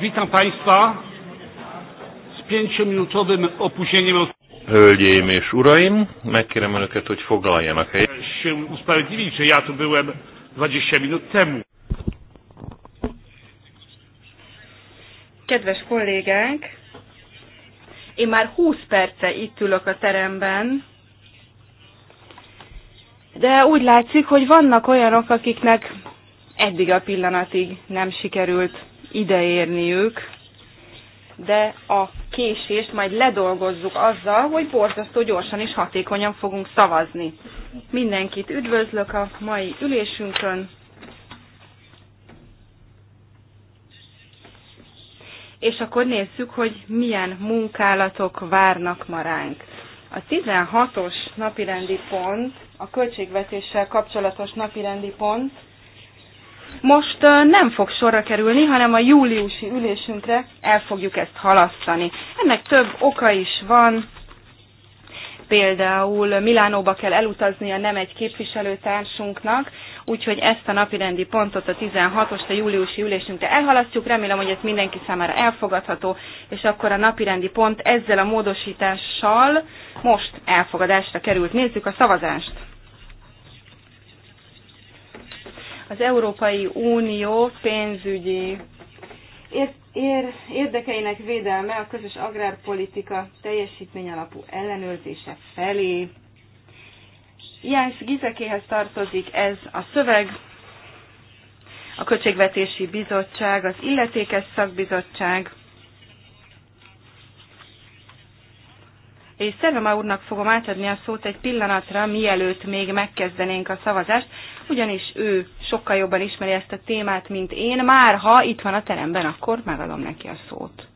Witam Państwa z pięciominutowym opóźnieniem. Hölgyeim és uraim, megkérem önöket, hogy foglaljanak helyet. Się usprawiedliwić, że ja tu byłem 20 minut temu. Kedves kollégánk, én már 20 perce itt ülök a teremben, de úgy látszik, hogy vannak olyanok, akiknek eddig a pillanatig nem sikerült ideérniük, de a késést majd ledolgozzuk azzal, hogy borzasztó gyorsan és hatékonyan fogunk szavazni. Mindenkit üdvözlök a mai ülésünkön, és akkor nézzük, hogy milyen munkálatok várnak ma ránk. A 16-os napirendi pont, a költségvetéssel kapcsolatos napirendi pont, most nem fog sorra kerülni, hanem a júliusi ülésünkre el fogjuk ezt halasztani. Ennek több oka is van, például Milánóba kell elutaznia nem egy képviselőtársunknak, úgyhogy ezt a napirendi pontot, a 16 os a júliusi ülésünkre elhalasztjuk, remélem, hogy ez mindenki számára elfogadható, és akkor a napirendi pont ezzel a módosítással most elfogadásra került. Nézzük a szavazást! az Európai Unió pénzügyi érdekeinek védelme a közös agrárpolitika teljesítmény alapú ellenőrzése felé. Jánz Gizekéhez tartozik ez a szöveg, a Költségvetési Bizottság, az Illetékes Szakbizottság, és Szervema úrnak fogom átadni a szót egy pillanatra, mielőtt még megkezdenénk a szavazást, ugyanis ő sokkal jobban ismeri ezt a témát, mint én. Már ha itt van a teremben, akkor megadom neki a szót.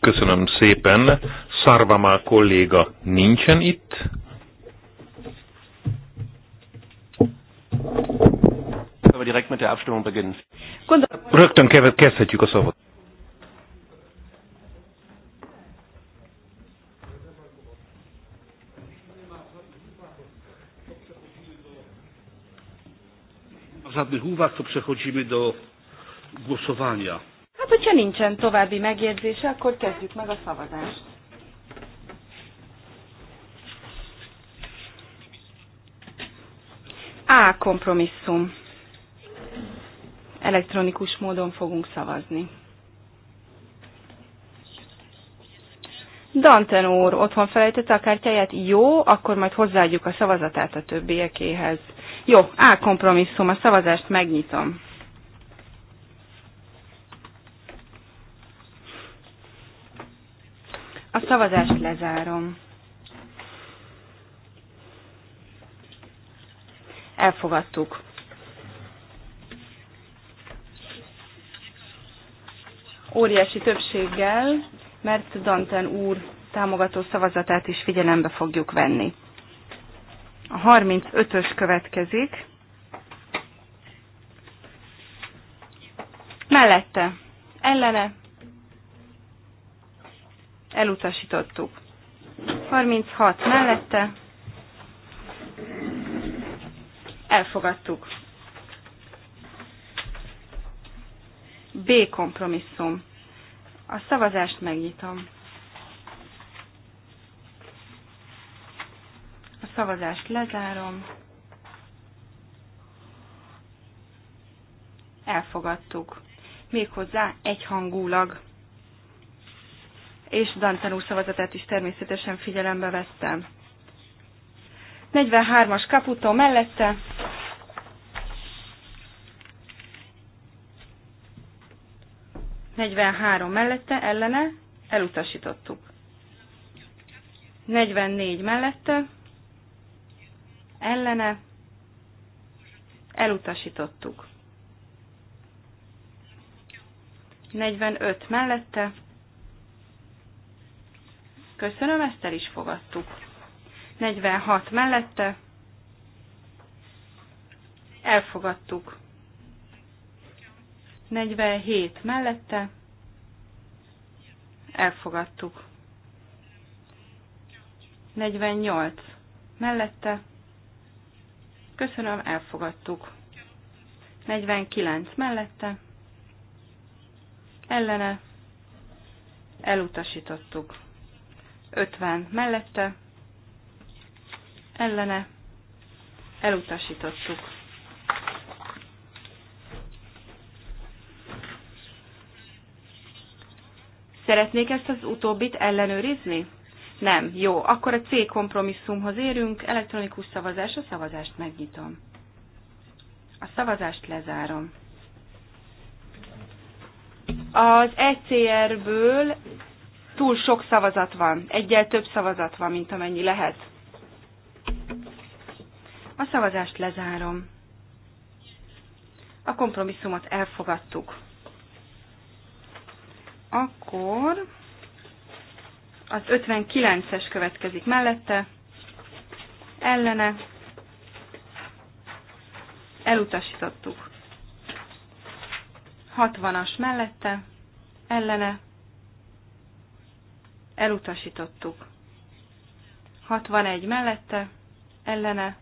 Köszönöm szépen. Szarvamá kolléga nincsen itt wir direkt mit der Abstimmung beginnen. Rögtön kezdhetjük a szavot. żadnych uwag, to przechodzimy do głosowania. Hát, hogyha nincsen további megjegyzése, akkor kezdjük meg a szavazást. A kompromisszum. Elektronikus módon fogunk szavazni. Danten úr otthon felejtette a kártyáját, jó, akkor majd hozzáadjuk a szavazatát a többiekéhez. Jó, á, kompromisszum, a szavazást megnyitom. A szavazást lezárom. Elfogadtuk. óriási többséggel, mert Danten úr támogató szavazatát is figyelembe fogjuk venni. A 35-ös következik. Mellette, ellene, elutasítottuk. 36 mellette, elfogadtuk. B kompromisszum. A szavazást megnyitom. A szavazást lezárom. Elfogadtuk. Méghozzá egyhangulag. És Dantanú szavazatát is természetesen figyelembe vettem. 43-as kaputó mellette 43 mellette, ellene, elutasítottuk. 44 mellette, ellene, elutasítottuk. 45 mellette, köszönöm, ezt el is fogadtuk. 46 mellette, elfogadtuk. 47 mellette elfogadtuk. 48 mellette köszönöm, elfogadtuk. 49 mellette ellene elutasítottuk. 50 mellette ellene elutasítottuk. Szeretnék ezt az utóbbit ellenőrizni? Nem. Jó, akkor a C kompromisszumhoz érünk. Elektronikus szavazás, a szavazást megnyitom. A szavazást lezárom. Az ECR-ből túl sok szavazat van. Egyel több szavazat van, mint amennyi lehet. A szavazást lezárom. A kompromisszumot elfogadtuk. Akkor az 59-es következik mellette, ellene, elutasítottuk. 60-as mellette, ellene, elutasítottuk. 61 mellette, ellene,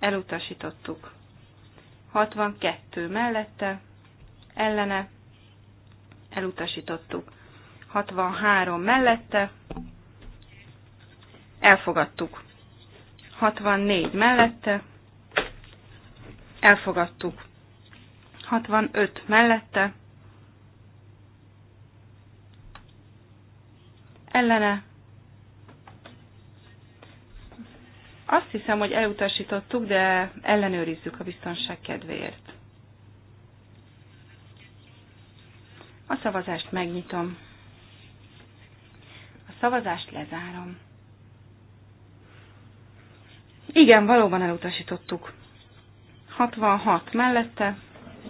elutasítottuk. 62 mellette, ellene, elutasítottuk. 63 mellette, elfogadtuk. 64 mellette, elfogadtuk. 65 mellette, ellene. Azt hiszem, hogy elutasítottuk, de ellenőrizzük a biztonság kedvéért. A szavazást megnyitom. A szavazást lezárom. Igen, valóban elutasítottuk. 66 mellette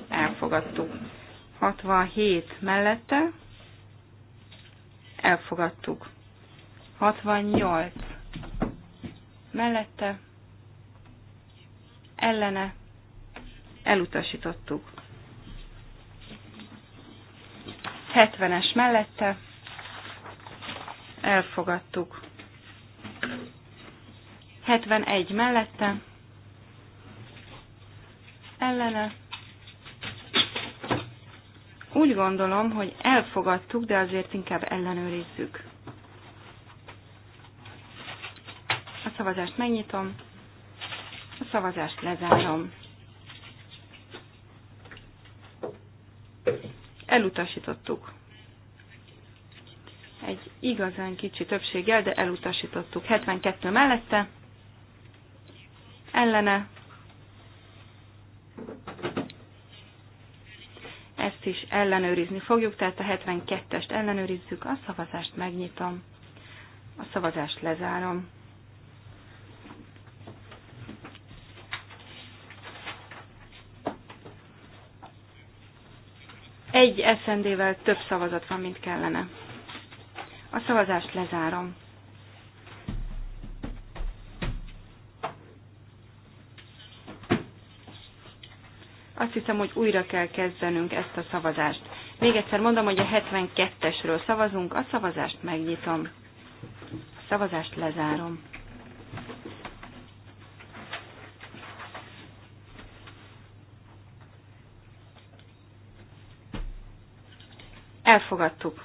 elfogadtuk. 67 mellette elfogadtuk. 68 mellette ellene elutasítottuk. 70-es mellette elfogadtuk. 71 mellette ellene. Úgy gondolom, hogy elfogadtuk, de azért inkább ellenőrizzük. A szavazást megnyitom, a szavazást lezárom. elutasítottuk. Egy igazán kicsi többséggel, de elutasítottuk. 72 mellette, ellene, ezt is ellenőrizni fogjuk, tehát a 72-est ellenőrizzük, a szavazást megnyitom, a szavazást lezárom. Egy SND-vel több szavazat van, mint kellene. A szavazást lezárom. Azt hiszem, hogy újra kell kezdenünk ezt a szavazást. Még egyszer mondom, hogy a 72-esről szavazunk, a szavazást megnyitom. A szavazást lezárom. Elfogadtuk.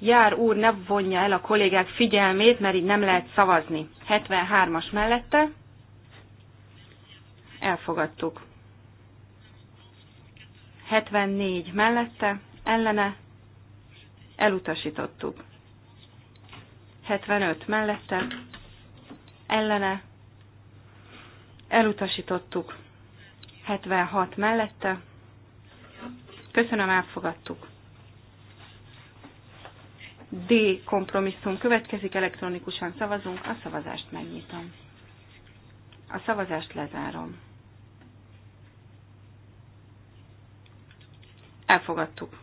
Jár úr, ne vonja el a kollégák figyelmét, mert így nem lehet szavazni. 73-as mellette. Elfogadtuk. 74 mellette, ellene, elutasítottuk. 75 mellette, ellene, Elutasítottuk. 76 mellette. Köszönöm, elfogadtuk. D kompromisszum következik, elektronikusan szavazunk, a szavazást megnyitom. A szavazást lezárom. Elfogadtuk.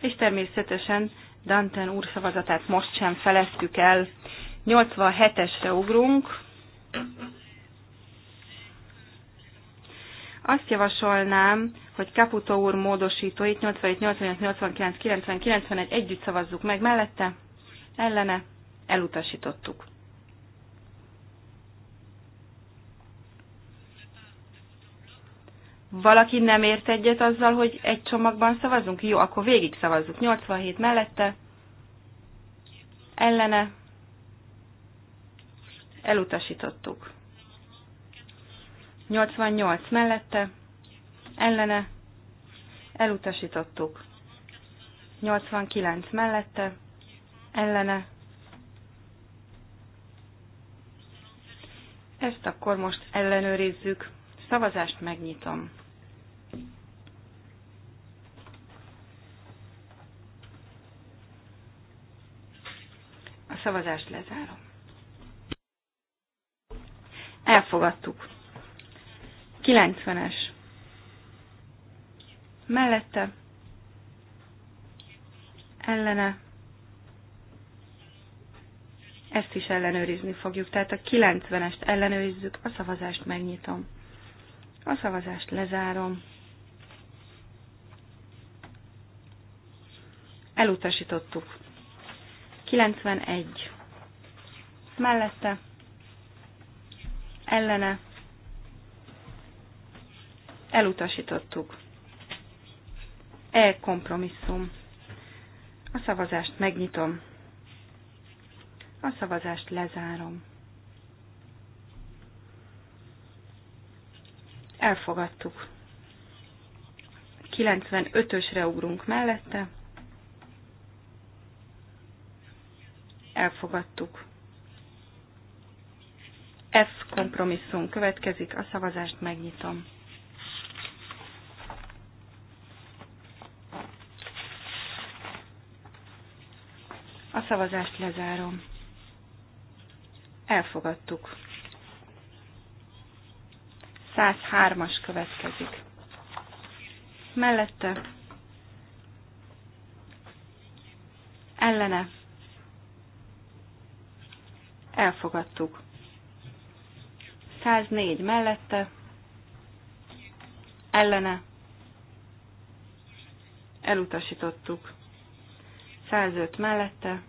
És természetesen Danten úr szavazatát most sem feleztük el. 87-esre ugrunk. Azt javasolnám, hogy Caputo úr módosítóit 87, 88, 89, 90, 91 együtt szavazzuk meg mellette, ellene, elutasítottuk. Valaki nem ért egyet azzal, hogy egy csomagban szavazunk? Jó, akkor végig szavazzuk. 87 mellette, ellene, elutasítottuk. 88 mellette, ellene, elutasítottuk. 89 mellette, ellene. Ezt akkor most ellenőrizzük. Szavazást megnyitom. A szavazást lezárom. Elfogadtuk. 90-es. Mellette. Ellene. Ezt is ellenőrizni fogjuk. Tehát a 90-est ellenőrizzük, a szavazást megnyitom. A szavazást lezárom. Elutasítottuk. 91. Mellette ellene elutasítottuk. E kompromisszum. A szavazást megnyitom. A szavazást lezárom. Elfogadtuk. 95-ösre ugrunk mellette. Elfogadtuk. F kompromisszum következik, a szavazást megnyitom. A szavazást lezárom. Elfogadtuk. 103-as következik. Mellette ellene elfogadtuk. 104 mellette, ellene, elutasítottuk. 105 mellette,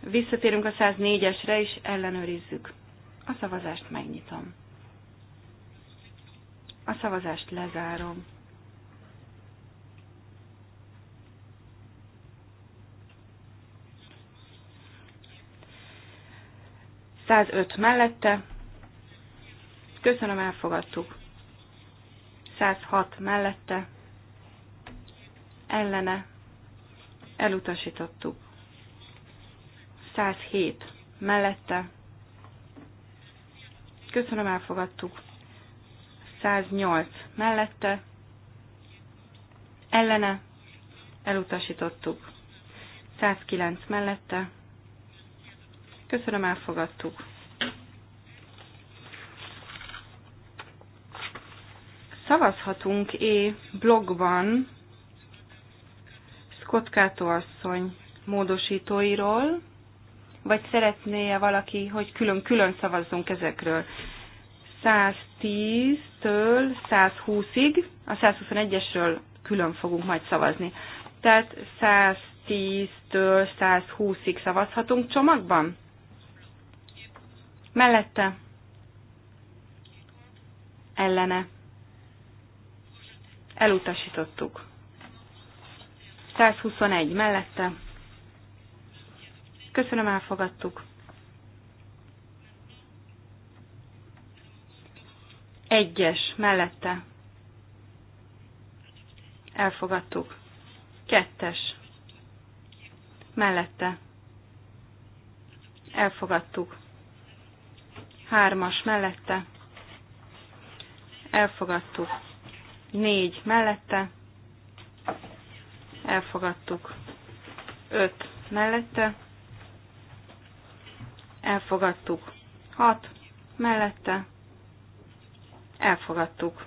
visszatérünk a 104-esre és ellenőrizzük. A szavazást megnyitom. A szavazást lezárom. 105 mellette. Köszönöm, elfogadtuk. 106 mellette. Ellene. Elutasítottuk. 107 mellette. Köszönöm, elfogadtuk. 108 mellette. Ellene. Elutasítottuk. 109 mellette Köszönöm, elfogadtuk. Szavazhatunk é e blogban Scott Kato asszony módosítóiról, vagy szeretné-e valaki, hogy külön-külön szavazzunk ezekről? 110-től 120-ig, a 121-esről külön fogunk majd szavazni. Tehát 110-től 120-ig szavazhatunk csomagban? mellette, ellene, elutasítottuk. 121 mellette, köszönöm, elfogadtuk. Egyes mellette, elfogadtuk. Kettes mellette, elfogadtuk Hármas mellette. Elfogadtuk. Négy mellette. Elfogadtuk. Öt mellette. Elfogadtuk. Hat mellette. Elfogadtuk.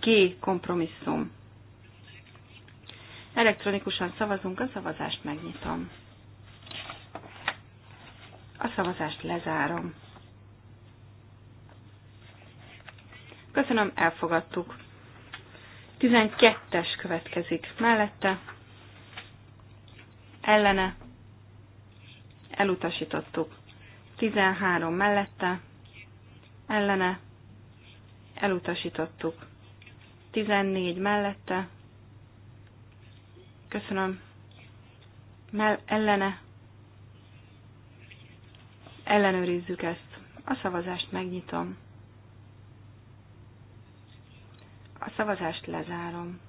G kompromisszum. Elektronikusan szavazunk, a szavazást megnyitom. A szavazást lezárom. Köszönöm, elfogadtuk. 12-es következik mellette, ellene, elutasítottuk. 13 mellette, ellene, elutasítottuk. 14 mellette, köszönöm, mell ellene, Ellenőrizzük ezt. A szavazást megnyitom. A szavazást lezárom.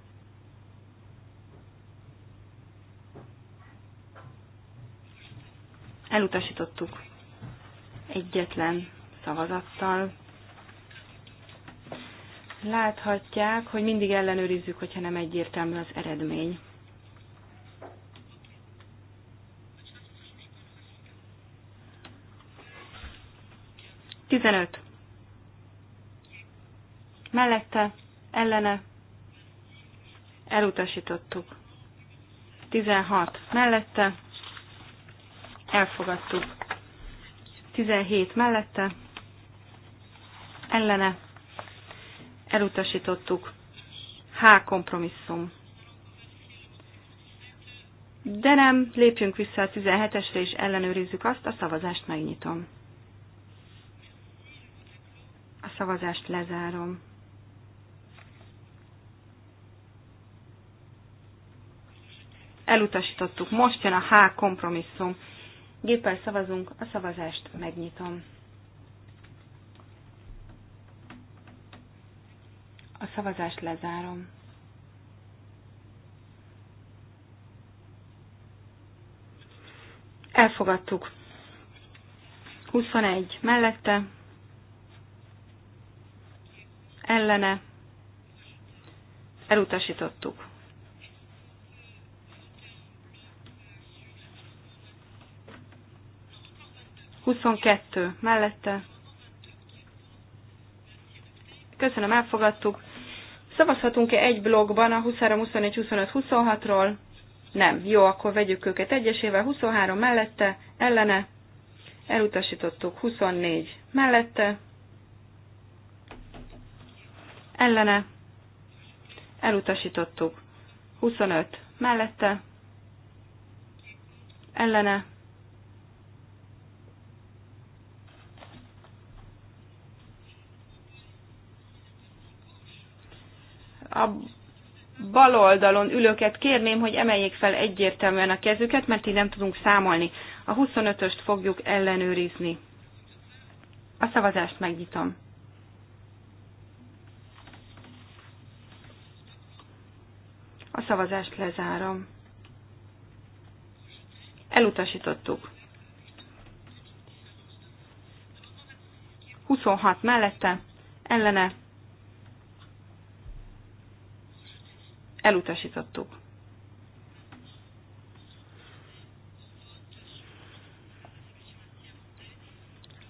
Elutasítottuk egyetlen szavazattal. Láthatják, hogy mindig ellenőrizzük, hogyha nem egyértelmű az eredmény. 15. Mellette, ellene, elutasítottuk. 16. Mellette, elfogadtuk. 17. Mellette, ellene, elutasítottuk. H. Kompromisszum. De nem, lépjünk vissza a 17-esre, és ellenőrizzük azt, a szavazást megnyitom szavazást lezárom. Elutasítottuk. Most jön a H kompromisszum. Géppel szavazunk, a szavazást megnyitom. A szavazást lezárom. Elfogadtuk. 21 mellette, ellene elutasítottuk. Huszonkettő mellette. Köszönöm, elfogadtuk. Szavazhatunk-e egy blogban a 23, 24, 25, 26-ról? Nem. Jó, akkor vegyük őket egyesével. 23 mellette, ellene, elutasítottuk. 24 mellette, ellene, elutasítottuk. 25 mellette, ellene, a bal oldalon ülőket kérném, hogy emeljék fel egyértelműen a kezüket, mert így nem tudunk számolni. A 25-öst fogjuk ellenőrizni. A szavazást megnyitom. A szavazást lezárom. Elutasítottuk. 26 mellette, ellene elutasítottuk.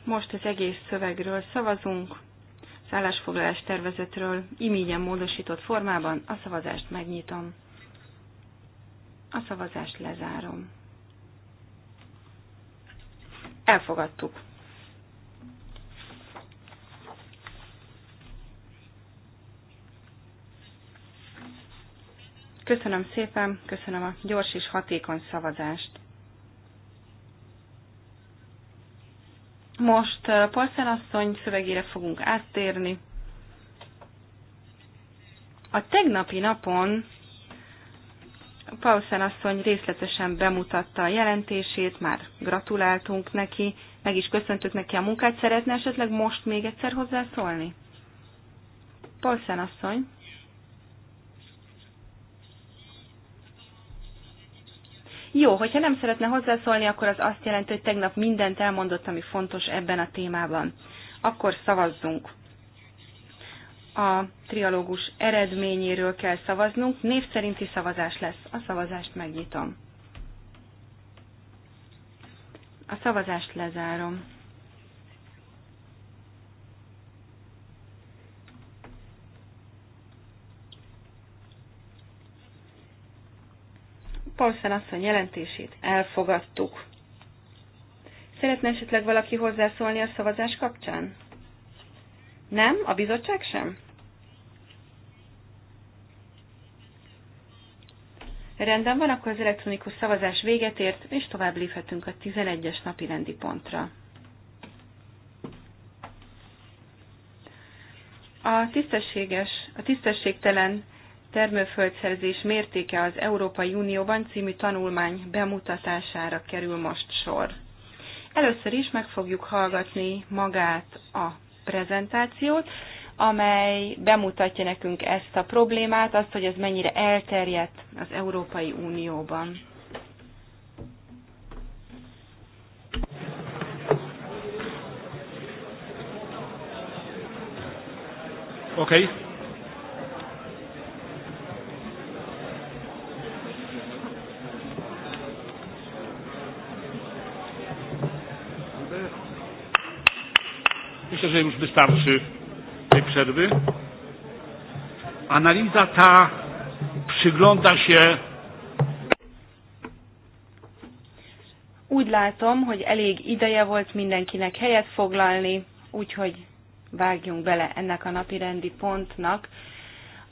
Most az egész szövegről szavazunk szállásfoglalás tervezetről imígyen módosított formában a szavazást megnyitom. A szavazást lezárom. Elfogadtuk. Köszönöm szépen, köszönöm a gyors és hatékony szavazást. Most eh, Polszán asszony szövegére fogunk áttérni. A tegnapi napon Paulsen asszony részletesen bemutatta a jelentését, már gratuláltunk neki, meg is köszöntött neki a munkát. Szeretne esetleg most még egyszer hozzászólni? Paulsen asszony. Jó, hogyha nem szeretne hozzászólni, akkor az azt jelenti, hogy tegnap mindent elmondott, ami fontos ebben a témában. Akkor szavazzunk. A trialógus eredményéről kell szavaznunk, név szerinti szavazás lesz. A szavazást megnyitom. A szavazást lezárom. Paulsen asszony jelentését elfogadtuk. Szeretne esetleg valaki hozzászólni a szavazás kapcsán? Nem? A bizottság sem? Rendben van, akkor az elektronikus szavazás véget ért, és tovább léphetünk a 11-es napi rendi pontra. A tisztességes, a tisztességtelen termőföldszerzés mértéke az Európai Unióban című tanulmány bemutatására kerül most sor. Először is meg fogjuk hallgatni magát a prezentációt, amely bemutatja nekünk ezt a problémát, azt, hogy ez mennyire elterjedt az Európai Unióban. Okay. że już wystarczy tej przerwy. Analiza ta przygląda się Úgy látom, hogy elég ideje volt mindenkinek helyet foglalni, úgyhogy vágjunk bele ennek a napi rendi pontnak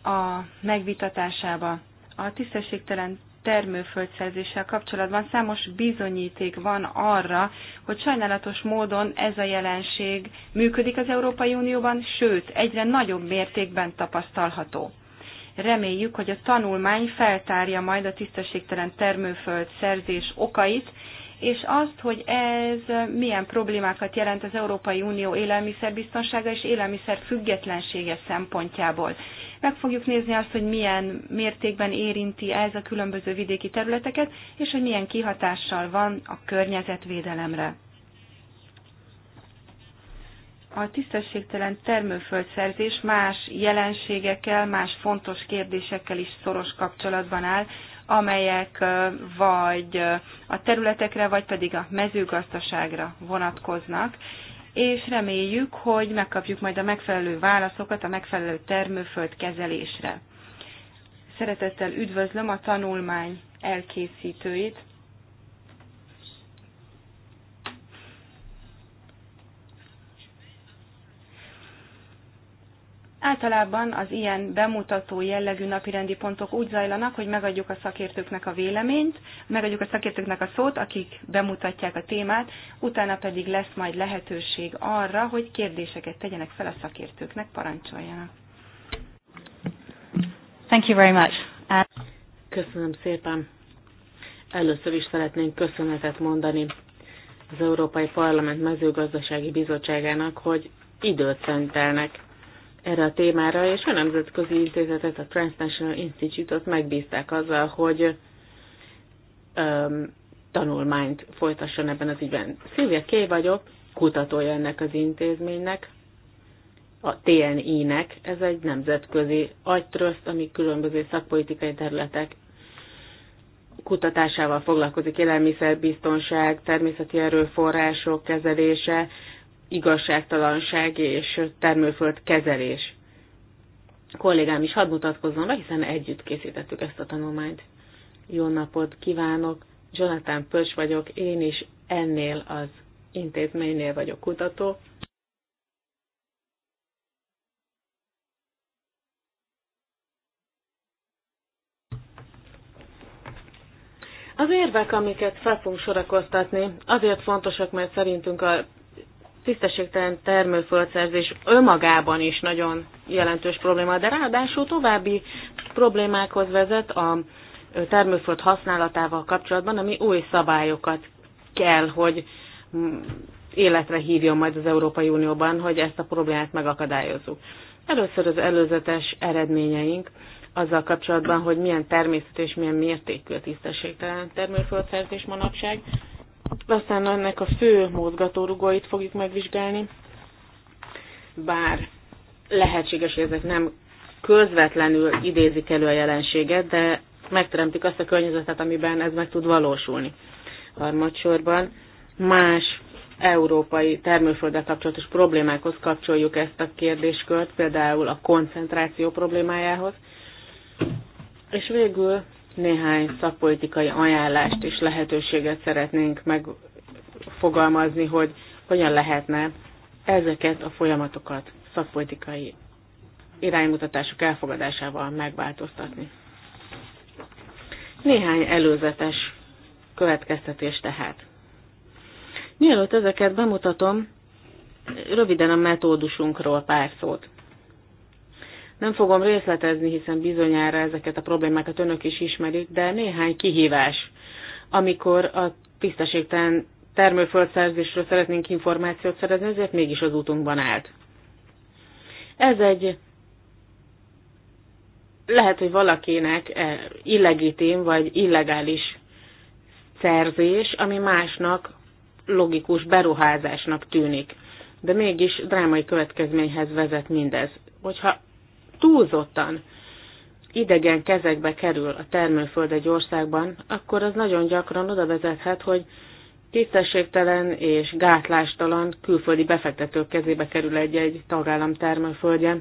a megvitatásába. A tisztességtelen termőföldszerzéssel kapcsolatban számos bizonyíték van arra, hogy sajnálatos módon ez a jelenség működik az Európai Unióban, sőt, egyre nagyobb mértékben tapasztalható. Reméljük, hogy a tanulmány feltárja majd a tisztességtelen termőföld szerzés okait, és azt, hogy ez milyen problémákat jelent az Európai Unió élelmiszerbiztonsága és élelmiszer függetlensége szempontjából. Meg fogjuk nézni azt, hogy milyen mértékben érinti ez a különböző vidéki területeket, és hogy milyen kihatással van a környezetvédelemre. A tisztességtelen termőföldszerzés más jelenségekkel, más fontos kérdésekkel is szoros kapcsolatban áll, amelyek vagy a területekre, vagy pedig a mezőgazdaságra vonatkoznak, és reméljük, hogy megkapjuk majd a megfelelő válaszokat a megfelelő termőföld kezelésre. Szeretettel üdvözlöm a tanulmány elkészítőit, Általában az ilyen bemutató jellegű napirendi pontok úgy zajlanak, hogy megadjuk a szakértőknek a véleményt, megadjuk a szakértőknek a szót, akik bemutatják a témát, utána pedig lesz majd lehetőség arra, hogy kérdéseket tegyenek fel a szakértőknek, parancsoljanak. Thank you very much. Uh, Köszönöm szépen. Először is szeretnénk köszönetet mondani az Európai Parlament mezőgazdasági bizottságának, hogy időt szentelnek erre a témára, és a nemzetközi intézetet, a Transnational Institute-ot megbízták azzal, hogy um, tanulmányt folytasson ebben az ügyben. Szilvia K. vagyok, kutatója ennek az intézménynek, a TNI-nek, ez egy nemzetközi agytröszt, ami különböző szakpolitikai területek kutatásával foglalkozik, élelmiszerbiztonság, természeti erőforrások kezelése, igazságtalanság és termőföld kezelés. A kollégám is hadd mutatkozzon be, hiszen együtt készítettük ezt a tanulmányt. Jó napot kívánok! Jonathan Pöcs vagyok, én is ennél az intézménynél vagyok kutató. Az érvek, amiket fel fogunk sorakoztatni, azért fontosak, mert szerintünk a tisztességtelen termőföldszerzés önmagában is nagyon jelentős probléma, de ráadásul további problémákhoz vezet a termőföld használatával kapcsolatban, ami új szabályokat kell, hogy mm, életre hívjon majd az Európai Unióban, hogy ezt a problémát megakadályozzuk. Először az előzetes eredményeink azzal kapcsolatban, hogy milyen természet és milyen mértékű a tisztességtelen termőföldszerzés manapság, aztán ennek a fő mozgatórugóit fogjuk megvizsgálni, bár lehetséges, hogy ezek nem közvetlenül idézik elő a jelenséget, de megteremtik azt a környezetet, amiben ez meg tud valósulni. Harmadsorban más európai termőfölddel kapcsolatos problémákhoz kapcsoljuk ezt a kérdéskört, például a koncentráció problémájához. És végül néhány szakpolitikai ajánlást és lehetőséget szeretnénk megfogalmazni, hogy hogyan lehetne ezeket a folyamatokat szakpolitikai iránymutatások elfogadásával megváltoztatni. Néhány előzetes következtetés tehát. Mielőtt ezeket bemutatom, röviden a metódusunkról pár szót. Nem fogom részletezni, hiszen bizonyára ezeket a problémákat önök is ismerik, de néhány kihívás, amikor a tisztességtelen termőföldszerzésről szeretnénk információt szerezni, ezért mégis az útunkban állt. Ez egy lehet, hogy valakinek e, illegitim vagy illegális szerzés, ami másnak logikus beruházásnak tűnik. De mégis drámai következményhez vezet mindez. Hogyha túlzottan idegen kezekbe kerül a termőföld egy országban, akkor az nagyon gyakran oda vezethet, hogy tisztességtelen és gátlástalan külföldi befektetők kezébe kerül egy-egy tagállam termőföldje,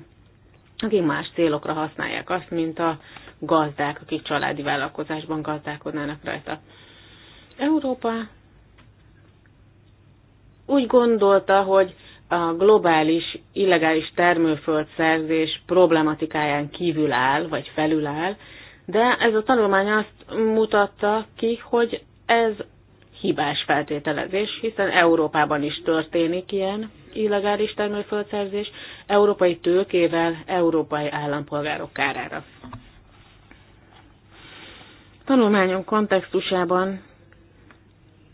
akik más célokra használják azt, mint a gazdák, akik családi vállalkozásban gazdálkodnának rajta. Európa úgy gondolta, hogy a globális illegális termőföldszerzés problematikáján kívül áll, vagy felül áll, de ez a tanulmány azt mutatta ki, hogy ez hibás feltételezés, hiszen Európában is történik ilyen illegális termőföldszerzés, európai tőkével, európai állampolgárok kárára. Tanulmányunk kontextusában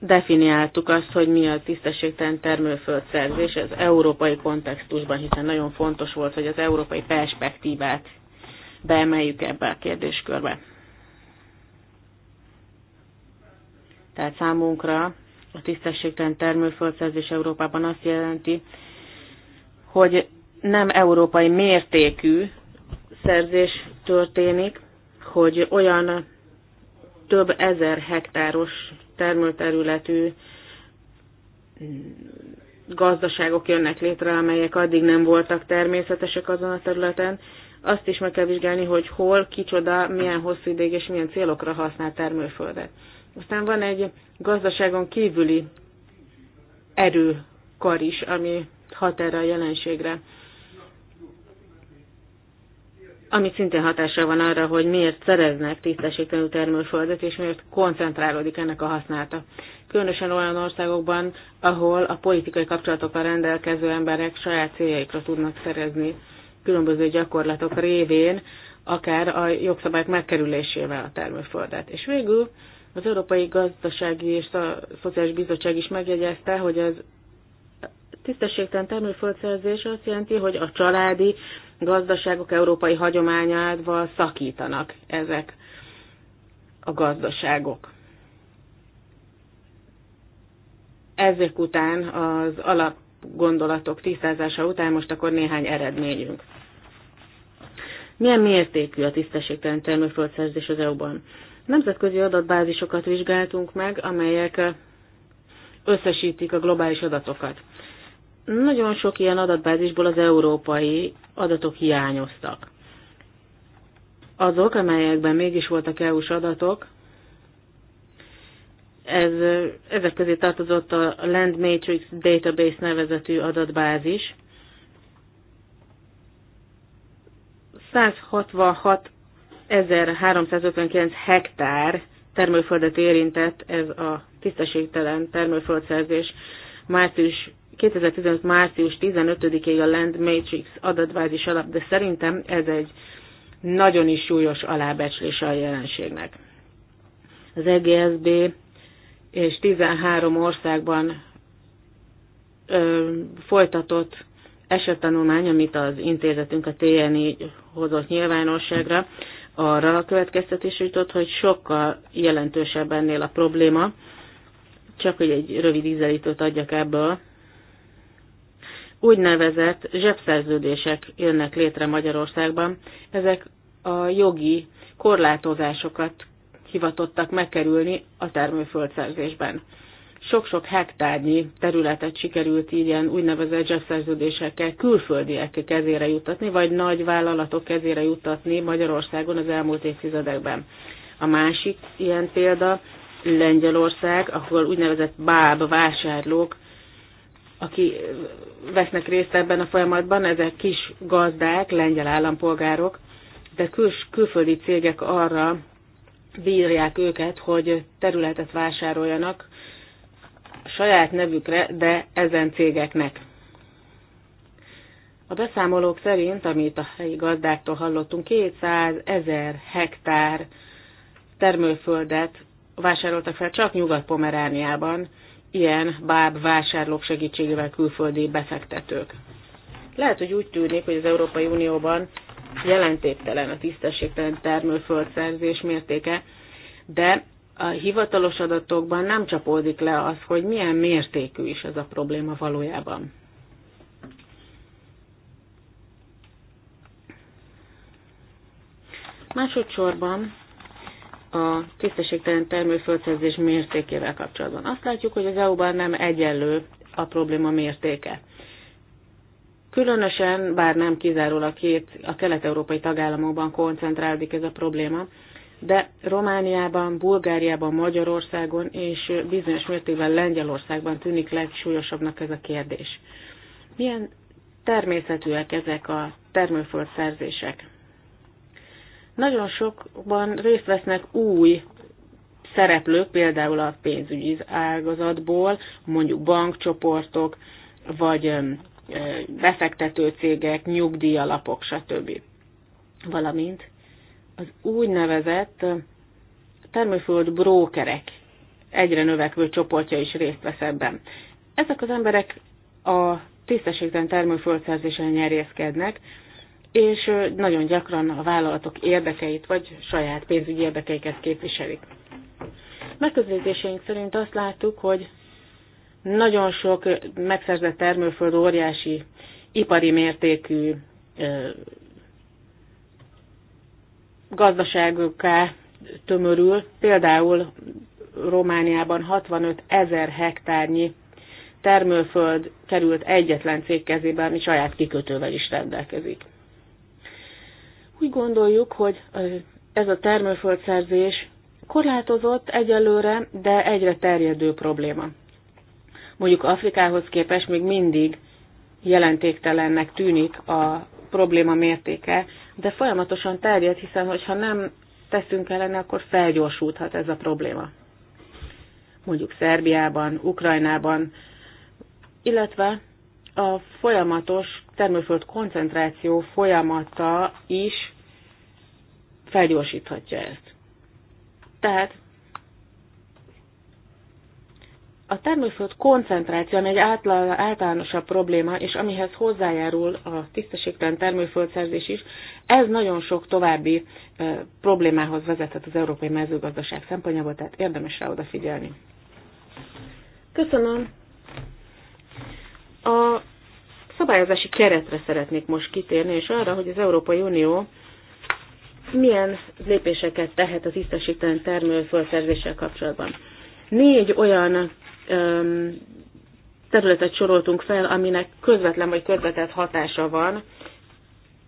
definiáltuk azt, hogy mi a tisztességtelen termőföldszerzés az európai kontextusban, hiszen nagyon fontos volt, hogy az európai perspektívát beemeljük ebbe a kérdéskörbe. Tehát számunkra a tisztességtelen termőföldszerzés Európában azt jelenti, hogy nem európai mértékű szerzés történik, hogy olyan több ezer hektáros termőterületű gazdaságok jönnek létre, amelyek addig nem voltak természetesek azon a területen. Azt is meg kell vizsgálni, hogy hol, kicsoda, milyen hosszú ideig és milyen célokra használ termőföldet. Aztán van egy gazdaságon kívüli erőkar is, ami hat erre a jelenségre ami szintén hatással van arra, hogy miért szereznek tisztességtelenül termőföldet, és miért koncentrálódik ennek a használata. Különösen olyan országokban, ahol a politikai kapcsolatokkal rendelkező emberek saját céljaikra tudnak szerezni különböző gyakorlatok révén, akár a jogszabályok megkerülésével a termőföldet. És végül az Európai Gazdasági és Szociális Bizottság is megjegyezte, hogy az tisztességtelen termőföldszerzés azt jelenti, hogy a családi gazdaságok európai hagyományával szakítanak ezek a gazdaságok. Ezek után az alapgondolatok tisztázása után most akkor néhány eredményünk. Milyen mértékű a tisztességtelen termőföldszerzés az EU-ban? Nemzetközi adatbázisokat vizsgáltunk meg, amelyek összesítik a globális adatokat. Nagyon sok ilyen adatbázisból az európai adatok hiányoztak. Azok, amelyekben mégis voltak EU-s adatok, ez, ezek közé tartozott a Land Matrix Database nevezetű adatbázis. 166.359 hektár termőföldet érintett ez a tisztességtelen termőföldszerzés március 2015. március 15-ig a Land Matrix adatbázis alap, de szerintem ez egy nagyon is súlyos alábecslés a jelenségnek. Az EGSB és 13 országban ö, folytatott esettanulmány, amit az intézetünk a TNI hozott nyilvánosságra, arra a következtetés jutott, hogy sokkal jelentősebb ennél a probléma, csak hogy egy rövid ízelítőt adjak ebből, úgynevezett zsebszerződések jönnek létre Magyarországban. Ezek a jogi korlátozásokat hivatottak megkerülni a termőföldszerzésben. Sok-sok hektárnyi területet sikerült ilyen úgynevezett zsebszerződésekkel külföldiek kezére jutatni, vagy nagy vállalatok kezére jutatni Magyarországon az elmúlt évtizedekben. A másik ilyen példa Lengyelország, ahol úgynevezett báb vásárlók aki vesznek részt ebben a folyamatban, ezek kis gazdák, lengyel állampolgárok, de küls, külföldi cégek arra bírják őket, hogy területet vásároljanak saját nevükre, de ezen cégeknek. A beszámolók szerint, amit a helyi gazdáktól hallottunk, 200 ezer hektár termőföldet vásároltak fel csak Nyugat-Pomerániában, ilyen báb vásárlók segítségével külföldi befektetők. Lehet, hogy úgy tűnik, hogy az Európai Unióban jelentéktelen a tisztességtelen termőföldszerzés mértéke, de a hivatalos adatokban nem csapódik le az, hogy milyen mértékű is ez a probléma valójában. Másodszorban a tisztességtelen termőföldszerzés mértékével kapcsolatban. Azt látjuk, hogy az EU-ban nem egyenlő a probléma mértéke. Különösen, bár nem kizárólag két, a kelet-európai tagállamokban koncentrálódik ez a probléma, de Romániában, Bulgáriában, Magyarországon és bizonyos mértékben Lengyelországban tűnik legsúlyosabbnak ez a kérdés. Milyen természetűek ezek a termőföldszerzések? Nagyon sokban részt vesznek új szereplők, például a pénzügyi ágazatból, mondjuk bankcsoportok, vagy befektető cégek, nyugdíjalapok, stb. Valamint az úgynevezett termőföld brókerek egyre növekvő csoportja is részt vesz ebben. Ezek az emberek a tisztességtelen termőföldszerzésen nyerészkednek, és nagyon gyakran a vállalatok érdekeit, vagy saját pénzügyi érdekeiket képviselik. Megközelítéseink szerint azt láttuk, hogy nagyon sok megszerzett termőföld óriási ipari mértékű gazdaságokká tömörül. Például Romániában 65 ezer hektárnyi termőföld került egyetlen cég kezébe, ami saját kikötővel is rendelkezik. Úgy gondoljuk, hogy ez a termőföldszerzés korlátozott egyelőre, de egyre terjedő probléma. Mondjuk Afrikához képest még mindig jelentéktelennek tűnik a probléma mértéke, de folyamatosan terjed, hiszen hogyha nem teszünk ellene, akkor felgyorsulhat ez a probléma. Mondjuk Szerbiában, Ukrajnában, illetve a folyamatos termőföld koncentráció folyamata is felgyorsíthatja ezt. Tehát a termőföld koncentráció, ami egy általánosabb probléma, és amihez hozzájárul a tisztességtelen termőföldszerzés is, ez nagyon sok további e, problémához vezethet az európai mezőgazdaság szempontjából, tehát érdemes rá odafigyelni. Köszönöm. A szabályozási keretre szeretnék most kitérni, és arra, hogy az Európai Unió milyen lépéseket tehet a tisztességtelen termőföldszerzéssel kapcsolatban. Négy olyan öm, területet soroltunk fel, aminek közvetlen vagy közvetett hatása van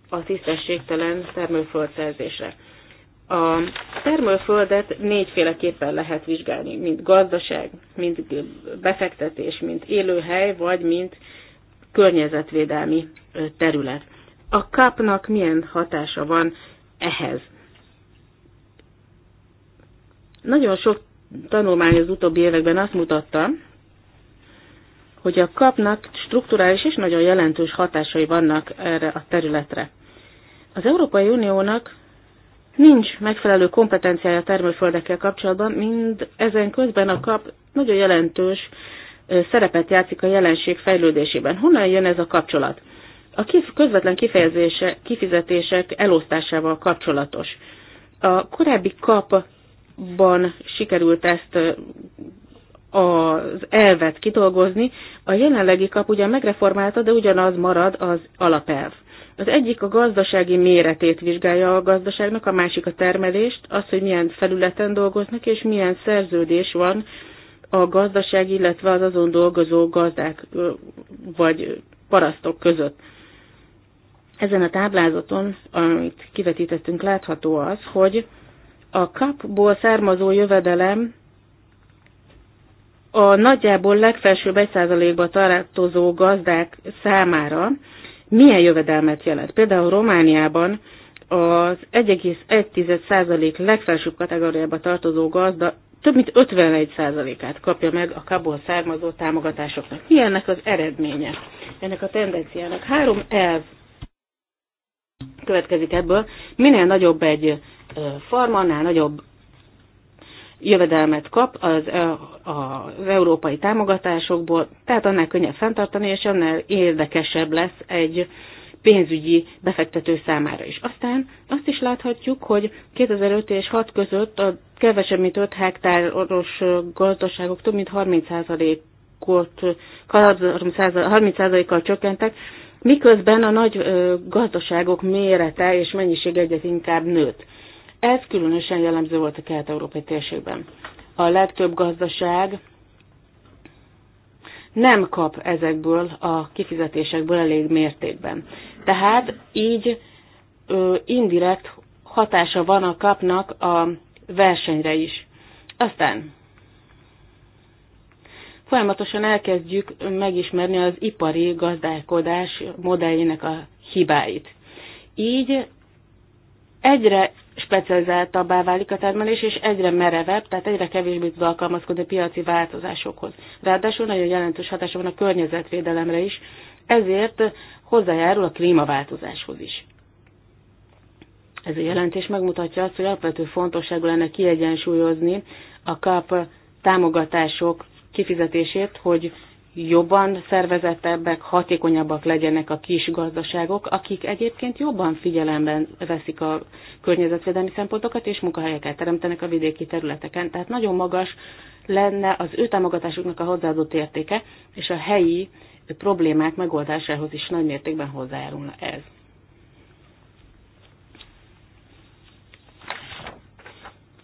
a tisztességtelen termőföldszerzésre. A termőföldet négyféleképpen lehet vizsgálni, mint gazdaság, mint befektetés, mint élőhely, vagy mint környezetvédelmi terület. A kapnak milyen hatása van ehhez. Nagyon sok tanulmány az utóbbi években azt mutatta, hogy a kapnak strukturális és nagyon jelentős hatásai vannak erre a területre. Az Európai Uniónak nincs megfelelő kompetenciája a termőföldekkel kapcsolatban, mind ezen közben a kap nagyon jelentős szerepet játszik a jelenség fejlődésében. Honnan jön ez a kapcsolat? A közvetlen kifejezése, kifizetések elosztásával kapcsolatos. A korábbi kapban sikerült ezt az elvet kidolgozni, a jelenlegi kap ugyan megreformálta, de ugyanaz marad az alapelv. Az egyik a gazdasági méretét vizsgálja a gazdaságnak, a másik a termelést, az, hogy milyen felületen dolgoznak, és milyen szerződés van a gazdaság, illetve az azon dolgozó gazdák vagy parasztok között. Ezen a táblázaton, amit kivetítettünk, látható az, hogy a kapból származó jövedelem a nagyjából legfelsőbb 1%-ba tartozó gazdák számára milyen jövedelmet jelent. Például Romániában az 1,1% legfelsőbb kategóriába tartozó gazda több mint 51%-át kapja meg a kapból származó támogatásoknak. Mi ennek az eredménye? Ennek a tendenciának három elv következik ebből. Minél nagyobb egy farma, annál nagyobb jövedelmet kap az, az európai támogatásokból, tehát annál könnyebb fenntartani, és annál érdekesebb lesz egy pénzügyi befektető számára is. Aztán azt is láthatjuk, hogy 2005 és 6 között a kevesebb mint 5 hektáros gazdaságok több mint 30%-kal 30%, 30 csökkentek, miközben a nagy gazdaságok mérete és mennyiség egyet inkább nőtt. Ez különösen jellemző volt a kelet-európai térségben. A legtöbb gazdaság nem kap ezekből a kifizetésekből elég mértékben. Tehát így ö, indirekt hatása van a kapnak a versenyre is. Aztán folyamatosan elkezdjük megismerni az ipari gazdálkodás modelljének a hibáit. Így egyre specializáltabbá válik a termelés, és egyre merevebb, tehát egyre kevésbé tud alkalmazkodni a piaci változásokhoz. Ráadásul nagyon jelentős hatása van a környezetvédelemre is, ezért hozzájárul a klímaváltozáshoz is. Ez a jelentés megmutatja azt, hogy alapvető fontosságú lenne kiegyensúlyozni a kap támogatások kifizetését, hogy jobban szervezettebbek, hatékonyabbak legyenek a kis gazdaságok, akik egyébként jobban figyelemben veszik a környezetvédelmi szempontokat és munkahelyeket teremtenek a vidéki területeken. Tehát nagyon magas lenne az ő támogatásuknak a hozzáadott értéke, és a helyi problémák megoldásához is nagy mértékben hozzájárulna ez.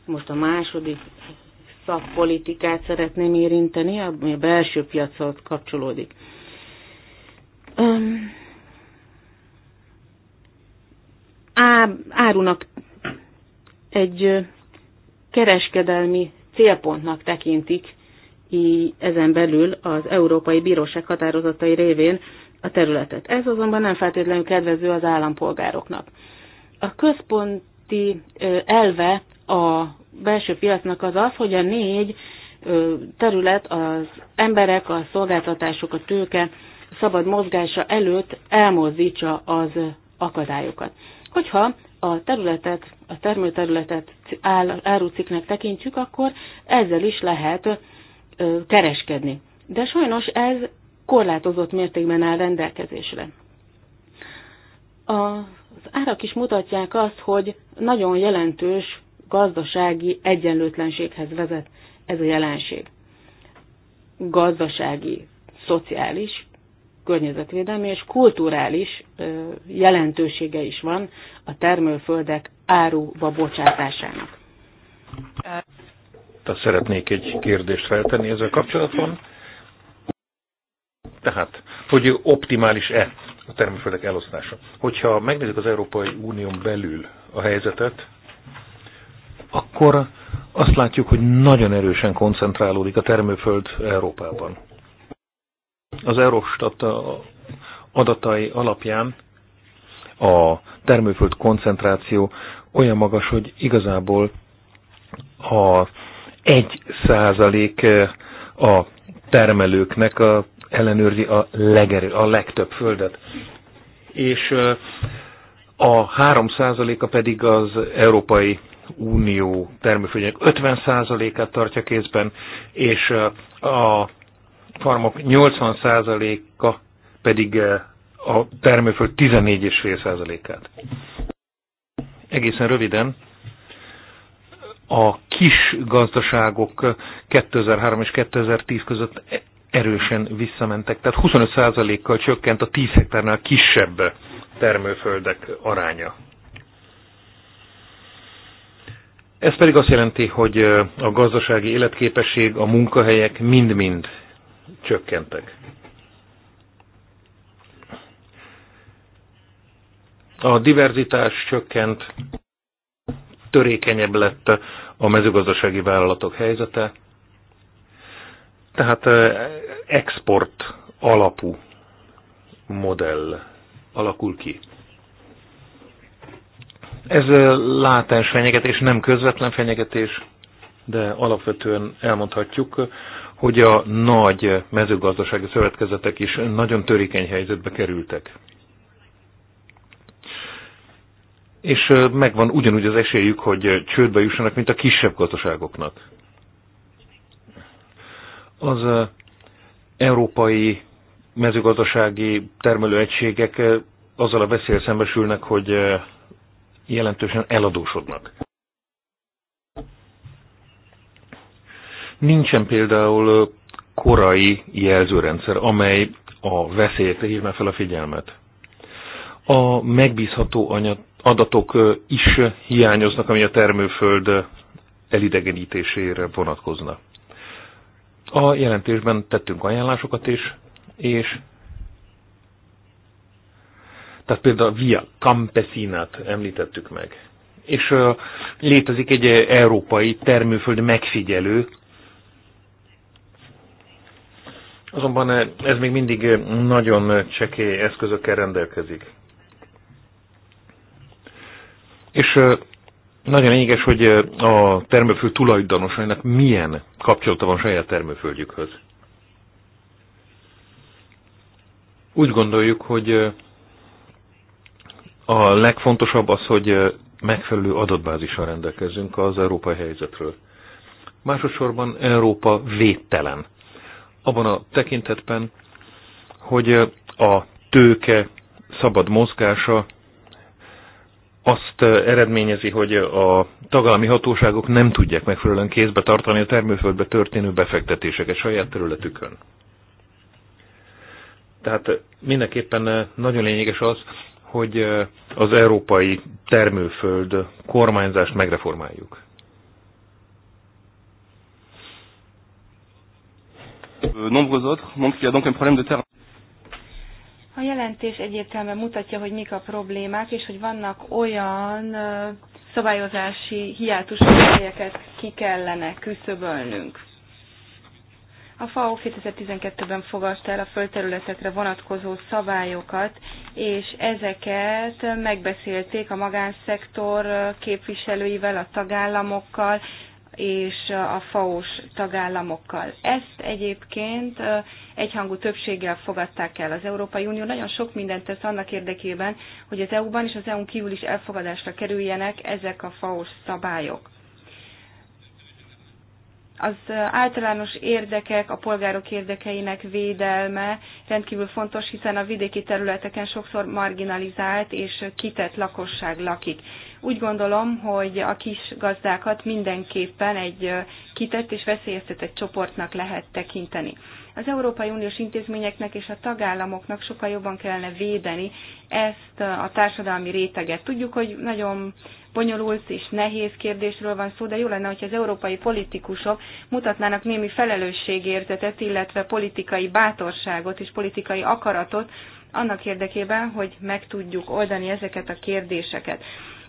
Most a második szakpolitikát szeretném érinteni, ami a belső piacot kapcsolódik. Um, á, árunak egy kereskedelmi célpontnak tekintik így ezen belül az Európai Bíróság határozatai révén a területet. Ez azonban nem feltétlenül kedvező az állampolgároknak. A központi elve a belső piacnak az az, hogy a négy terület az emberek, a szolgáltatások, a tőke szabad mozgása előtt elmozdítsa az akadályokat. Hogyha a területet, a termőterületet áruciknek tekintjük, akkor ezzel is lehet kereskedni. De sajnos ez korlátozott mértékben áll rendelkezésre. Az árak is mutatják azt, hogy nagyon jelentős gazdasági egyenlőtlenséghez vezet ez a jelenség. Gazdasági, szociális, környezetvédelmi és kulturális jelentősége is van a termőföldek áruba bocsátásának. Tehát szeretnék egy kérdést feltenni ezzel kapcsolatban. Tehát, hogy optimális-e a termőföldek elosztása? Hogyha megnézzük az Európai Unión belül a helyzetet, akkor azt látjuk, hogy nagyon erősen koncentrálódik a termőföld Európában. Az Eurostat adatai alapján a termőföld koncentráció olyan magas, hogy igazából a 1 százalék eh, a termelőknek a, ellenőrzi a, legerő, a legtöbb földet. És eh, a 3 a pedig az európai Unió termőföldjének 50%-át tartja kézben, és a farmok 80%-a pedig a termőföld 14,5%-át. Egészen röviden, a kis gazdaságok 2003 és 2010 között erősen visszamentek, tehát 25%-kal csökkent a 10 hektárnál kisebb termőföldek aránya. Ez pedig azt jelenti, hogy a gazdasági életképesség, a munkahelyek mind-mind csökkentek. A diverzitás csökkent, törékenyebb lett a mezőgazdasági vállalatok helyzete, tehát export alapú modell alakul ki. Ez látás fenyegetés, nem közvetlen fenyegetés, de alapvetően elmondhatjuk, hogy a nagy mezőgazdasági szövetkezetek is nagyon törékeny helyzetbe kerültek. És megvan ugyanúgy az esélyük, hogy csődbe jussanak, mint a kisebb gazdaságoknak. Az európai mezőgazdasági termelőegységek azzal a veszélyel szembesülnek, hogy jelentősen eladósodnak. Nincsen például korai jelzőrendszer, amely a veszélyekre hívná fel a figyelmet. A megbízható adatok is hiányoznak, ami a termőföld elidegenítésére vonatkozna. A jelentésben tettünk ajánlásokat is, és tehát például a Via Campesinát említettük meg. És létezik egy európai termőföld megfigyelő, Azonban ez még mindig nagyon csekély eszközökkel rendelkezik. És nagyon éges, hogy a termőföld tulajdonosainak milyen kapcsolata van saját termőföldjükhöz. Úgy gondoljuk, hogy a legfontosabb az, hogy megfelelő adatbázissal rendelkezünk az európai helyzetről. Másodszorban Európa védtelen. Abban a tekintetben, hogy a tőke szabad mozgása azt eredményezi, hogy a tagállami hatóságok nem tudják megfelelően kézbe tartani a termőföldbe történő befektetéseket saját területükön. Tehát mindenképpen nagyon lényeges az, hogy az európai termőföld kormányzást megreformáljuk. a A jelentés egyértelműen mutatja, hogy mik a problémák, és hogy vannak olyan szabályozási hiátusok, amelyeket ki kellene küszöbölnünk. A FAO 2012-ben fogadta el a földterületekre vonatkozó szabályokat, és ezeket megbeszélték a magánszektor képviselőivel, a tagállamokkal és a FAO-s tagállamokkal. Ezt egyébként egyhangú többséggel fogadták el. Az Európai Unió nagyon sok mindent tesz annak érdekében, hogy az EU-ban és az EU-n kívül is elfogadásra kerüljenek ezek a FAO-s szabályok az általános érdekek, a polgárok érdekeinek védelme rendkívül fontos, hiszen a vidéki területeken sokszor marginalizált és kitett lakosság lakik. Úgy gondolom, hogy a kis gazdákat mindenképpen egy kitett és veszélyeztetett csoportnak lehet tekinteni. Az Európai Uniós intézményeknek és a tagállamoknak sokkal jobban kellene védeni ezt a társadalmi réteget. Tudjuk, hogy nagyon bonyolult és nehéz kérdésről van szó, de jó lenne, hogyha az európai politikusok mutatnának némi felelősségérzetet, illetve politikai bátorságot és politikai akaratot annak érdekében, hogy meg tudjuk oldani ezeket a kérdéseket.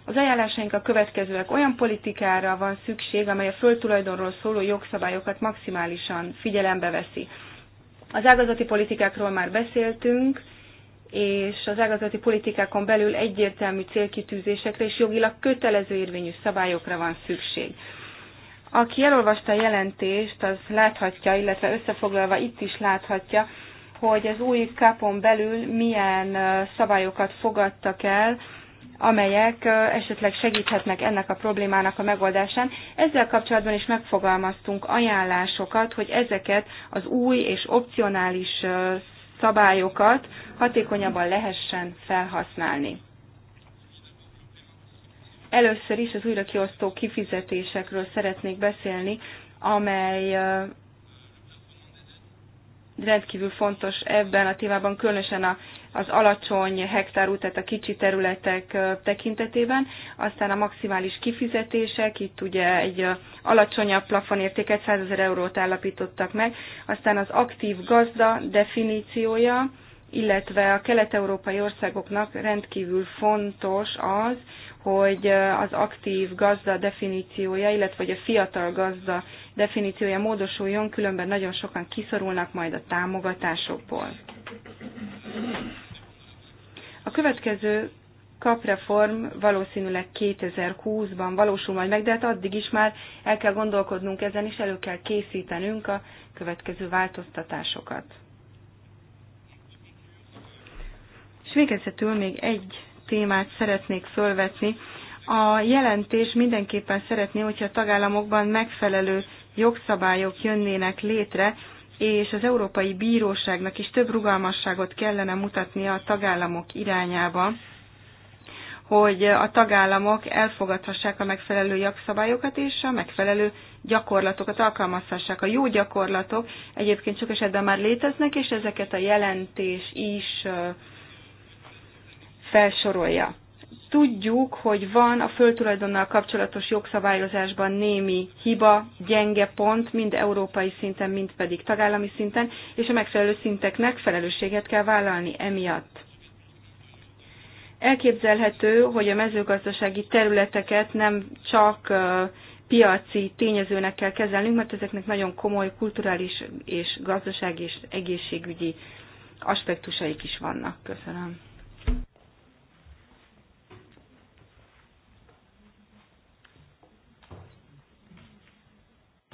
Az ajánlásaink a következőek. Olyan politikára van szükség, amely a földtulajdonról szóló jogszabályokat maximálisan figyelembe veszi. Az ágazati politikákról már beszéltünk, és az ágazati politikákon belül egyértelmű célkitűzésekre és jogilag kötelező érvényű szabályokra van szükség. Aki elolvasta a jelentést, az láthatja, illetve összefoglalva itt is láthatja, hogy az új kapon belül milyen szabályokat fogadtak el amelyek esetleg segíthetnek ennek a problémának a megoldásán. Ezzel kapcsolatban is megfogalmaztunk ajánlásokat, hogy ezeket az új és opcionális szabályokat hatékonyabban lehessen felhasználni. Először is az újrakiosztó kifizetésekről szeretnék beszélni, amely rendkívül fontos ebben a témában, különösen a az alacsony hektárú, tehát a kicsi területek tekintetében, aztán a maximális kifizetések, itt ugye egy alacsonyabb plafonértéket, 100 ezer eurót állapítottak meg, aztán az aktív gazda definíciója, illetve a kelet-európai országoknak rendkívül fontos az, hogy az aktív gazda definíciója, illetve hogy a fiatal gazda definíciója módosuljon, különben nagyon sokan kiszorulnak majd a támogatásokból. A következő kapreform valószínűleg 2020-ban valósul majd meg, de hát addig is már el kell gondolkodnunk ezen, és elő kell készítenünk a következő változtatásokat. És végezetül még egy témát szeretnék fölvetni. A jelentés mindenképpen szeretné, hogyha a tagállamokban megfelelő jogszabályok jönnének létre és az Európai Bíróságnak is több rugalmasságot kellene mutatnia a tagállamok irányába, hogy a tagállamok elfogadhassák a megfelelő jogszabályokat és a megfelelő gyakorlatokat alkalmazhassák. A jó gyakorlatok egyébként sok esetben már léteznek, és ezeket a jelentés is felsorolja. Tudjuk, hogy van a földtulajdonnal kapcsolatos jogszabályozásban némi hiba, gyenge pont, mind európai szinten, mind pedig tagállami szinten, és a megfelelő szinteknek felelősséget kell vállalni emiatt. Elképzelhető, hogy a mezőgazdasági területeket nem csak piaci tényezőnek kell kezelnünk, mert ezeknek nagyon komoly kulturális és gazdasági és egészségügyi aspektusaik is vannak. Köszönöm.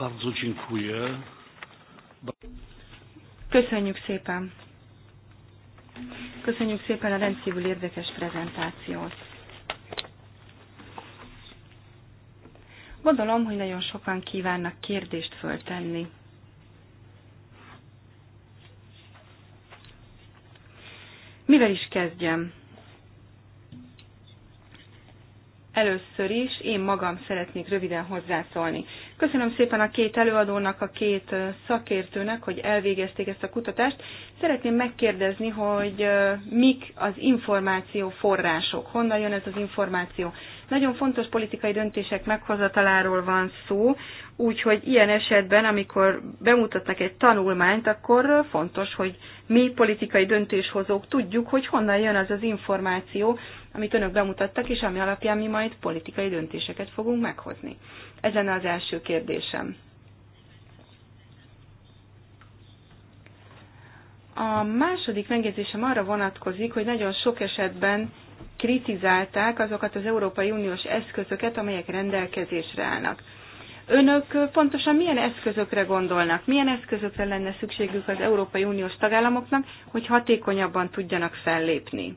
Bardzo dziękuję. Köszönjük szépen. Köszönjük szépen a rendkívül érdekes prezentációt. Gondolom, hogy nagyon sokan kívánnak kérdést föltenni. Mivel is kezdjem? Először is én magam szeretnék röviden hozzászólni. Köszönöm szépen a két előadónak, a két szakértőnek, hogy elvégezték ezt a kutatást. Szeretném megkérdezni, hogy mik az információ források, honnan jön ez az információ. Nagyon fontos politikai döntések meghozataláról van szó, úgyhogy ilyen esetben, amikor bemutatnak egy tanulmányt, akkor fontos, hogy mi politikai döntéshozók tudjuk, hogy honnan jön az az információ, amit önök bemutattak, és ami alapján mi majd politikai döntéseket fogunk meghozni. Ez lenne az első kérdésem. A második megjegyzésem arra vonatkozik, hogy nagyon sok esetben kritizálták azokat az Európai Uniós eszközöket, amelyek rendelkezésre állnak. Önök pontosan milyen eszközökre gondolnak, milyen eszközökre lenne szükségük az Európai Uniós tagállamoknak, hogy hatékonyabban tudjanak fellépni?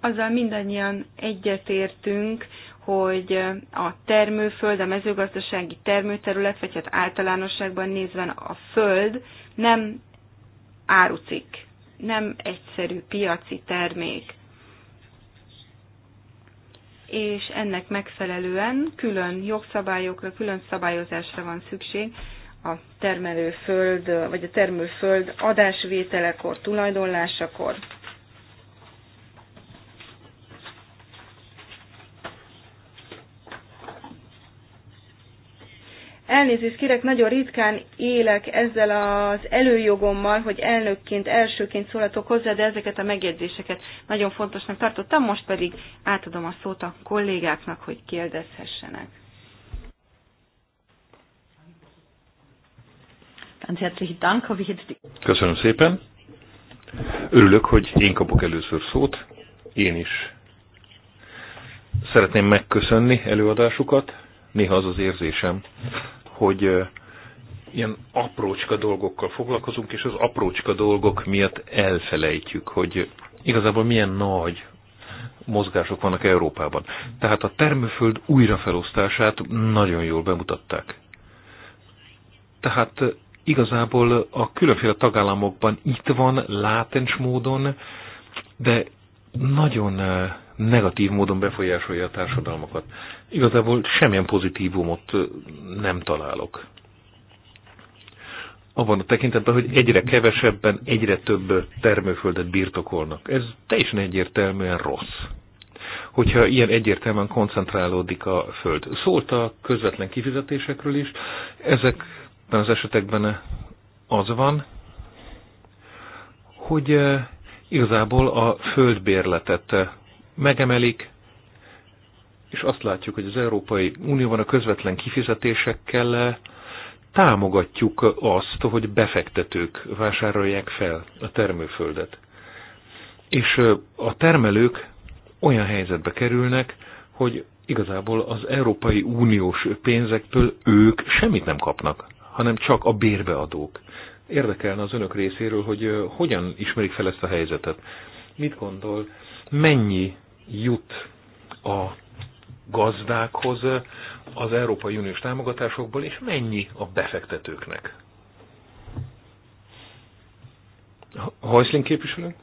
Azzal mindannyian egyetértünk, hogy a termőföld, a mezőgazdasági termőterület, vagy hát általánosságban nézve a föld nem árucik, nem egyszerű piaci termék. És ennek megfelelően külön jogszabályokra, külön szabályozásra van szükség a termelőföld, vagy a termőföld adásvételekor, tulajdonlásakor. Elnézést kérek, nagyon ritkán élek ezzel az előjogommal, hogy elnökként, elsőként szólatok hozzá, de ezeket a megjegyzéseket nagyon fontosnak tartottam, most pedig átadom a szót a kollégáknak, hogy kérdezhessenek. Köszönöm szépen. Örülök, hogy én kapok először szót. Én is szeretném megköszönni előadásukat. Néha az az érzésem, hogy ilyen aprócska dolgokkal foglalkozunk, és az aprócska dolgok miatt elfelejtjük, hogy igazából milyen nagy mozgások vannak Európában. Tehát a termőföld újrafelosztását nagyon jól bemutatták. Tehát igazából a különféle tagállamokban itt van látens módon, de nagyon negatív módon befolyásolja a társadalmakat. Igazából semmilyen pozitívumot nem találok. Abban a tekintetben, hogy egyre kevesebben, egyre több termőföldet birtokolnak. Ez teljesen egyértelműen rossz. Hogyha ilyen egyértelműen koncentrálódik a föld. Szólt a közvetlen kifizetésekről is, ezekben az esetekben az van, hogy igazából a földbérletet megemelik, és azt látjuk, hogy az Európai Unióban a közvetlen kifizetésekkel támogatjuk azt, hogy befektetők vásárolják fel a termőföldet. És a termelők olyan helyzetbe kerülnek, hogy igazából az Európai Uniós pénzektől ők semmit nem kapnak, hanem csak a bérbeadók. Érdekelne az önök részéről, hogy hogyan ismerik fel ezt a helyzetet. Mit gondol, mennyi jut a gazdákhoz az Európai Uniós támogatásokból, és mennyi a befektetőknek? Hajszlin képviselő?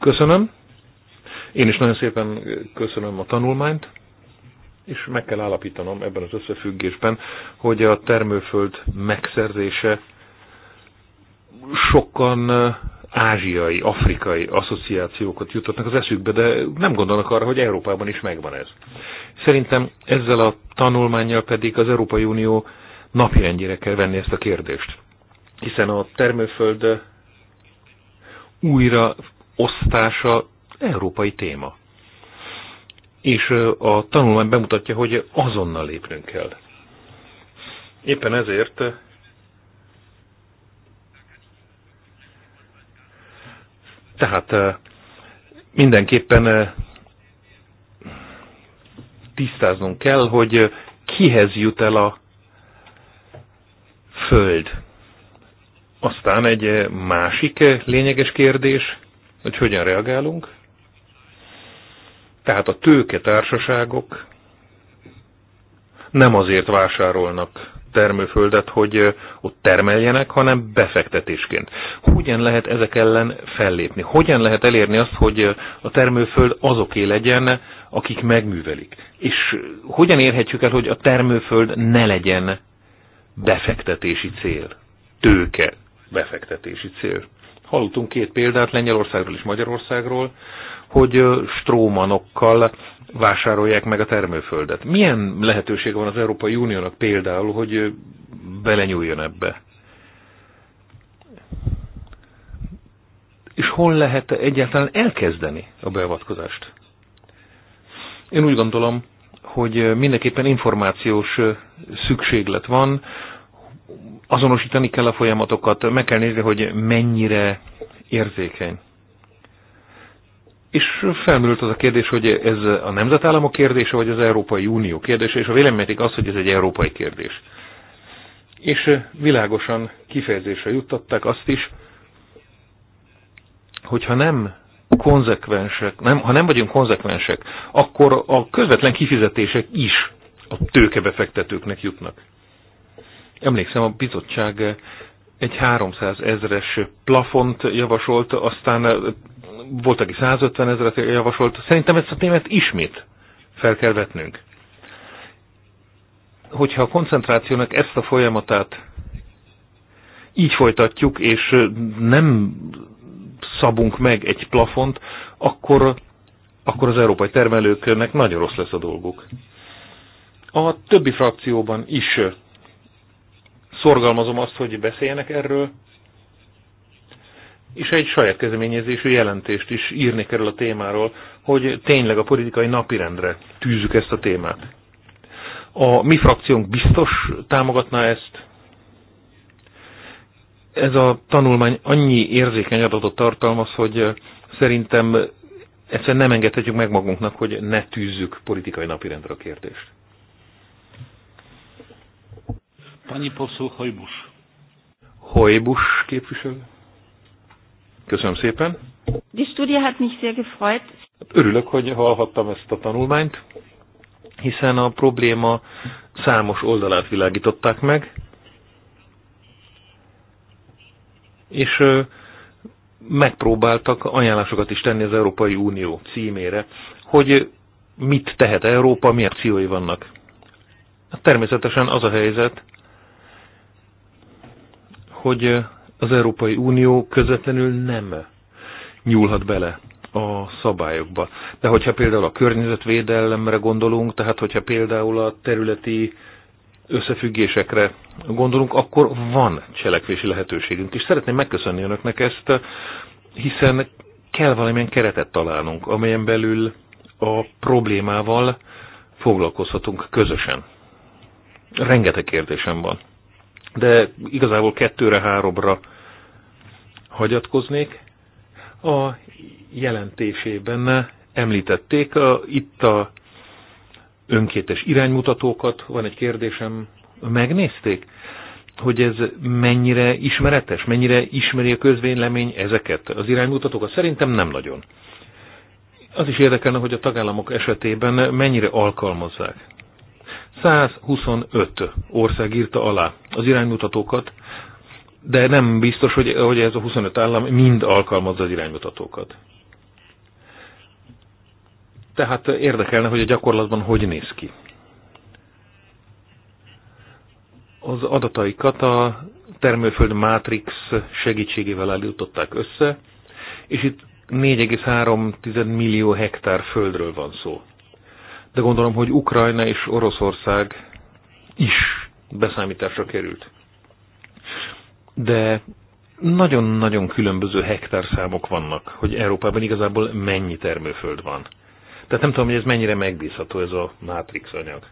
Köszönöm. Én is nagyon szépen köszönöm a tanulmányt, és meg kell állapítanom ebben az összefüggésben, hogy a termőföld megszerzése sokan ázsiai, afrikai asszociációkat jutatnak az eszükbe, de nem gondolnak arra, hogy Európában is megvan ez. Szerintem ezzel a tanulmányjal pedig az Európai Unió napirendjére kell venni ezt a kérdést. Hiszen a termőföld újra osztása európai téma. És a tanulmány bemutatja, hogy azonnal lépnünk kell. Éppen ezért Tehát mindenképpen tisztáznunk kell, hogy kihez jut el a föld. Aztán egy másik lényeges kérdés, hogy hogyan reagálunk. Tehát a tőke társaságok nem azért vásárolnak termőföldet, hogy ott termeljenek, hanem befektetésként. Hogyan lehet ezek ellen fellépni? Hogyan lehet elérni azt, hogy a termőföld azoké legyen, akik megművelik? És hogyan érhetjük el, hogy a termőföld ne legyen befektetési cél? Tőke befektetési cél. Hallottunk két példát Lengyelországról és Magyarországról, hogy strómanokkal vásárolják meg a termőföldet. Milyen lehetőség van az Európai Uniónak például, hogy belenyúljon ebbe? És hol lehet egyáltalán elkezdeni a beavatkozást? Én úgy gondolom, hogy mindenképpen információs szükséglet van, azonosítani kell a folyamatokat, meg kell nézni, hogy mennyire érzékeny és felmerült az a kérdés, hogy ez a nemzetállamok kérdése, vagy az Európai Unió kérdése, és a véleményedik az, hogy ez egy európai kérdés. És világosan kifejezésre juttatták azt is, hogyha nem konzekvensek, nem, ha nem vagyunk konzekvensek, akkor a közvetlen kifizetések is a tőkebefektetőknek jutnak. Emlékszem, a bizottság egy 300 ezres plafont javasolt, aztán volt, aki 150 ezeret javasolt. Szerintem ezt a témát ismét fel kell vetnünk. Hogyha a koncentrációnak ezt a folyamatát így folytatjuk, és nem szabunk meg egy plafont, akkor, akkor az európai termelőknek nagyon rossz lesz a dolguk. A többi frakcióban is szorgalmazom azt, hogy beszéljenek erről, és egy saját kezeményezésű jelentést is írni kerül a témáról, hogy tényleg a politikai napirendre tűzzük ezt a témát. A mi frakciónk biztos támogatná ezt. Ez a tanulmány annyi érzékeny adatot tartalmaz, hogy szerintem egyszerűen nem engedhetjük meg magunknak, hogy ne tűzzük politikai napirendre a kérdést. Pani poseł Hojbusz. Hojbusz képviselő. Köszönöm szépen. Die Studie hat mich sehr gefreut. Hát örülök, hogy hallhattam ezt a tanulmányt, hiszen a probléma számos oldalát világították meg, és megpróbáltak ajánlásokat is tenni az Európai Unió címére, hogy mit tehet Európa, milyen akciói vannak. Természetesen az a helyzet, hogy az Európai Unió közvetlenül nem nyúlhat bele a szabályokba. De hogyha például a környezetvédelemre gondolunk, tehát hogyha például a területi összefüggésekre gondolunk, akkor van cselekvési lehetőségünk. És szeretném megköszönni önöknek ezt, hiszen kell valamilyen keretet találnunk, amelyen belül a problémával foglalkozhatunk közösen. Rengeteg kérdésem van de igazából kettőre-háromra hagyatkoznék. A jelentésében említették a, itt a önkétes iránymutatókat. Van egy kérdésem, megnézték, hogy ez mennyire ismeretes, mennyire ismeri a közvélemény ezeket az iránymutatókat? Szerintem nem nagyon. Az is érdekelne, hogy a tagállamok esetében mennyire alkalmazzák 125 ország írta alá az iránymutatókat, de nem biztos, hogy, hogy ez a 25 állam mind alkalmazza az iránymutatókat. Tehát érdekelne, hogy a gyakorlatban hogy néz ki. Az adataikat a termőföld Matrix segítségével állították össze, és itt 4,3 millió hektár földről van szó de gondolom, hogy Ukrajna és Oroszország is beszámításra került. De nagyon-nagyon különböző hektárszámok vannak, hogy Európában igazából mennyi termőföld van. Tehát nem tudom, hogy ez mennyire megbízható ez a matrix anyag.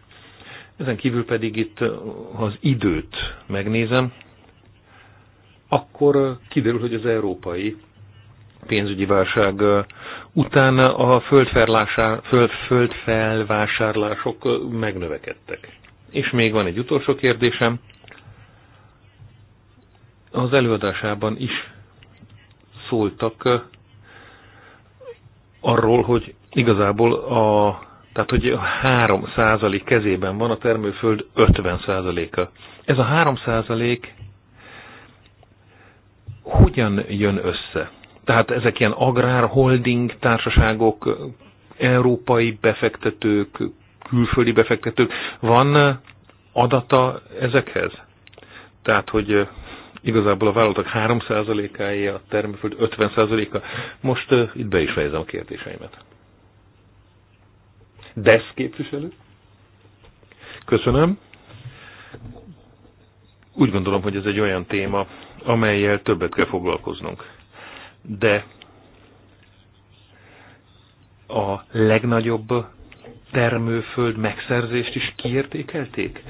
Ezen kívül pedig itt, ha az időt megnézem, akkor kiderül, hogy az európai pénzügyi válság utána a föld, földfelvásárlások megnövekedtek. És még van egy utolsó kérdésem. Az előadásában is szóltak arról, hogy igazából a, tehát hogy a 3 százalék kezében van a termőföld 50 százaléka. Ez a 3 százalék hogyan jön össze? Tehát ezek ilyen agrárholding társaságok, európai befektetők, külföldi befektetők. Van adata ezekhez? Tehát, hogy igazából a vállalatok 3%-áé, a termőföld 50%-a. Most uh, itt be is fejezem a kérdéseimet. DESZ képviselő? Köszönöm. Úgy gondolom, hogy ez egy olyan téma, amelyel többet kell foglalkoznunk de a legnagyobb termőföld megszerzést is kiértékelték.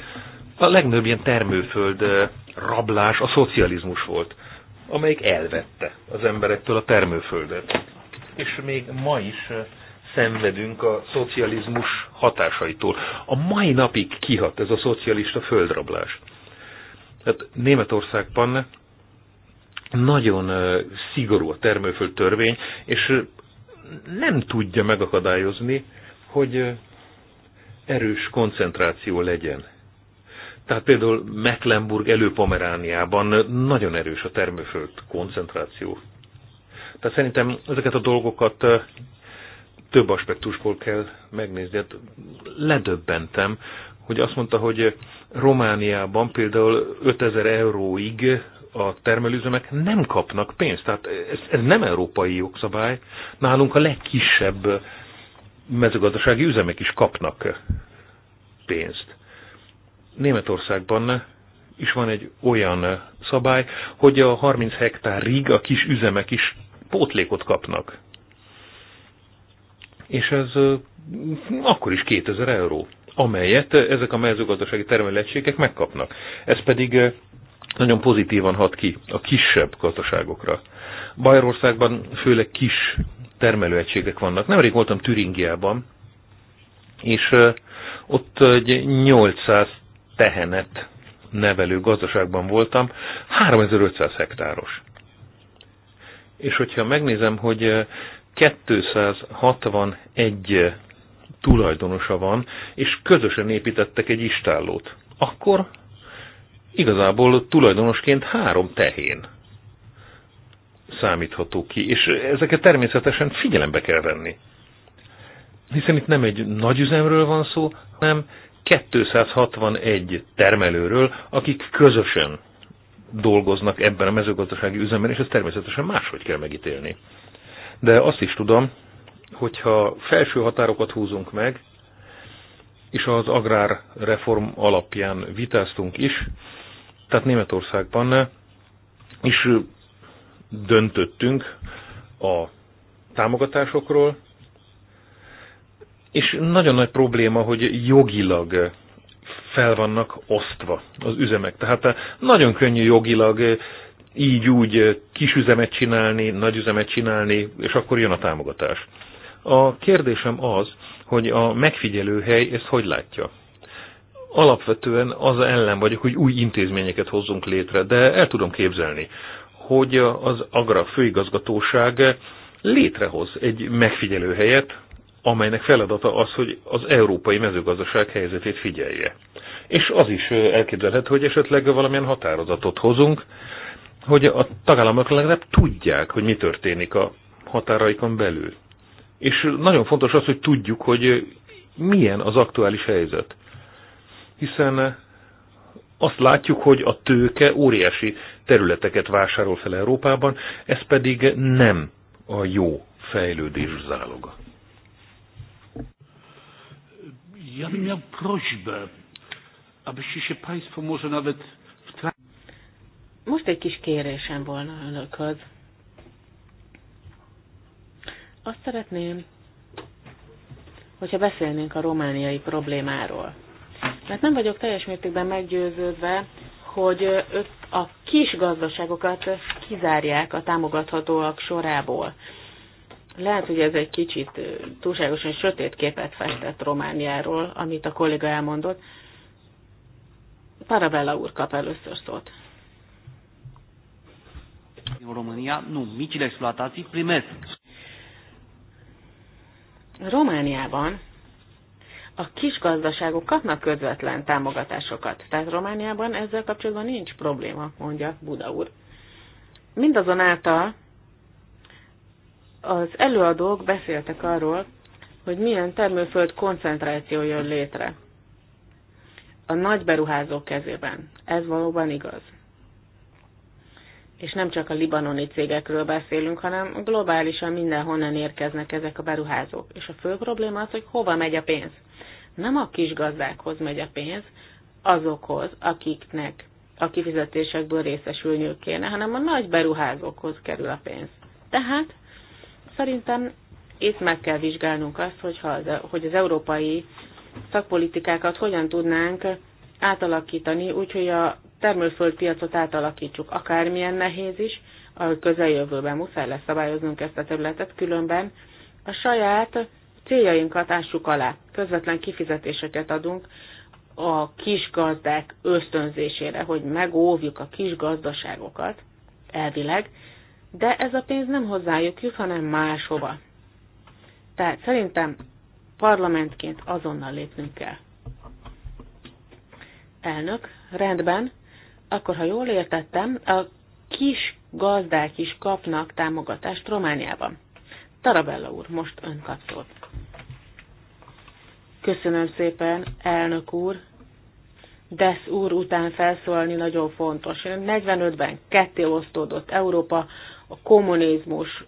A legnagyobb ilyen termőföld eh, rablás a szocializmus volt, amelyik elvette az emberektől a termőföldet. És még ma is eh, szenvedünk a szocializmus hatásaitól. A mai napig kihat ez a szocialista földrablás. Tehát Németországban nagyon szigorú a termőföld törvény, és nem tudja megakadályozni, hogy erős koncentráció legyen. Tehát például Mecklenburg előpomerániában nagyon erős a termőföld koncentráció. Tehát szerintem ezeket a dolgokat több aspektusból kell megnézni. Hát ledöbbentem, hogy azt mondta, hogy Romániában például 5000 euróig a termelőzőmek nem kapnak pénzt. Tehát ez, ez nem európai jogszabály. Nálunk a legkisebb mezőgazdasági üzemek is kapnak pénzt. Németországban is van egy olyan szabály, hogy a 30 hektárig a kis üzemek is pótlékot kapnak. És ez akkor is 2000 euró, amelyet ezek a mezőgazdasági termelőegységek megkapnak. Ez pedig nagyon pozitívan hat ki a kisebb gazdaságokra. Bajorországban főleg kis termelőegységek vannak. Nemrég voltam Türingiában, és ott egy 800 tehenet nevelő gazdaságban voltam, 3500 hektáros. És hogyha megnézem, hogy 261 tulajdonosa van, és közösen építettek egy istállót, akkor igazából tulajdonosként három tehén számítható ki, és ezeket természetesen figyelembe kell venni. Hiszen itt nem egy nagy üzemről van szó, hanem 261 termelőről, akik közösen dolgoznak ebben a mezőgazdasági üzemben, és ezt természetesen máshogy kell megítélni. De azt is tudom, hogyha felső határokat húzunk meg, és az agrárreform alapján vitáztunk is, tehát Németországban is döntöttünk a támogatásokról, és nagyon nagy probléma, hogy jogilag fel vannak osztva az üzemek. Tehát nagyon könnyű jogilag így úgy kisüzemet csinálni, nagyüzemet csinálni, és akkor jön a támogatás. A kérdésem az, hogy a megfigyelőhely ezt hogy látja? alapvetően az ellen vagyok, hogy új intézményeket hozzunk létre, de el tudom képzelni, hogy az Agra főigazgatóság létrehoz egy helyet, amelynek feladata az, hogy az európai mezőgazdaság helyzetét figyelje. És az is elképzelhető, hogy esetleg valamilyen határozatot hozunk, hogy a tagállamok legalább tudják, hogy mi történik a határaikon belül. És nagyon fontos az, hogy tudjuk, hogy milyen az aktuális helyzet hiszen azt látjuk, hogy a tőke óriási területeket vásárol fel Európában, ez pedig nem a jó fejlődés záloga. Most egy kis kérésem volna önökhöz. Azt szeretném, hogyha beszélnénk a romániai problémáról mert nem vagyok teljes mértékben meggyőződve, hogy a kis gazdaságokat kizárják a támogathatóak sorából. Lehet, hogy ez egy kicsit túlságosan sötét képet festett Romániáról, amit a kolléga elmondott. Parabella úr kap először szót. Románia nu, micile exploatații primesc. Romániában a kis gazdaságok kapnak közvetlen támogatásokat. Tehát Romániában ezzel kapcsolatban nincs probléma, mondja Buda úr. Mindazonáltal az előadók beszéltek arról, hogy milyen termőföld koncentráció jön létre a nagy beruházók kezében. Ez valóban igaz. És nem csak a libanoni cégekről beszélünk, hanem globálisan mindenhonnan érkeznek ezek a beruházók. És a fő probléma az, hogy hova megy a pénz nem a kis gazdákhoz megy a pénz, azokhoz, akiknek a kifizetésekből részesülniük kéne, hanem a nagy beruházókhoz kerül a pénz. Tehát szerintem itt meg kell vizsgálnunk azt, hogyha, hogy az európai szakpolitikákat hogyan tudnánk átalakítani, úgyhogy a termőföldpiacot átalakítsuk, akármilyen nehéz is, a közeljövőben muszáj lesz szabályoznunk ezt a területet, különben a saját céljainkat ássuk alá. Közvetlen kifizetéseket adunk a kis gazdák ösztönzésére, hogy megóvjuk a kis elvileg, de ez a pénz nem hozzájuk jut, hanem máshova. Tehát szerintem parlamentként azonnal lépnünk kell. Elnök, rendben, akkor ha jól értettem, a kis gazdák is kapnak támogatást Romániában. Tarabella úr, most ön kap Köszönöm szépen, elnök úr. Desz úr után felszólalni nagyon fontos. 45-ben ketté osztódott Európa, a kommunizmus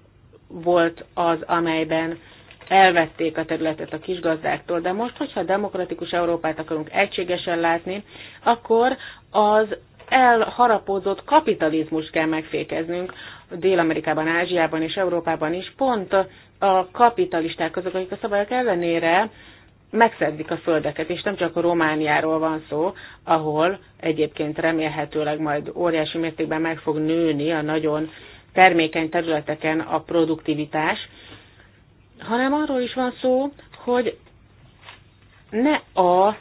volt az, amelyben elvették a területet a kisgazdáktól, de most, hogyha demokratikus Európát akarunk egységesen látni, akkor az elharapózott kapitalizmus kell megfékeznünk Dél-Amerikában, Ázsiában és Európában is. Pont a kapitalisták azok, akik a szabályok ellenére megszedik a földeket, és nem csak a Romániáról van szó, ahol egyébként remélhetőleg majd óriási mértékben meg fog nőni a nagyon termékeny területeken a produktivitás, hanem arról is van szó, hogy ne a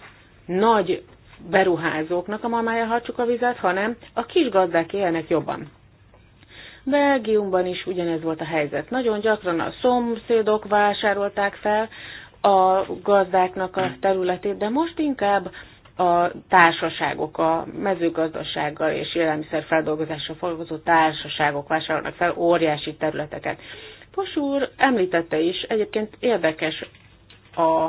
nagy beruházóknak a mamája hagyjuk a vizet, hanem a kis gazdák élnek jobban. Belgiumban is ugyanez volt a helyzet. Nagyon gyakran a szomszédok vásárolták fel a gazdáknak a területét, de most inkább a társaságok, a mezőgazdasággal és élelmiszerfeldolgozással foglalkozó társaságok vásárolnak fel óriási területeket. Pos úr említette is, egyébként érdekes a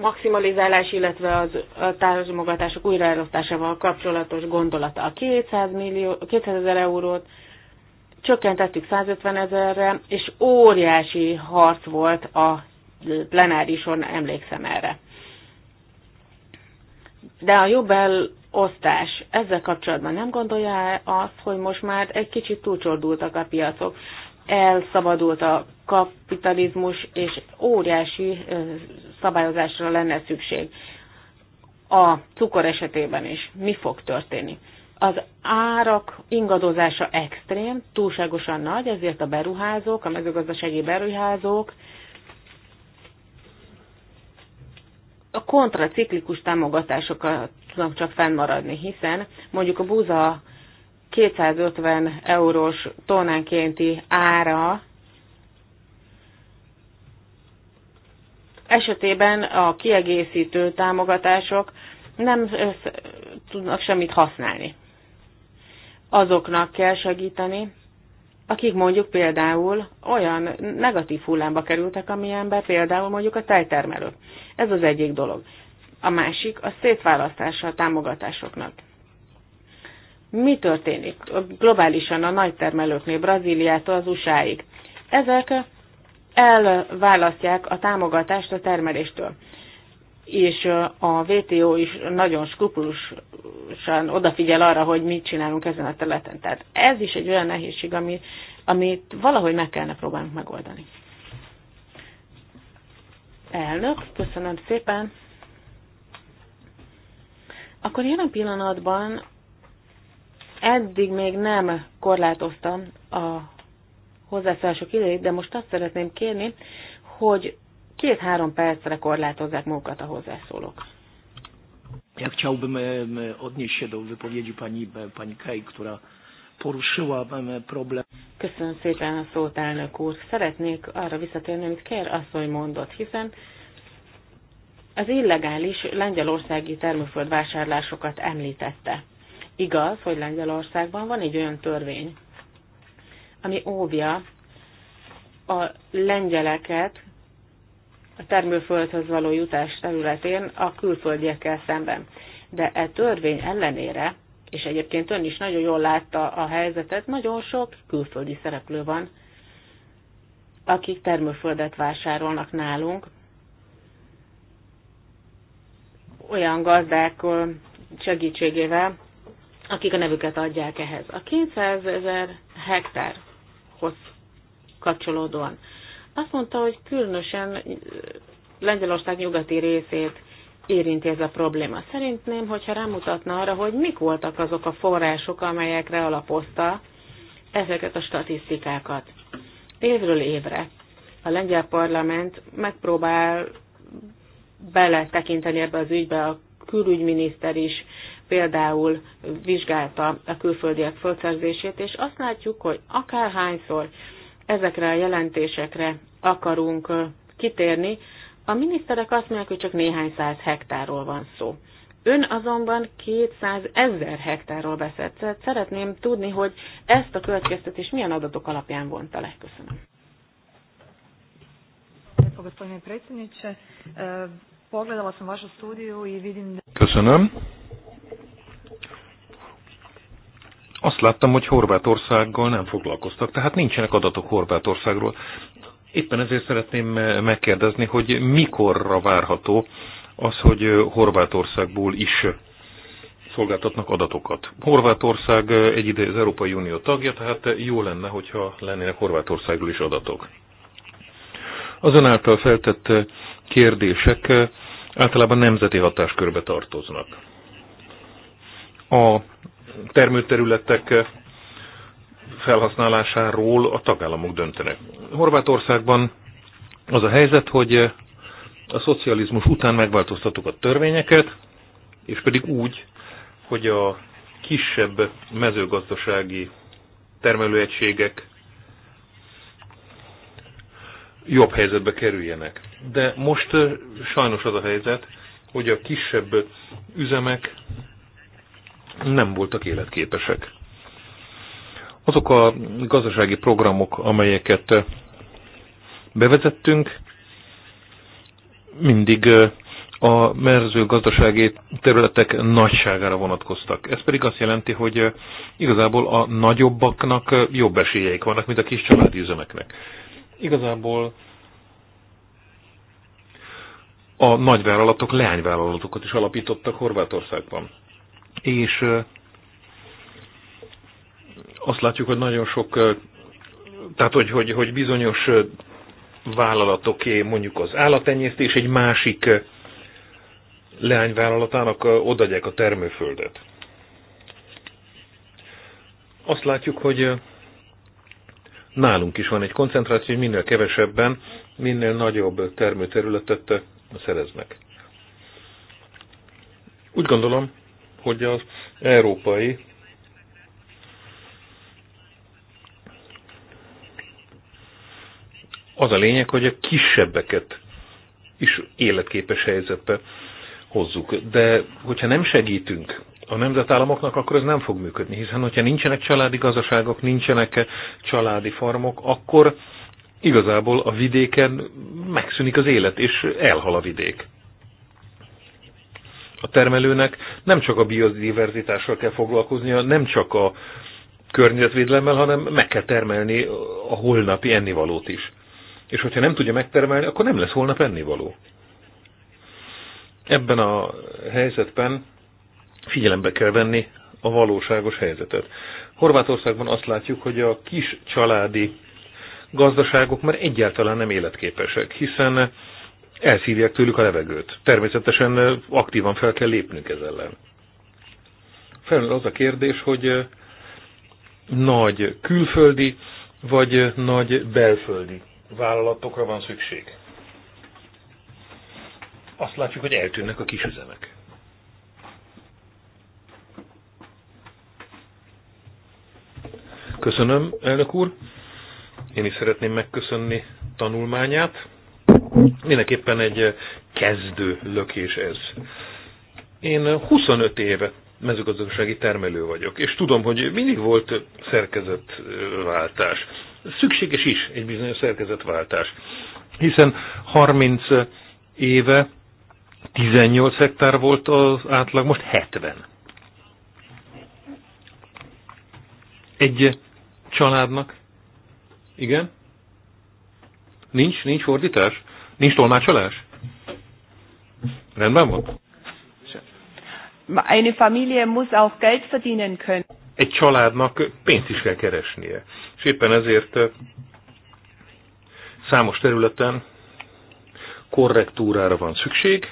maximalizálás, illetve az a támogatások újraelosztásával kapcsolatos gondolata. A 200, millió, 200 ezer eurót csökkentettük 150 ezerre, és óriási harc volt a plenárison, emlékszem erre. De a jobb elosztás ezzel kapcsolatban nem gondolja azt, hogy most már egy kicsit túlcsordultak a piacok, elszabadult a kapitalizmus, és óriási szabályozásra lenne szükség. A cukor esetében is mi fog történni? Az árak ingadozása extrém, túlságosan nagy, ezért a beruházók, a mezőgazdasági beruházók a kontraciklikus támogatásokat tudnak csak fennmaradni, hiszen mondjuk a búza 250 eurós tonnánkénti ára esetében a kiegészítő támogatások nem tudnak semmit használni azoknak kell segíteni, akik mondjuk például olyan negatív hullámba kerültek, amilyenbe például mondjuk a tejtermelő. Ez az egyik dolog. A másik a szétválasztása a támogatásoknak. Mi történik globálisan a nagy termelőknél, Brazíliától az USA-ig? Ezek elválasztják a támogatást a termeléstől és a VTO is nagyon skrupulósan odafigyel arra, hogy mit csinálunk ezen a területen. Tehát ez is egy olyan nehézség, ami, amit valahogy meg kellene próbálnunk megoldani. Elnök, köszönöm szépen. Akkor jelen pillanatban eddig még nem korlátoztam a hozzászólások idejét, de most azt szeretném kérni, hogy két-három percre korlátozzák magukat a hozzászólók. Ja chciałbym odnieść się do wypowiedzi pani, pani Kej, która poruszyła problem. Köszönöm szépen a szót, elnök úr. Szeretnék arra visszatérni, amit Kér asszony mondott, hiszen az illegális lengyelországi termőföldvásárlásokat említette. Igaz, hogy Lengyelországban van egy olyan törvény, ami óvja a lengyeleket a termőföldhöz való jutás területén a külföldiekkel szemben. De e törvény ellenére, és egyébként ön is nagyon jól látta a helyzetet, nagyon sok külföldi szereplő van, akik termőföldet vásárolnak nálunk, olyan gazdák segítségével, akik a nevüket adják ehhez. A 200 ezer hektárhoz kapcsolódóan azt mondta, hogy különösen Lengyelország nyugati részét érinti ez a probléma. Szerintem, hogyha rámutatna arra, hogy mik voltak azok a források, amelyekre alapozta ezeket a statisztikákat. Évről évre a lengyel parlament megpróbál beletekinteni ebbe az ügybe, a külügyminiszter is például vizsgálta a külföldiek fölszerzését, és azt látjuk, hogy akárhányszor ezekre a jelentésekre akarunk kitérni. A miniszterek azt mondják, hogy csak néhány száz hektárról van szó. Ön azonban 200 ezer hektárról beszélt. Szeretném tudni, hogy ezt a következtetés milyen adatok alapján vonta le. Köszönöm. E, Köszönöm. azt láttam, hogy Horvátországgal nem foglalkoztak, tehát nincsenek adatok Horvátországról. Éppen ezért szeretném megkérdezni, hogy mikorra várható az, hogy Horvátországból is szolgáltatnak adatokat. Horvátország egy ide az Európai Unió tagja, tehát jó lenne, hogyha lennének Horvátországról is adatok. Azonáltal feltett kérdések általában nemzeti hatáskörbe tartoznak. A termőterületek felhasználásáról a tagállamok döntenek. Horvátországban az a helyzet, hogy a szocializmus után megváltoztattuk a törvényeket, és pedig úgy, hogy a kisebb mezőgazdasági termelőegységek jobb helyzetbe kerüljenek. De most eh, sajnos az a helyzet, hogy a kisebb üzemek nem voltak életképesek. Azok a gazdasági programok, amelyeket eh, bevezettünk, mindig eh, a gazdasági területek nagyságára vonatkoztak. Ez pedig azt jelenti, hogy eh, igazából a nagyobbaknak jobb esélyeik vannak, mint a kis családi üzemeknek. Igazából a nagyvállalatok leányvállalatokat is alapítottak Horvátországban és azt látjuk, hogy nagyon sok, tehát hogy, hogy, hogy bizonyos vállalatoké mondjuk az állatenyésztés egy másik leányvállalatának odaadják a termőföldet. Azt látjuk, hogy nálunk is van egy koncentráció, hogy minél kevesebben, minél nagyobb termőterületet szereznek. Úgy gondolom, hogy az európai az a lényeg, hogy a kisebbeket is életképes helyzetbe hozzuk. De hogyha nem segítünk a nemzetállamoknak, akkor ez nem fog működni, hiszen hogyha nincsenek családi gazdaságok, nincsenek családi farmok, akkor igazából a vidéken megszűnik az élet, és elhal a vidék a termelőnek nem csak a biodiverzitással kell foglalkoznia, nem csak a környezetvédelemmel, hanem meg kell termelni a holnapi ennivalót is. És hogyha nem tudja megtermelni, akkor nem lesz holnap ennivaló. Ebben a helyzetben figyelembe kell venni a valóságos helyzetet. Horvátországban azt látjuk, hogy a kis családi gazdaságok már egyáltalán nem életképesek, hiszen elszívják tőlük a levegőt. Természetesen aktívan fel kell lépnünk ez ellen. Felmerül az a kérdés, hogy nagy külföldi vagy nagy belföldi vállalatokra van szükség. Azt látjuk, hogy eltűnnek a kisüzemek. Köszönöm, elnök úr. Én is szeretném megköszönni tanulmányát. Mindenképpen egy eh, kezdő lökés ez. Én 25 eh, éve mezőgazdasági termelő vagyok, és tudom, hogy mindig volt szerkezetváltás. Szükséges is egy bizonyos szerkezetváltás, hiszen 30 eh, éve 18 hektár volt az átlag, most 70. Egy családnak, igen? Nincs, nincs fordítás? Nincs tolmácsolás? Rendben van? Eine Familie muss auch Geld verdienen können. Egy családnak pénzt is kell keresnie. És éppen ezért számos területen korrektúrára van szükség.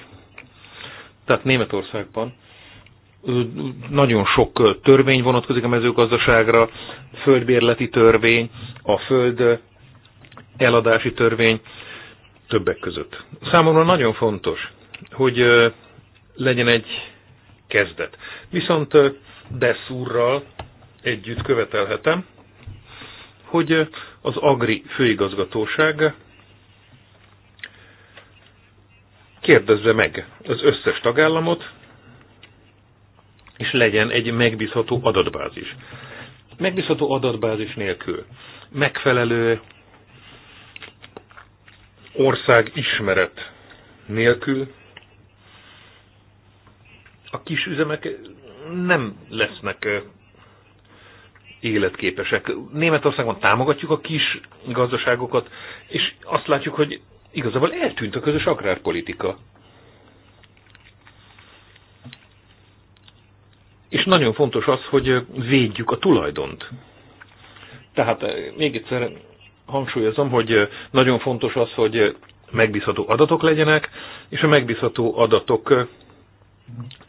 Tehát Németországban nagyon sok törvény vonatkozik a mezőgazdaságra, földbérleti törvény, a föld eladási törvény, többek között. Számomra nagyon fontos, hogy legyen egy kezdet. Viszont Deszúrral együtt követelhetem, hogy az Agri főigazgatóság kérdezze meg az összes tagállamot, és legyen egy megbízható adatbázis. Megbízható adatbázis nélkül megfelelő ország ismeret nélkül a kis üzemek nem lesznek eh, életképesek. Németországban támogatjuk a kis gazdaságokat, és azt látjuk, hogy igazából eltűnt a közös agrárpolitika. És nagyon fontos az, hogy védjük a tulajdont. Tehát eh, még egyszer hangsúlyozom, hogy nagyon fontos az, hogy megbízható adatok legyenek, és a megbízható adatok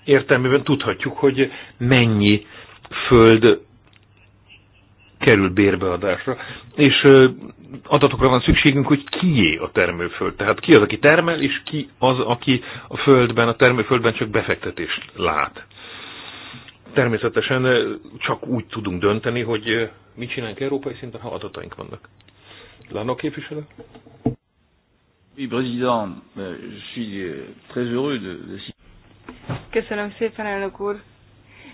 értelmében tudhatjuk, hogy mennyi föld kerül bérbeadásra. És adatokra van szükségünk, hogy kié a termőföld. Tehát ki az, aki termel, és ki az, aki a földben, a termőföldben csak befektetést lát. Természetesen csak úgy tudunk dönteni, hogy mit csinálunk európai szinten, ha adataink vannak. Lano képviselő? Oui, président, je suis euh, très heureux de, Köszönöm szépen, elnök úr.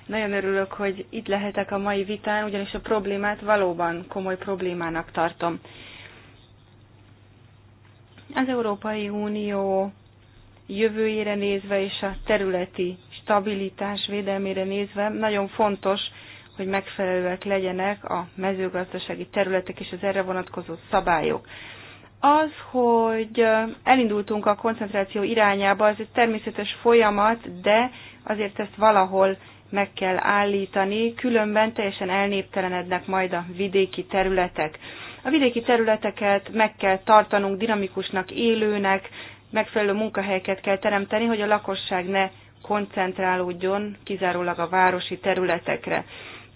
Nagyon örülök, hogy itt lehetek a mai vitán, ugyanis a problémát valóban komoly problémának tartom. Az Európai Unió jövőjére nézve és a területi stabilitás védelmére nézve nagyon fontos, hogy megfelelőek legyenek a mezőgazdasági területek és az erre vonatkozó szabályok. Az, hogy elindultunk a koncentráció irányába, az egy természetes folyamat, de azért ezt valahol meg kell állítani, különben teljesen elnéptelenednek majd a vidéki területek. A vidéki területeket meg kell tartanunk dinamikusnak, élőnek, megfelelő munkahelyeket kell teremteni, hogy a lakosság ne koncentrálódjon kizárólag a városi területekre.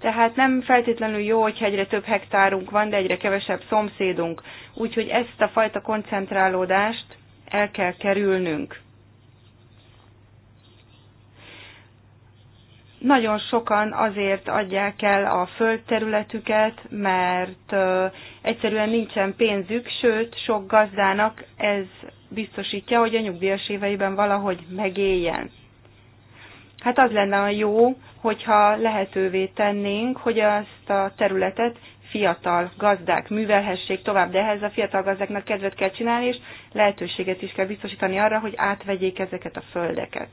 Tehát nem feltétlenül jó, hogy egyre több hektárunk van, de egyre kevesebb szomszédunk. Úgyhogy ezt a fajta koncentrálódást el kell kerülnünk. Nagyon sokan azért adják el a földterületüket, mert egyszerűen nincsen pénzük, sőt, sok gazdának ez biztosítja, hogy a nyugdíjas éveiben valahogy megéljen. Hát az lenne a jó, hogyha lehetővé tennénk, hogy azt a területet fiatal gazdák művelhessék tovább, de ehhez a fiatal gazdáknak kedvet kell csinálni, és lehetőséget is kell biztosítani arra, hogy átvegyék ezeket a földeket.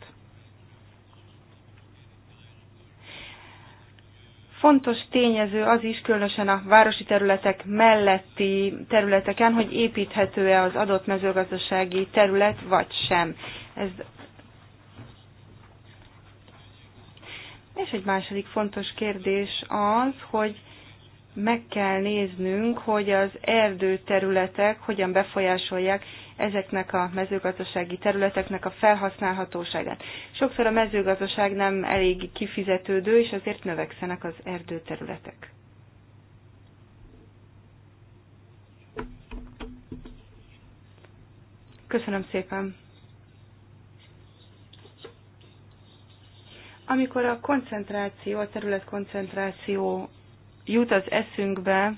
Fontos tényező az is, különösen a városi területek melletti területeken, hogy építhető-e az adott mezőgazdasági terület, vagy sem. Ez És egy második fontos kérdés az, hogy meg kell néznünk, hogy az erdő területek hogyan befolyásolják ezeknek a mezőgazdasági területeknek a felhasználhatóságát. Sokszor a mezőgazdaság nem elég kifizetődő, és azért növekszenek az erdő területek. Köszönöm szépen! Amikor a koncentráció, a területkoncentráció jut az eszünkbe,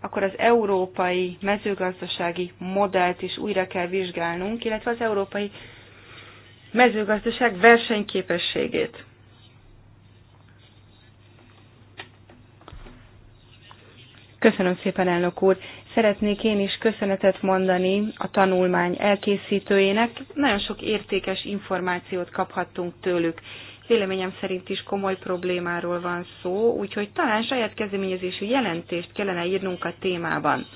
akkor az európai mezőgazdasági modellt is újra kell vizsgálnunk, illetve az európai mezőgazdaság versenyképességét. Köszönöm szépen, elnök úr! Szeretnék én is köszönetet mondani a tanulmány elkészítőjének. Nagyon sok értékes információt kaphattunk tőlük véleményem szerint is komoly problémáról van szó, úgyhogy talán saját kezdeményezésű jelentést kellene írnunk a témában.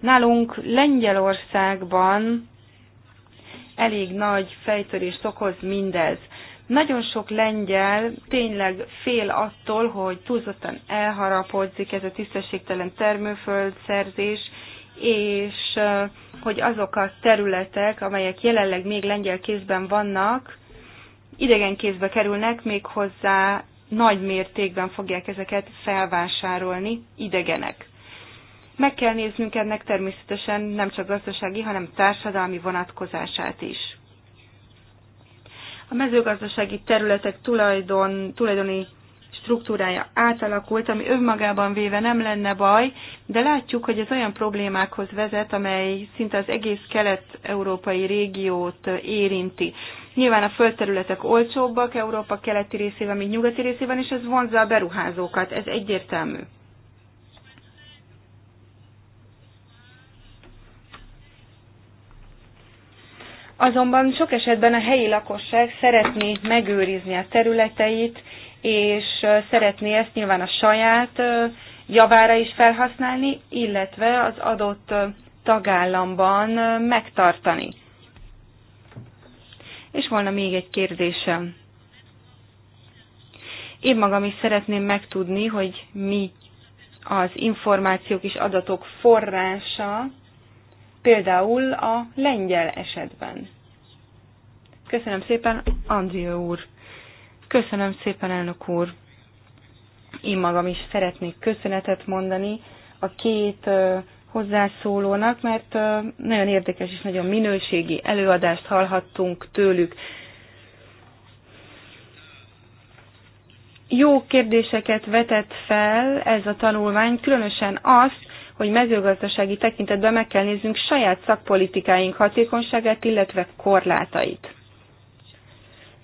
Nálunk Lengyelországban elég nagy fejtörést okoz mindez. Nagyon sok lengyel tényleg fél attól, hogy túlzottan elharapodzik ez a tisztességtelen termőföldszerzés, és hogy azok a területek, amelyek jelenleg még lengyel kézben vannak, idegen kézbe kerülnek, méghozzá nagy mértékben fogják ezeket felvásárolni idegenek. Meg kell néznünk ennek természetesen nem csak gazdasági, hanem társadalmi vonatkozását is. A mezőgazdasági területek tulajdon, tulajdoni struktúrája átalakult, ami önmagában véve nem lenne baj, de látjuk, hogy ez olyan problémákhoz vezet, amely szinte az egész kelet-európai régiót érinti. Nyilván a földterületek olcsóbbak Európa keleti részében, mint nyugati részében, és ez vonzza a beruházókat. Ez egyértelmű. Azonban sok esetben a helyi lakosság szeretné megőrizni a területeit, és szeretné ezt nyilván a saját javára is felhasználni, illetve az adott tagállamban megtartani. És volna még egy kérdésem. Én magam is szeretném megtudni, hogy mi az információk és adatok forrása, például a lengyel esetben. Köszönöm szépen, Andrea úr. Köszönöm szépen, elnök úr. Én magam is szeretnék köszönetet mondani a két hozzászólónak, mert nagyon érdekes és nagyon minőségi előadást hallhattunk tőlük. Jó kérdéseket vetett fel ez a tanulmány, különösen azt, hogy mezőgazdasági tekintetben meg kell néznünk saját szakpolitikáink hatékonyságát, illetve korlátait.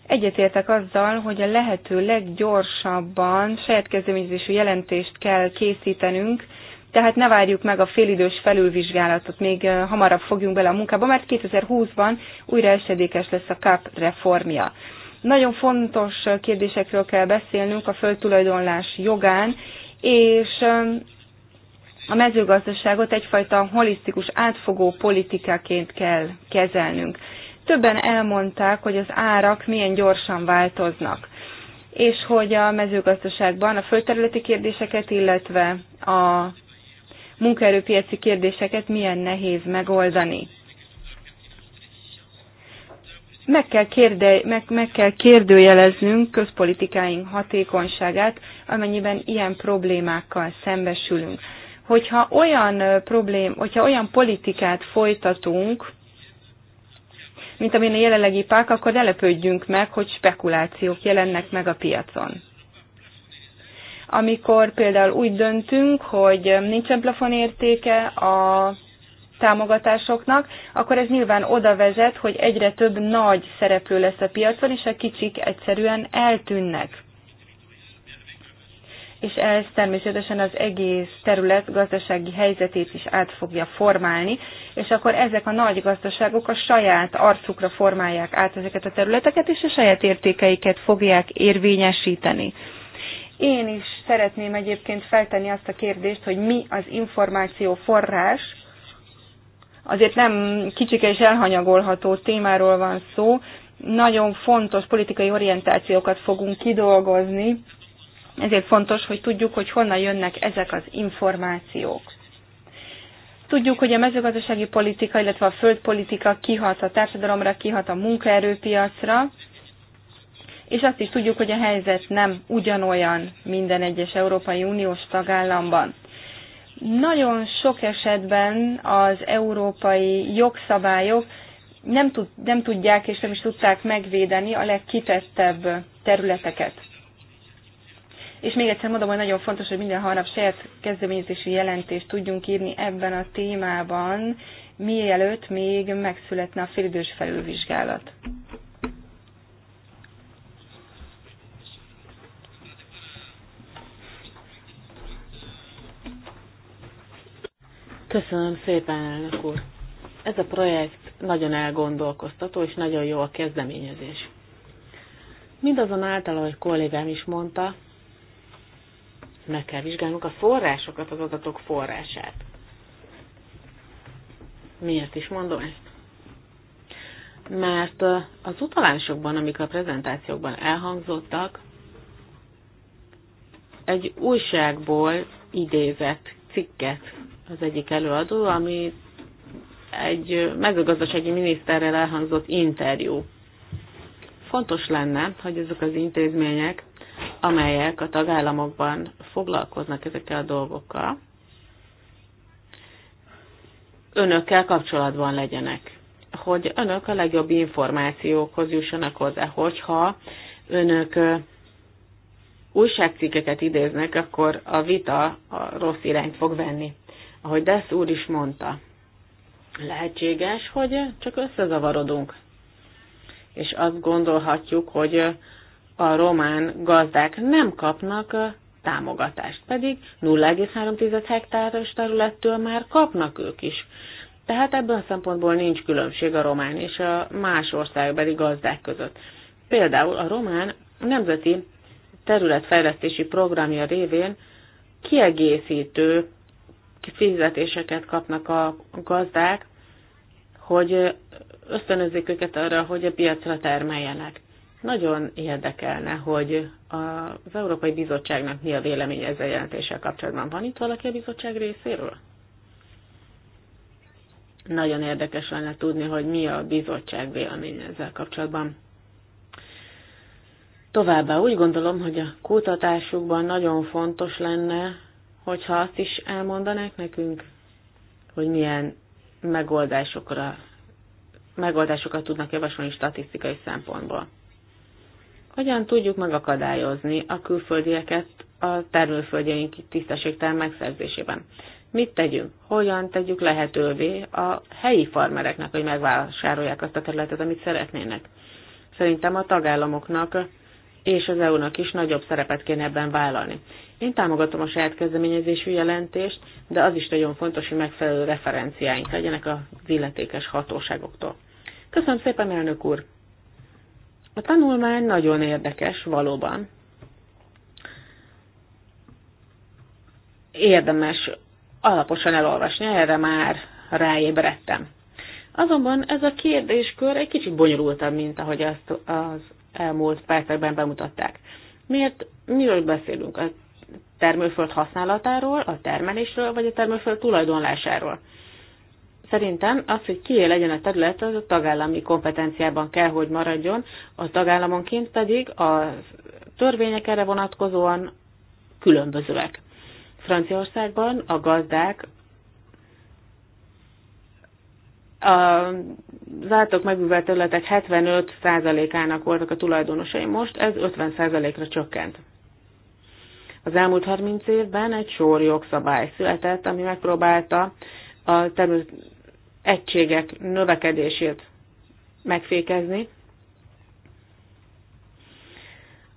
Egyetértek azzal, hogy a lehető leggyorsabban saját kezdeményezésű jelentést kell készítenünk, tehát ne várjuk meg a félidős felülvizsgálatot, még hamarabb fogjunk bele a munkába, mert 2020-ban újra esedékes lesz a CAP reformja. Nagyon fontos kérdésekről kell beszélnünk a földtulajdonlás jogán, és a mezőgazdaságot egyfajta holisztikus, átfogó politikáként kell kezelnünk. Többen elmondták, hogy az árak milyen gyorsan változnak, és hogy a mezőgazdaságban a földterületi kérdéseket, illetve a munkaerőpiaci kérdéseket milyen nehéz megoldani. Meg kell, kérde, meg, meg kell kérdőjeleznünk közpolitikáink hatékonyságát, amennyiben ilyen problémákkal szembesülünk. Hogyha olyan, problém, hogyha olyan politikát folytatunk, mint amilyen a jelenlegi pák, akkor ne lepődjünk meg, hogy spekulációk jelennek meg a piacon amikor például úgy döntünk, hogy nincsen plafonértéke a támogatásoknak, akkor ez nyilván oda vezet, hogy egyre több nagy szereplő lesz a piacon, és a kicsik egyszerűen eltűnnek. És ez természetesen az egész terület gazdasági helyzetét is át fogja formálni, és akkor ezek a nagy gazdaságok a saját arcukra formálják át ezeket a területeket, és a saját értékeiket fogják érvényesíteni. Én is szeretném egyébként feltenni azt a kérdést, hogy mi az információ forrás, azért nem kicsike és elhanyagolható témáról van szó, nagyon fontos politikai orientációkat fogunk kidolgozni, ezért fontos, hogy tudjuk, hogy honnan jönnek ezek az információk. Tudjuk, hogy a mezőgazdasági politika, illetve a földpolitika kihat a társadalomra, kihat a munkaerőpiacra, és azt is tudjuk, hogy a helyzet nem ugyanolyan minden egyes Európai Uniós tagállamban. Nagyon sok esetben az európai jogszabályok nem, tud, nem tudják és nem is tudták megvédeni a legkitettebb területeket. És még egyszer mondom, hogy nagyon fontos, hogy minden harnap saját kezdeményezési jelentést tudjunk írni ebben a témában, mielőtt még megszületne a félidős felülvizsgálat. Köszönöm szépen, elnök úr. Ez a projekt nagyon elgondolkoztató és nagyon jó a kezdeményezés. Mindazonáltal, ahogy kollégám is mondta, meg kell vizsgálnunk a forrásokat, az adatok forrását. Miért is mondom ezt? Mert az utalásokban, amik a prezentációkban elhangzottak, egy újságból idézett cikket az egyik előadó, ami egy mezőgazdasági miniszterrel elhangzott interjú. Fontos lenne, hogy ezek az intézmények, amelyek a tagállamokban foglalkoznak ezekkel a dolgokkal, önökkel kapcsolatban legyenek. Hogy önök a legjobb információkhoz jussanak hozzá, hogyha önök újságcikkeket idéznek, akkor a vita a rossz irányt fog venni. Ahogy Desz úr is mondta, lehetséges, hogy csak összezavarodunk. És azt gondolhatjuk, hogy a román gazdák nem kapnak támogatást, pedig 0,3 hektáros területtől már kapnak ők is. Tehát ebből a szempontból nincs különbség a román és a más országbeli gazdák között. Például a román nemzeti területfejlesztési programja révén kiegészítő fizetéseket kapnak a gazdák, hogy ösztönözik őket arra, hogy a piacra termeljenek. Nagyon érdekelne, hogy az Európai Bizottságnak mi a vélemény ezzel jelentéssel kapcsolatban. Van itt valaki a bizottság részéről? Nagyon érdekes lenne tudni, hogy mi a bizottság véleménye ezzel kapcsolatban. Továbbá úgy gondolom, hogy a kutatásukban nagyon fontos lenne hogyha azt is elmondanák nekünk, hogy milyen megoldásokra, megoldásokat tudnak javasolni statisztikai szempontból. Hogyan tudjuk megakadályozni a külföldieket a termőföldjeink tisztességtelen megszerzésében? Mit tegyünk? Hogyan tegyük lehetővé a helyi farmereknek, hogy megvásárolják azt a területet, amit szeretnének? Szerintem a tagállamoknak és az EU-nak is nagyobb szerepet kéne ebben vállalni. Én támogatom a saját kezdeményezésű jelentést, de az is nagyon fontos, hogy megfelelő referenciáink legyenek az illetékes hatóságoktól. Köszönöm szépen, elnök úr! A tanulmány nagyon érdekes, valóban. Érdemes alaposan elolvasni, erre már ráébredtem. Azonban ez a kérdéskör egy kicsit bonyolultabb, mint ahogy azt az elmúlt percekben bemutatták. Miért, miről beszélünk? A termőföld használatáról, a termelésről, vagy a termőföld tulajdonlásáról? Szerintem az, hogy kié legyen a terület, az a tagállami kompetenciában kell, hogy maradjon, a tagállamonként pedig a törvények erre vonatkozóan különbözőek. Franciaországban a gazdák az zártok megművelt területek 75%-ának voltak a tulajdonosai most, ez 50%-ra csökkent. Az elmúlt 30 évben egy sor jogszabály született, ami megpróbálta a terület egységek növekedését megfékezni.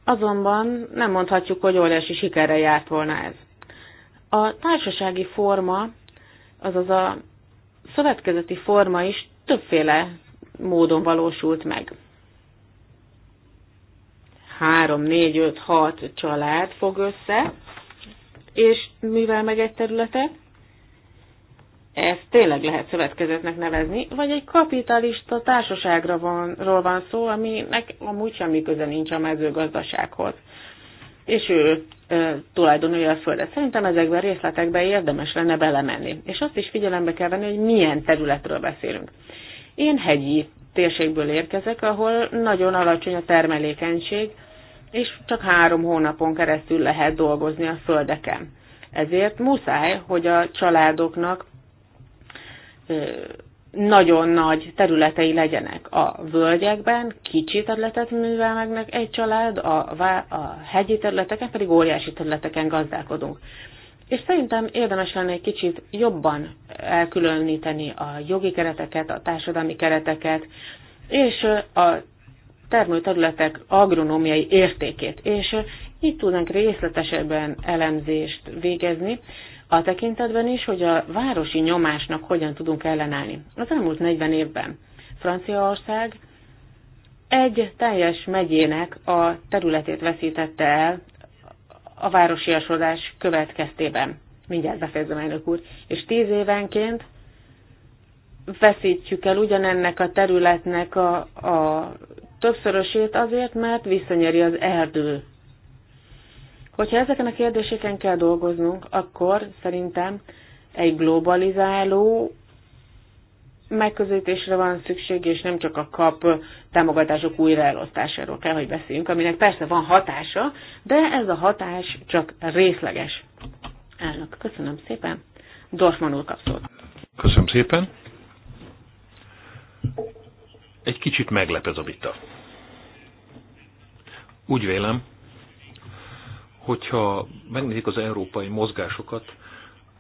Azonban nem mondhatjuk, hogy óriási sikerre járt volna ez. A társasági forma, azaz a szövetkezeti forma is többféle módon valósult meg. 3, 4, 5, 6 család fog össze, és mivel meg egy területe? ezt tényleg lehet szövetkezetnek nevezni, vagy egy kapitalista társaságra van, ról van szó, aminek amúgy semmi köze nincs a mezőgazdasághoz. És ő tulajdonolja a földet. Szerintem ezekben részletekben érdemes lenne belemenni. És azt is figyelembe kell venni, hogy milyen területről beszélünk. Én hegyi térségből érkezek, ahol nagyon alacsony a termelékenység, és csak három hónapon keresztül lehet dolgozni a földeken. Ezért muszáj, hogy a családoknak nagyon nagy területei legyenek a völgyekben, kicsi területet művel meg, meg egy család, a, a hegyi területeken pedig óriási területeken gazdálkodunk. És szerintem érdemes lenne egy kicsit jobban elkülöníteni a jogi kereteket, a társadalmi kereteket, és a termőterületek agronómiai értékét, és így tudnánk részletesebben elemzést végezni, a tekintetben is, hogy a városi nyomásnak hogyan tudunk ellenállni. Az elmúlt 40 évben Franciaország egy teljes megyének a területét veszítette el a városiasodás következtében. Mindjárt befejezem, elnök úr. És tíz évenként veszítjük el ugyanennek a területnek a, a többszörösét azért, mert visszanyeri az erdő Hogyha ezeken a kérdéseken kell dolgoznunk, akkor szerintem egy globalizáló megközelítésre van szükség, és nem csak a kap támogatások újraelosztásáról kell, hogy beszéljünk, aminek persze van hatása, de ez a hatás csak részleges. Elnök, köszönöm szépen. Dorfman úr kapszolt. Köszönöm szépen. Egy kicsit meglep ez a vita. Úgy vélem, hogyha megnézik az európai mozgásokat,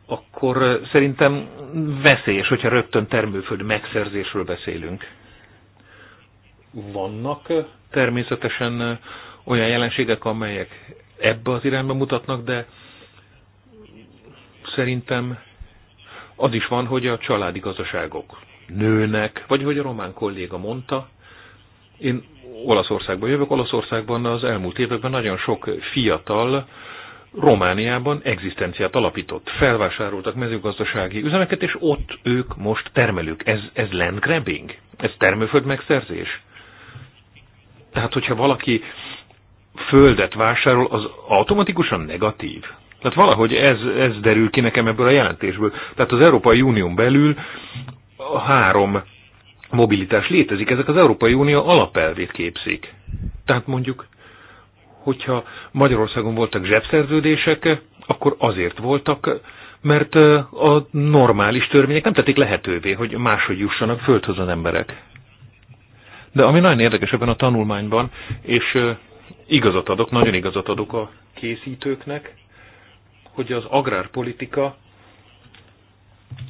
akkor szerintem veszélyes, hogyha rögtön termőföld megszerzésről beszélünk. Vannak természetesen olyan jelenségek, amelyek ebbe az irányba mutatnak, de szerintem az is van, hogy a családi gazdaságok nőnek, vagy hogy a román kolléga mondta, én Olaszországban jövök, Olaszországban az elmúlt években nagyon sok fiatal Romániában egzisztenciát alapított. Felvásároltak mezőgazdasági üzemeket, és ott ők most termelők. Ez, ez land grabbing? Ez termőföld megszerzés? Tehát, hogyha valaki földet vásárol, az automatikusan negatív. Tehát valahogy ez, ez derül ki nekem ebből a jelentésből. Tehát az Európai Unión belül a három mobilitás létezik, ezek az Európai Unió alapelvét képzik. Tehát mondjuk, hogyha Magyarországon voltak zsebszerződések, akkor azért voltak, mert a normális törvények nem tették lehetővé, hogy máshogy jussanak földhöz az emberek. De ami nagyon érdekes ebben a tanulmányban, és igazat adok, nagyon igazat adok a készítőknek, hogy az agrárpolitika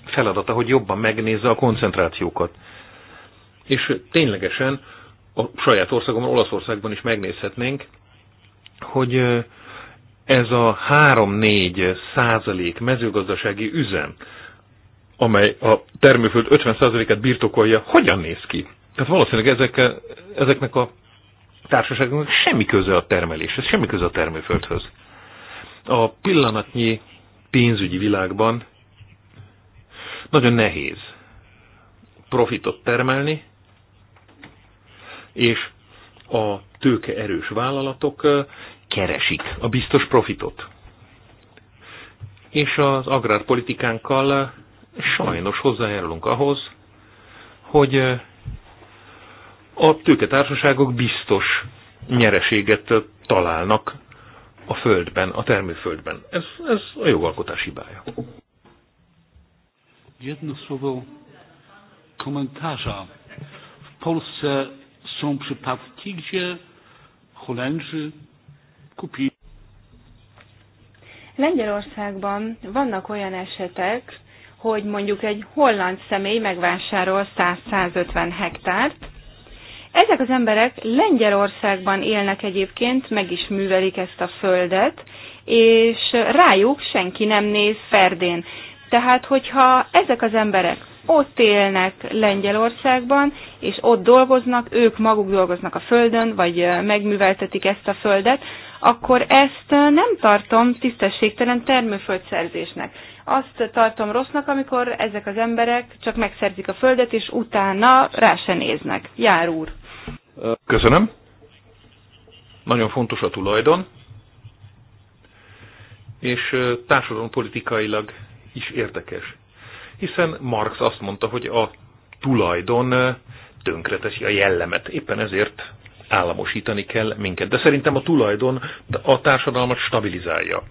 feladata, hogy jobban megnézze a koncentrációkat és ténylegesen a saját országomban, Olaszországban is megnézhetnénk, hogy ez a 3-4 százalék mezőgazdasági üzem, amely a termőföld 50 százalékát birtokolja, hogyan néz ki? Tehát valószínűleg ezek, ezeknek a társaságoknak semmi köze a termeléshez, semmi köze a termőföldhöz. A pillanatnyi pénzügyi világban nagyon nehéz profitot termelni, és a tőkeerős vállalatok keresik a biztos profitot. És az agrárpolitikánkkal sajnos hozzájárulunk ahhoz, hogy a tőketársaságok biztos nyereséget találnak a földben, a termőföldben. Ez, ez a jogalkotás hibája. Jedno słowo komentarza. W Polsce Są przypadki, gdzie Holendrzy kupili. Lengyelországban vannak olyan esetek, hogy mondjuk egy holland személy megvásárol 100-150 hektárt. Ezek az emberek Lengyelországban élnek egyébként, meg is művelik ezt a földet, és rájuk senki nem néz ferdén. Tehát, hogyha ezek az emberek ott élnek Lengyelországban, és ott dolgoznak, ők maguk dolgoznak a földön, vagy megműveltetik ezt a földet, akkor ezt nem tartom tisztességtelen termőföldszerzésnek. Azt tartom rossznak, amikor ezek az emberek csak megszerzik a földet, és utána rá se néznek. Jár úr. Köszönöm. Nagyon fontos a tulajdon, és társadalompolitikailag is érdekes hiszen Marx azt mondta, hogy a tulajdon tönkreteszi a jellemet. Éppen ezért államosítani kell minket. De szerintem a tulajdon a társadalmat stabilizálja.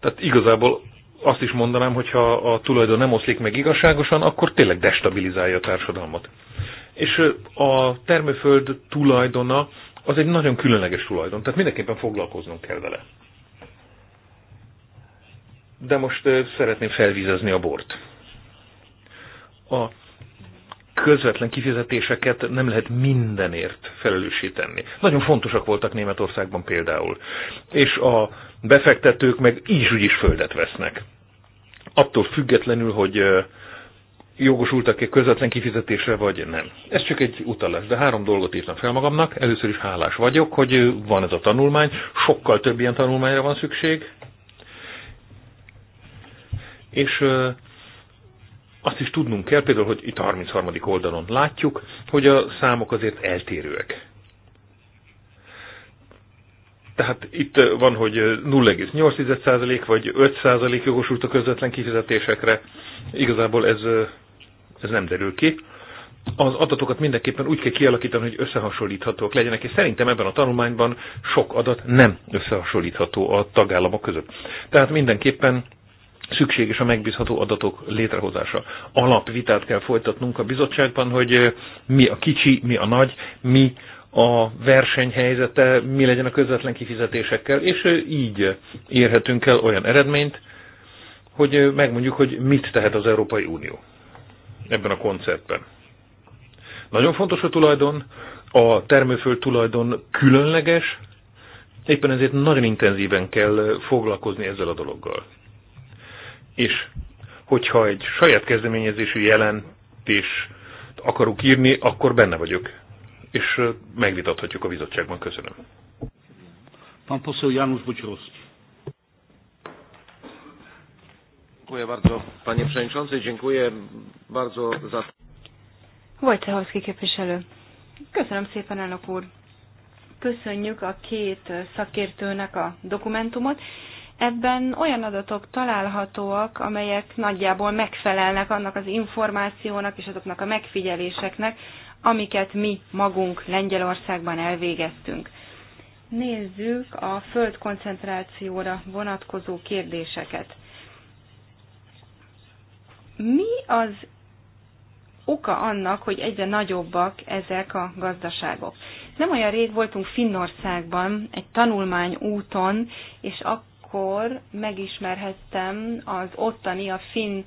Tehát igazából azt is mondanám, hogy ha a tulajdon nem oszlik meg igazságosan, akkor tényleg destabilizálja a társadalmat. És a termőföld tulajdona az egy nagyon különleges tulajdon, tehát mindenképpen foglalkoznunk kell vele. De most szeretném felvízezni a bort a közvetlen kifizetéseket nem lehet mindenért felelősíteni. Nagyon fontosak voltak Németországban például. És a befektetők meg így is földet vesznek. Attól függetlenül, hogy jogosultak-e közvetlen kifizetésre, vagy nem. Ez csak egy utalás, de három dolgot írtam fel magamnak. Először is hálás vagyok, hogy van ez a tanulmány, sokkal több ilyen tanulmányra van szükség. És azt is tudnunk kell, például, hogy itt a 33. oldalon látjuk, hogy a számok azért eltérőek. Tehát itt van, hogy 0,8% vagy 5% jogosult a közvetlen kifizetésekre. Igazából ez, ez nem derül ki. Az adatokat mindenképpen úgy kell kialakítani, hogy összehasonlíthatók. legyenek, és szerintem ebben a tanulmányban sok adat nem összehasonlítható a tagállamok között. Tehát mindenképpen szükséges a megbízható adatok létrehozása. Alapvitát kell folytatnunk a bizottságban, hogy mi a kicsi, mi a nagy, mi a versenyhelyzete, mi legyen a közvetlen kifizetésekkel, és így érhetünk el olyan eredményt, hogy megmondjuk, hogy mit tehet az Európai Unió ebben a koncertben. Nagyon fontos a tulajdon, a termőföld tulajdon különleges, éppen ezért nagyon intenzíven kell foglalkozni ezzel a dologgal. És hogyha egy saját kezdeményezésű jelentés akarok írni, akkor benne vagyok. És megvitathatjuk a bizottságban. Köszönöm. Pan poseł Janusz Buciorowski. Dziękuję bardzo, panie przewodniczący. Dziękuję bardzo za... Wojciechowski képviselő. Köszönöm szépen, elnök úr. Köszönjük a két szakértőnek a dokumentumot Ebben olyan adatok találhatóak, amelyek nagyjából megfelelnek annak az információnak és azoknak a megfigyeléseknek, amiket mi magunk Lengyelországban elvégeztünk. Nézzük a földkoncentrációra vonatkozó kérdéseket. Mi az oka annak, hogy egyre nagyobbak ezek a gazdaságok? Nem olyan rég voltunk Finnországban egy tanulmány úton, és akkor akkor megismerhettem az ottani, a finn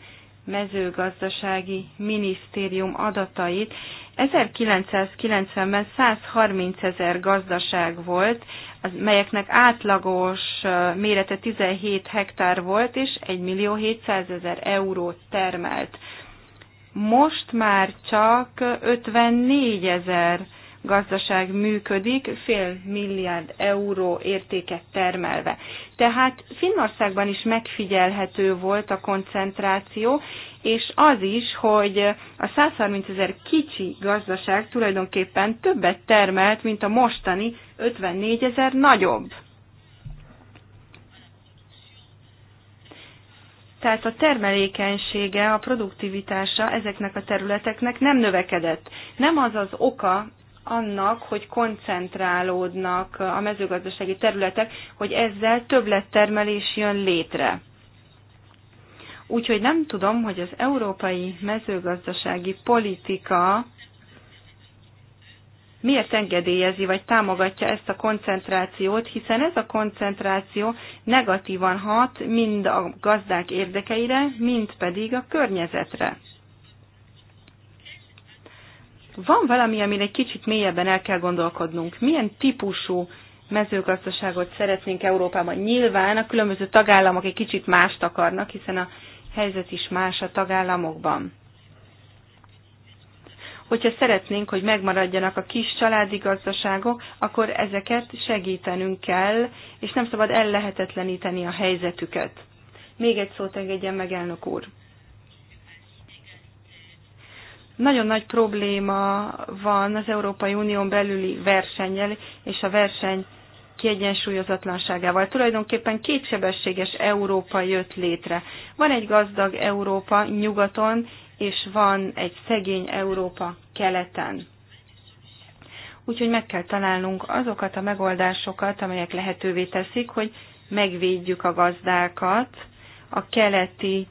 mezőgazdasági minisztérium adatait. 1990-ben 130 ezer gazdaság volt, az, melyeknek átlagos mérete 17 hektár volt, és 1 millió 700 ezer eurót termelt. Most már csak 54 ezer gazdaság működik, fél milliárd euró értéket termelve. Tehát Finnországban is megfigyelhető volt a koncentráció, és az is, hogy a 130 ezer kicsi gazdaság tulajdonképpen többet termelt, mint a mostani 54 ezer nagyobb. Tehát a termelékenysége, a produktivitása ezeknek a területeknek nem növekedett. Nem az az oka annak, hogy koncentrálódnak a mezőgazdasági területek, hogy ezzel többlettermelés jön létre. Úgyhogy nem tudom, hogy az európai mezőgazdasági politika miért engedélyezi vagy támogatja ezt a koncentrációt, hiszen ez a koncentráció negatívan hat mind a gazdák érdekeire, mind pedig a környezetre van valami, amin egy kicsit mélyebben el kell gondolkodnunk. Milyen típusú mezőgazdaságot szeretnénk Európában? Nyilván a különböző tagállamok egy kicsit mást akarnak, hiszen a helyzet is más a tagállamokban. Hogyha szeretnénk, hogy megmaradjanak a kis családi gazdaságok, akkor ezeket segítenünk kell, és nem szabad ellehetetleníteni a helyzetüket. Még egy szót engedjen meg, elnök úr. Nagyon nagy probléma van az Európai Unión belüli versennyel és a verseny kiegyensúlyozatlanságával. Tulajdonképpen kétsebességes Európa jött létre. Van egy gazdag Európa nyugaton, és van egy szegény Európa keleten. Úgyhogy meg kell találnunk azokat a megoldásokat, amelyek lehetővé teszik, hogy megvédjük a gazdákat a keleti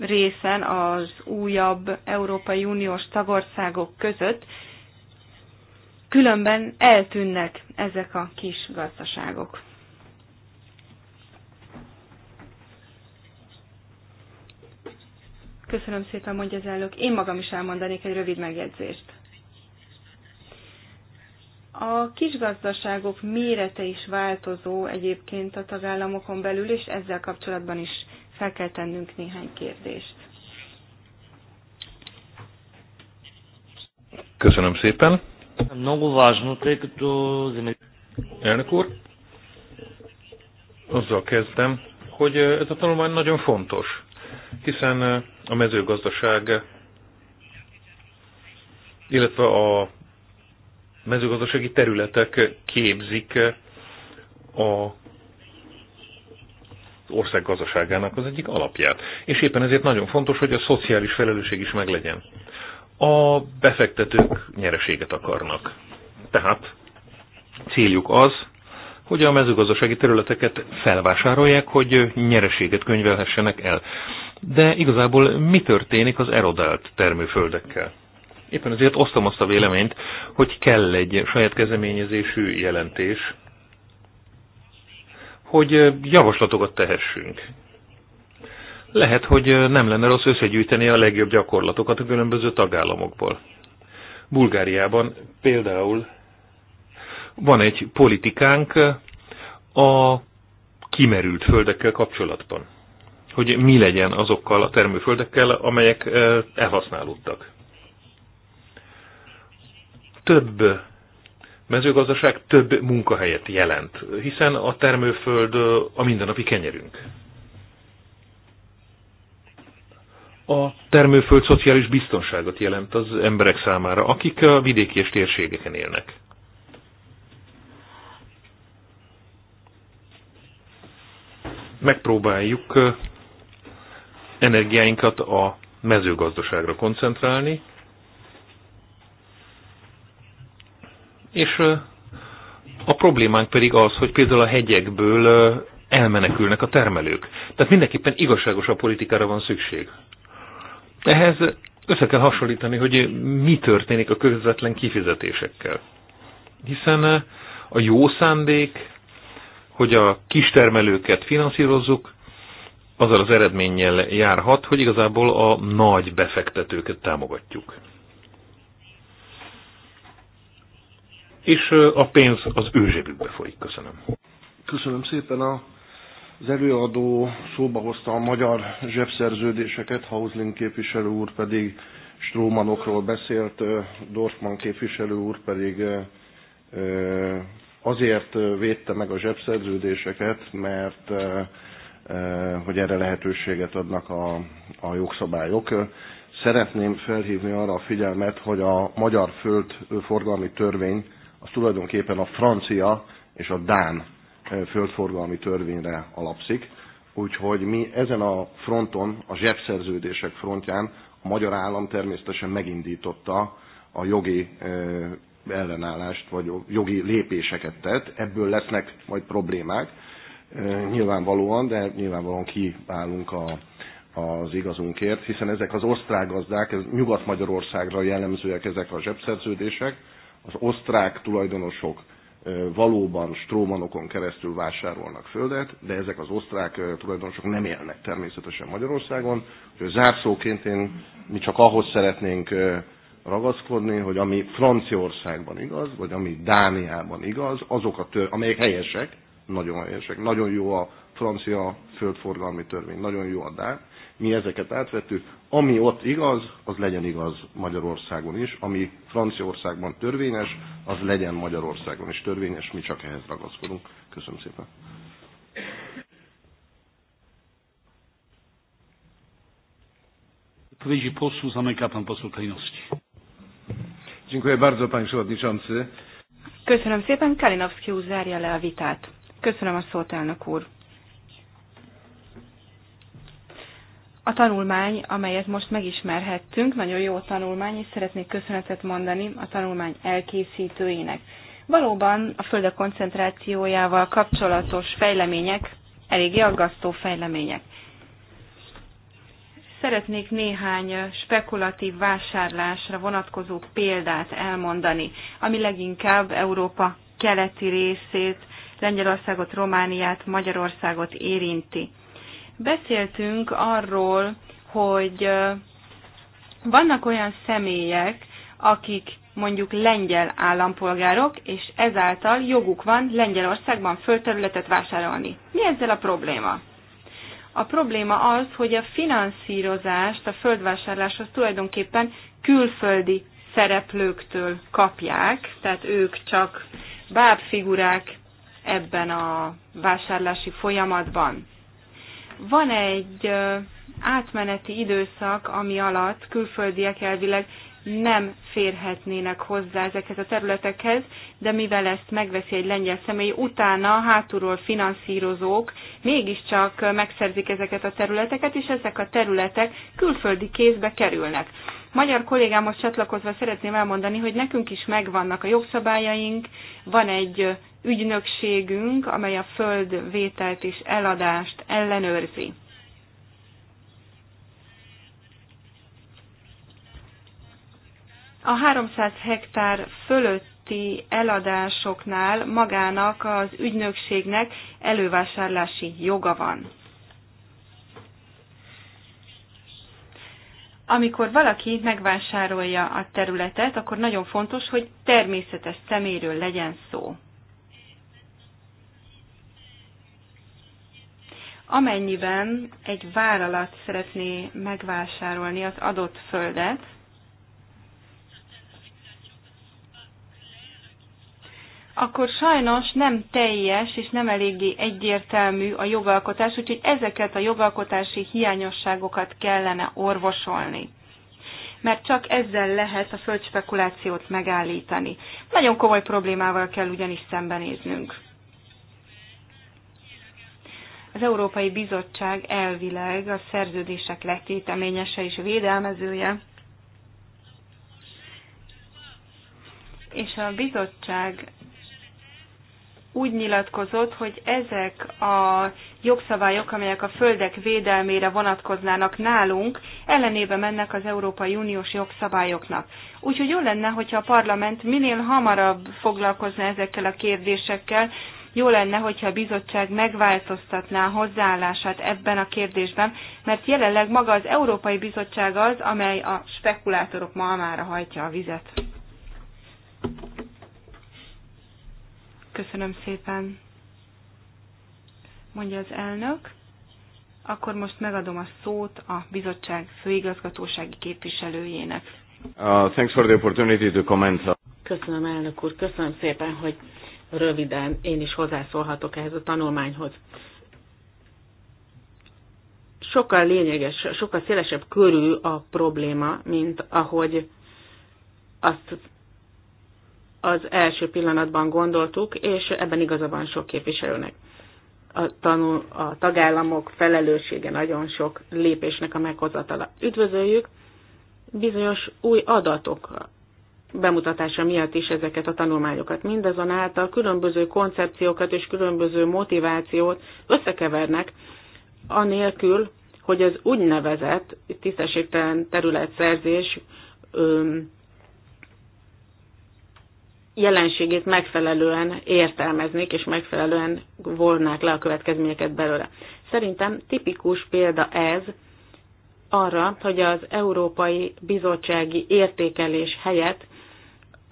részen az újabb Európai Uniós tagországok között, különben eltűnnek ezek a kis gazdaságok. Köszönöm szépen, mondja az elnök. Én magam is elmondanék egy rövid megjegyzést. A kisgazdaságok mérete is változó egyébként a tagállamokon belül, és ezzel kapcsolatban is fel kell tennünk néhány kérdést. Köszönöm szépen. Много важно, тъй като... Elnök úr, azzal kezdem, hogy eh, ez a tanulmány nagyon fontos, hiszen eh, a mezőgazdaság, illetve a mezőgazdasági területek képzik eh, a ország gazdaságának az egyik alapját. És éppen ezért nagyon fontos, hogy a szociális felelősség is meglegyen. A befektetők nyereséget akarnak. Tehát céljuk az, hogy a mezőgazdasági területeket felvásárolják, hogy nyereséget könyvelhessenek el. De igazából mi történik az erodált termőföldekkel? Éppen ezért osztom azt a véleményt, hogy kell egy saját kezeményezésű jelentés hogy javaslatokat tehessünk. Lehet, hogy nem lenne rossz összegyűjteni a legjobb gyakorlatokat a különböző tagállamokból. Bulgáriában például van egy politikánk a kimerült földekkel kapcsolatban, hogy mi legyen azokkal a termőföldekkel, amelyek elhasználódtak. Több mezőgazdaság több munkahelyet jelent, hiszen a termőföld a mindennapi kenyerünk. A termőföld szociális biztonságot jelent az emberek számára, akik a vidéki és térségeken élnek. Megpróbáljuk energiáinkat a mezőgazdaságra koncentrálni, És a problémánk pedig az, hogy például a hegyekből elmenekülnek a termelők. Tehát mindenképpen igazságos a politikára van szükség. Ehhez össze kell hasonlítani, hogy mi történik a közvetlen kifizetésekkel. Hiszen a jó szándék, hogy a kistermelőket finanszírozzuk, azzal az eredménnyel járhat, hogy igazából a nagy befektetőket támogatjuk. és a pénz az ő zsebükbe folyik. Köszönöm. Köszönöm szépen. A, az előadó szóba hozta a magyar zsebszerződéseket, Hauslin képviselő úr pedig Strómanokról beszélt, Dorfman képviselő úr pedig azért védte meg a zsebszerződéseket, mert hogy erre lehetőséget adnak a, a jogszabályok. Szeretném felhívni arra a figyelmet, hogy a magyar földforgalmi törvény az tulajdonképpen a francia és a dán földforgalmi törvényre alapszik. Úgyhogy mi ezen a fronton, a zsebszerződések frontján a magyar állam természetesen megindította a jogi ellenállást, vagy jogi lépéseket tett. Ebből lesznek majd problémák, nyilvánvalóan, de nyilvánvalóan kiállunk a, az igazunkért, hiszen ezek az osztrák gazdák, ez Nyugat-Magyarországra jellemzőek ezek a zsebszerződések, az osztrák tulajdonosok valóban strómanokon keresztül vásárolnak földet, de ezek az osztrák tulajdonosok nem élnek természetesen Magyarországon. Zárszóként én, mi csak ahhoz szeretnénk ragaszkodni, hogy ami Franciaországban igaz, vagy ami Dániában igaz, azok a tör, amelyek helyesek, nagyon helyesek, nagyon jó a francia földforgalmi törvény, nagyon jó a Dán, mi ezeket átvettük. Ami ott igaz, az legyen igaz Magyarországon is, ami Franciaországban törvényes, az legyen Magyarországon is törvényes, mi csak ehhez ragaszkodunk. Köszönöm szépen. Dziękuję bardzo, panie przewodniczący. Köszönöm szépen, Kalinowski úr zárja le a vitát. Köszönöm a szót, elnök úr. A tanulmány, amelyet most megismerhettünk, nagyon jó tanulmány, és szeretnék köszönetet mondani a tanulmány elkészítőinek. Valóban a földek koncentrációjával kapcsolatos fejlemények eléggé aggasztó fejlemények. Szeretnék néhány spekulatív vásárlásra vonatkozó példát elmondani, ami leginkább Európa keleti részét, Lengyelországot, Romániát, Magyarországot érinti. Beszéltünk arról, hogy vannak olyan személyek, akik mondjuk lengyel állampolgárok, és ezáltal joguk van Lengyelországban földterületet vásárolni. Mi ezzel a probléma? A probléma az, hogy a finanszírozást a földvásárláshoz tulajdonképpen külföldi szereplőktől kapják, tehát ők csak bábfigurák ebben a vásárlási folyamatban. Van egy átmeneti időszak, ami alatt külföldiek elvileg nem férhetnének hozzá ezekhez a területekhez, de mivel ezt megveszi egy lengyel személy, utána hátulról finanszírozók mégiscsak megszerzik ezeket a területeket, és ezek a területek külföldi kézbe kerülnek. Magyar kollégámhoz csatlakozva szeretném elmondani, hogy nekünk is megvannak a jogszabályaink, van egy ügynökségünk, amely a földvételt és eladást ellenőrzi. A 300 hektár fölötti eladásoknál magának az ügynökségnek elővásárlási joga van. amikor valaki megvásárolja a területet, akkor nagyon fontos, hogy természetes szeméről legyen szó. amennyiben egy vállalat szeretné megvásárolni az adott földet, akkor sajnos nem teljes és nem eléggé egyértelmű a jogalkotás, úgyhogy ezeket a jogalkotási hiányosságokat kellene orvosolni. Mert csak ezzel lehet a földspekulációt megállítani. Nagyon komoly problémával kell ugyanis szembenéznünk. Az Európai Bizottság elvileg a szerződések letéteményese és védelmezője, és a bizottság úgy nyilatkozott, hogy ezek a jogszabályok, amelyek a földek védelmére vonatkoznának nálunk, ellenébe mennek az Európai Uniós jogszabályoknak. Úgyhogy jó lenne, hogyha a parlament minél hamarabb foglalkozna ezekkel a kérdésekkel, jó lenne, hogyha a bizottság megváltoztatná a hozzáállását ebben a kérdésben, mert jelenleg maga az Európai Bizottság az, amely a spekulátorok malmára hajtja a vizet. Köszönöm szépen, mondja az elnök. Akkor most megadom a szót a bizottság főigazgatósági képviselőjének. Uh, thanks for the opportunity to comment. Köszönöm, elnök úr, köszönöm szépen, hogy röviden én is hozzászólhatok ehhez a tanulmányhoz. Sokkal lényeges, sokkal szélesebb körű a probléma, mint ahogy azt az első pillanatban gondoltuk, és ebben igaza van sok képviselőnek. A, tanul, a tagállamok felelőssége nagyon sok lépésnek a meghozatala. Üdvözöljük, bizonyos új adatok bemutatása miatt is ezeket a tanulmányokat. Mindazonáltal különböző koncepciókat és különböző motivációt összekevernek, anélkül, hogy az úgynevezett tisztességtelen területszerzés öm, jelenségét megfelelően értelmeznék, és megfelelően volnák le a következményeket belőle. Szerintem tipikus példa ez arra, hogy az Európai Bizottsági Értékelés helyett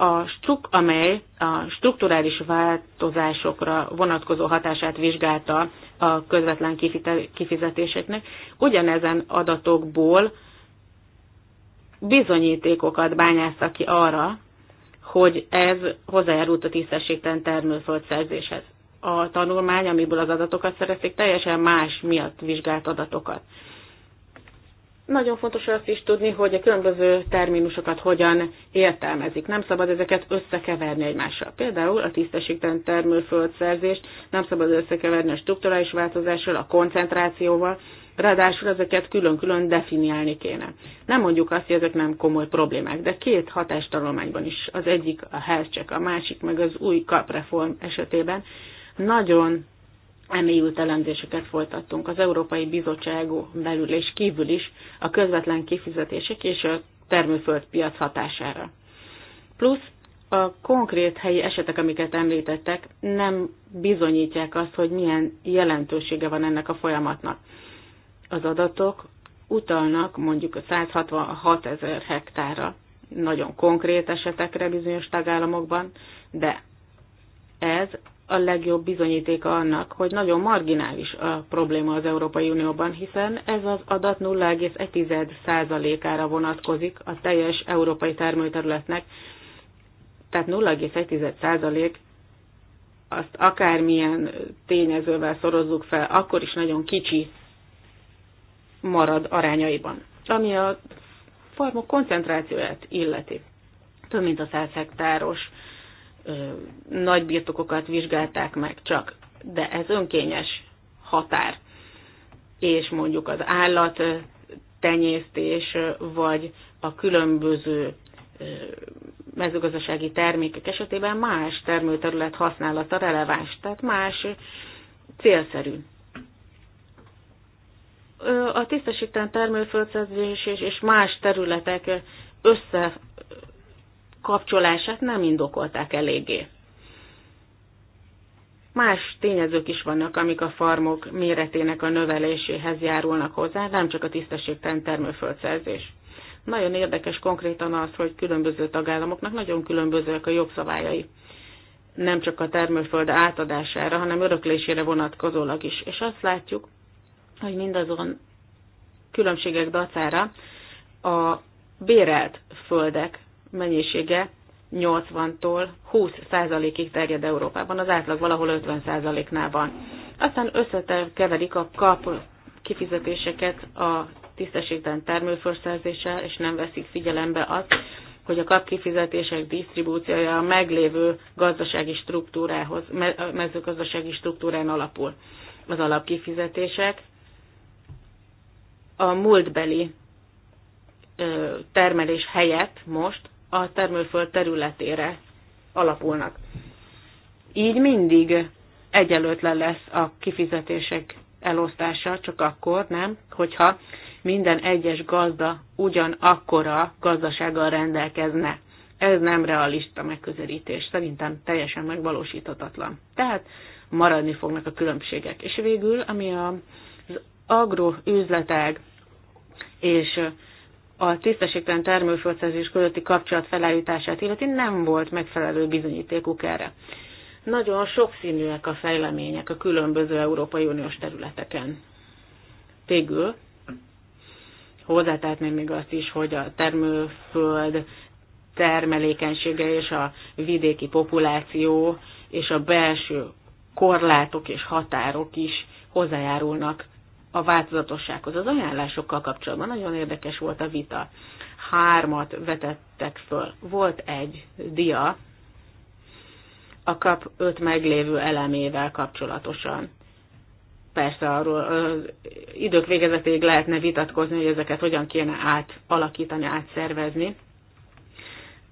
a struk, amely a strukturális változásokra vonatkozó hatását vizsgálta a közvetlen kifizetéseknek, ugyanezen adatokból bizonyítékokat bányászta ki arra, hogy ez hozzájárult a tisztességtelen termőföld szerzéshez. A tanulmány, amiből az adatokat szerezték, teljesen más miatt vizsgált adatokat. Nagyon fontos azt is tudni, hogy a különböző terminusokat hogyan értelmezik. Nem szabad ezeket összekeverni egymással. Például a tisztességtelen termőföldszerzést nem szabad összekeverni a strukturális változással, a koncentrációval, ráadásul ezeket külön-külön definiálni kéne. Nem mondjuk azt, hogy ezek nem komoly problémák, de két hatástanulmányban is, az egyik a health check, a másik meg az új kapreform esetében nagyon emélyült elemzéseket folytattunk az Európai Bizottságon belül és kívül is a közvetlen kifizetések és a termőföldpiac hatására. Plusz a konkrét helyi esetek, amiket említettek, nem bizonyítják azt, hogy milyen jelentősége van ennek a folyamatnak. Az adatok utalnak mondjuk a 166 ezer hektára, nagyon konkrét esetekre bizonyos tagállamokban, de ez a legjobb bizonyítéka annak, hogy nagyon marginális a probléma az Európai Unióban, hiszen ez az adat 0,1%-ára vonatkozik a teljes európai termőterületnek, tehát 0,1% azt akármilyen tényezővel szorozzuk fel, akkor is nagyon kicsi marad arányaiban. Ami a farmok koncentrációját illeti, több mint a 100 hektáros nagy birtokokat vizsgálták meg csak, de ez önkényes határ. És mondjuk az állat tenyésztés, vagy a különböző mezőgazdasági termékek esetében más termőterület használata releváns, tehát más célszerű. A tisztességtelen termőföldszerzés és más területek össze kapcsolását nem indokolták eléggé. Más tényezők is vannak, amik a farmok méretének a növeléséhez járulnak hozzá, nem csak a tisztességtelen termőföldszerzés. Nagyon érdekes konkrétan az, hogy különböző tagállamoknak nagyon különbözőek a jogszabályai nem csak a termőföld átadására, hanem öröklésére vonatkozólag is. És azt látjuk, hogy mindazon különbségek dacára a bérelt földek mennyisége 80-tól 20%-ig terjed Európában, az átlag valahol 50%-nál van. Aztán összekeverik a kap kifizetéseket a tisztességtelen termőföldszerzéssel, és nem veszik figyelembe azt, hogy a kap kifizetések disztribúciója a meglévő gazdasági struktúrához, mezőgazdasági struktúrán alapul. Az alapkifizetések a múltbeli termelés helyett most a termőföld területére alapulnak. Így mindig egyelőtlen lesz a kifizetések elosztása, csak akkor nem, hogyha minden egyes gazda ugyanakkora gazdasággal rendelkezne. Ez nem realista megközelítés, szerintem teljesen megvalósíthatatlan. Tehát maradni fognak a különbségek. És végül, ami az agroüzletek és a tisztességtelen termőföldszerzés közötti kapcsolat felállítását illeti nem volt megfelelő bizonyítékuk erre. Nagyon sokszínűek a fejlemények a különböző Európai Uniós területeken. Végül hozzátehetném még azt is, hogy a termőföld termelékenysége és a vidéki populáció és a belső korlátok és határok is hozzájárulnak a változatossághoz. Az ajánlásokkal kapcsolatban nagyon érdekes volt a vita. Hármat vetettek föl. Volt egy dia a kap öt meglévő elemével kapcsolatosan. Persze arról az idők végezetéig lehetne vitatkozni, hogy ezeket hogyan kéne átalakítani, átszervezni.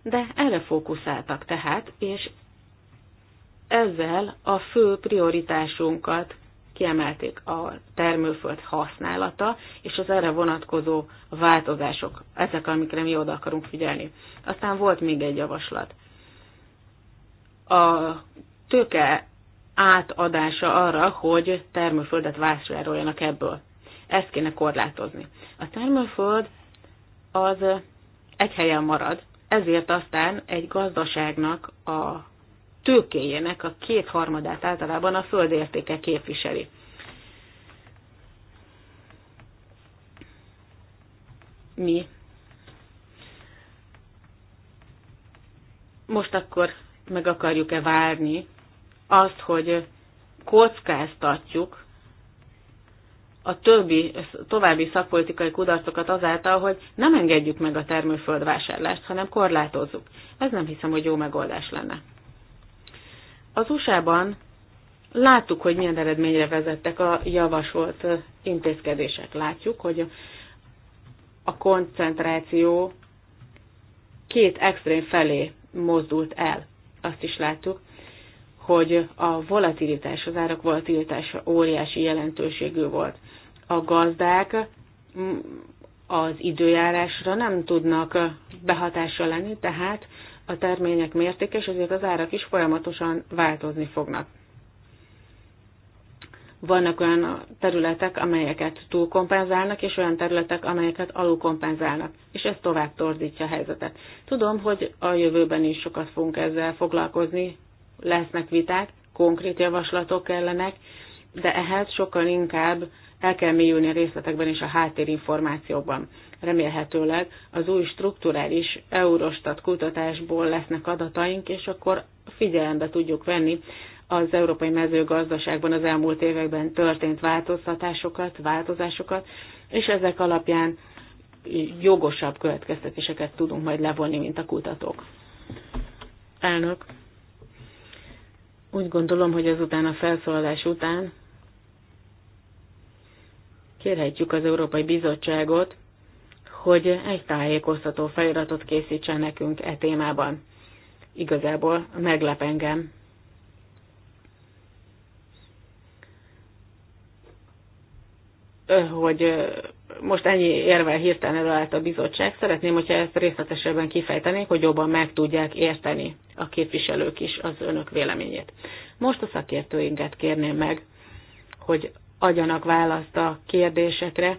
De erre fókuszáltak tehát, és ezzel a fő prioritásunkat kiemelték a termőföld használata és az erre vonatkozó változások, ezek, amikre mi oda akarunk figyelni. Aztán volt még egy javaslat. A tőke átadása arra, hogy termőföldet vásároljanak ebből. Ezt kéne korlátozni. A termőföld az egy helyen marad, ezért aztán egy gazdaságnak a tőkéjének a kétharmadát általában a földértéke képviseli. Mi most akkor meg akarjuk-e várni azt, hogy kockáztatjuk a többi, további szakpolitikai kudarcokat azáltal, hogy nem engedjük meg a termőföld vásárlást, hanem korlátozzuk. Ez nem hiszem, hogy jó megoldás lenne. Az USA-ban láttuk, hogy milyen eredményre vezettek a javasolt intézkedések. Látjuk, hogy a koncentráció két extrém felé mozdult el. Azt is láttuk, hogy a volatilitás, az árak volatilitása óriási jelentőségű volt. A gazdák mm, az időjárásra nem tudnak behatással lenni, tehát a termények mértéke, és ezért az árak is folyamatosan változni fognak. Vannak olyan területek, amelyeket túlkompenzálnak, és olyan területek, amelyeket alulkompenzálnak, és ez tovább torzítja a helyzetet. Tudom, hogy a jövőben is sokat fogunk ezzel foglalkozni, lesznek viták, konkrét javaslatok kellenek, de ehhez sokkal inkább el kell mélyülni a részletekben és a háttérinformációkban remélhetőleg az új strukturális Eurostat kutatásból lesznek adataink, és akkor figyelembe tudjuk venni az európai mezőgazdaságban az elmúlt években történt változtatásokat, változásokat, és ezek alapján jogosabb következtetéseket tudunk majd levonni, mint a kutatók. Elnök, úgy gondolom, hogy ezután a felszólalás után kérhetjük az Európai Bizottságot, hogy egy tájékoztató feliratot készítsen nekünk e témában. Igazából meglep engem. hogy most ennyi érvel hirtelen előállt a bizottság, szeretném, hogyha ezt részletesebben kifejtenék, hogy jobban meg tudják érteni a képviselők is az önök véleményét. Most a szakértőinket kérném meg, hogy adjanak választ a kérdésekre,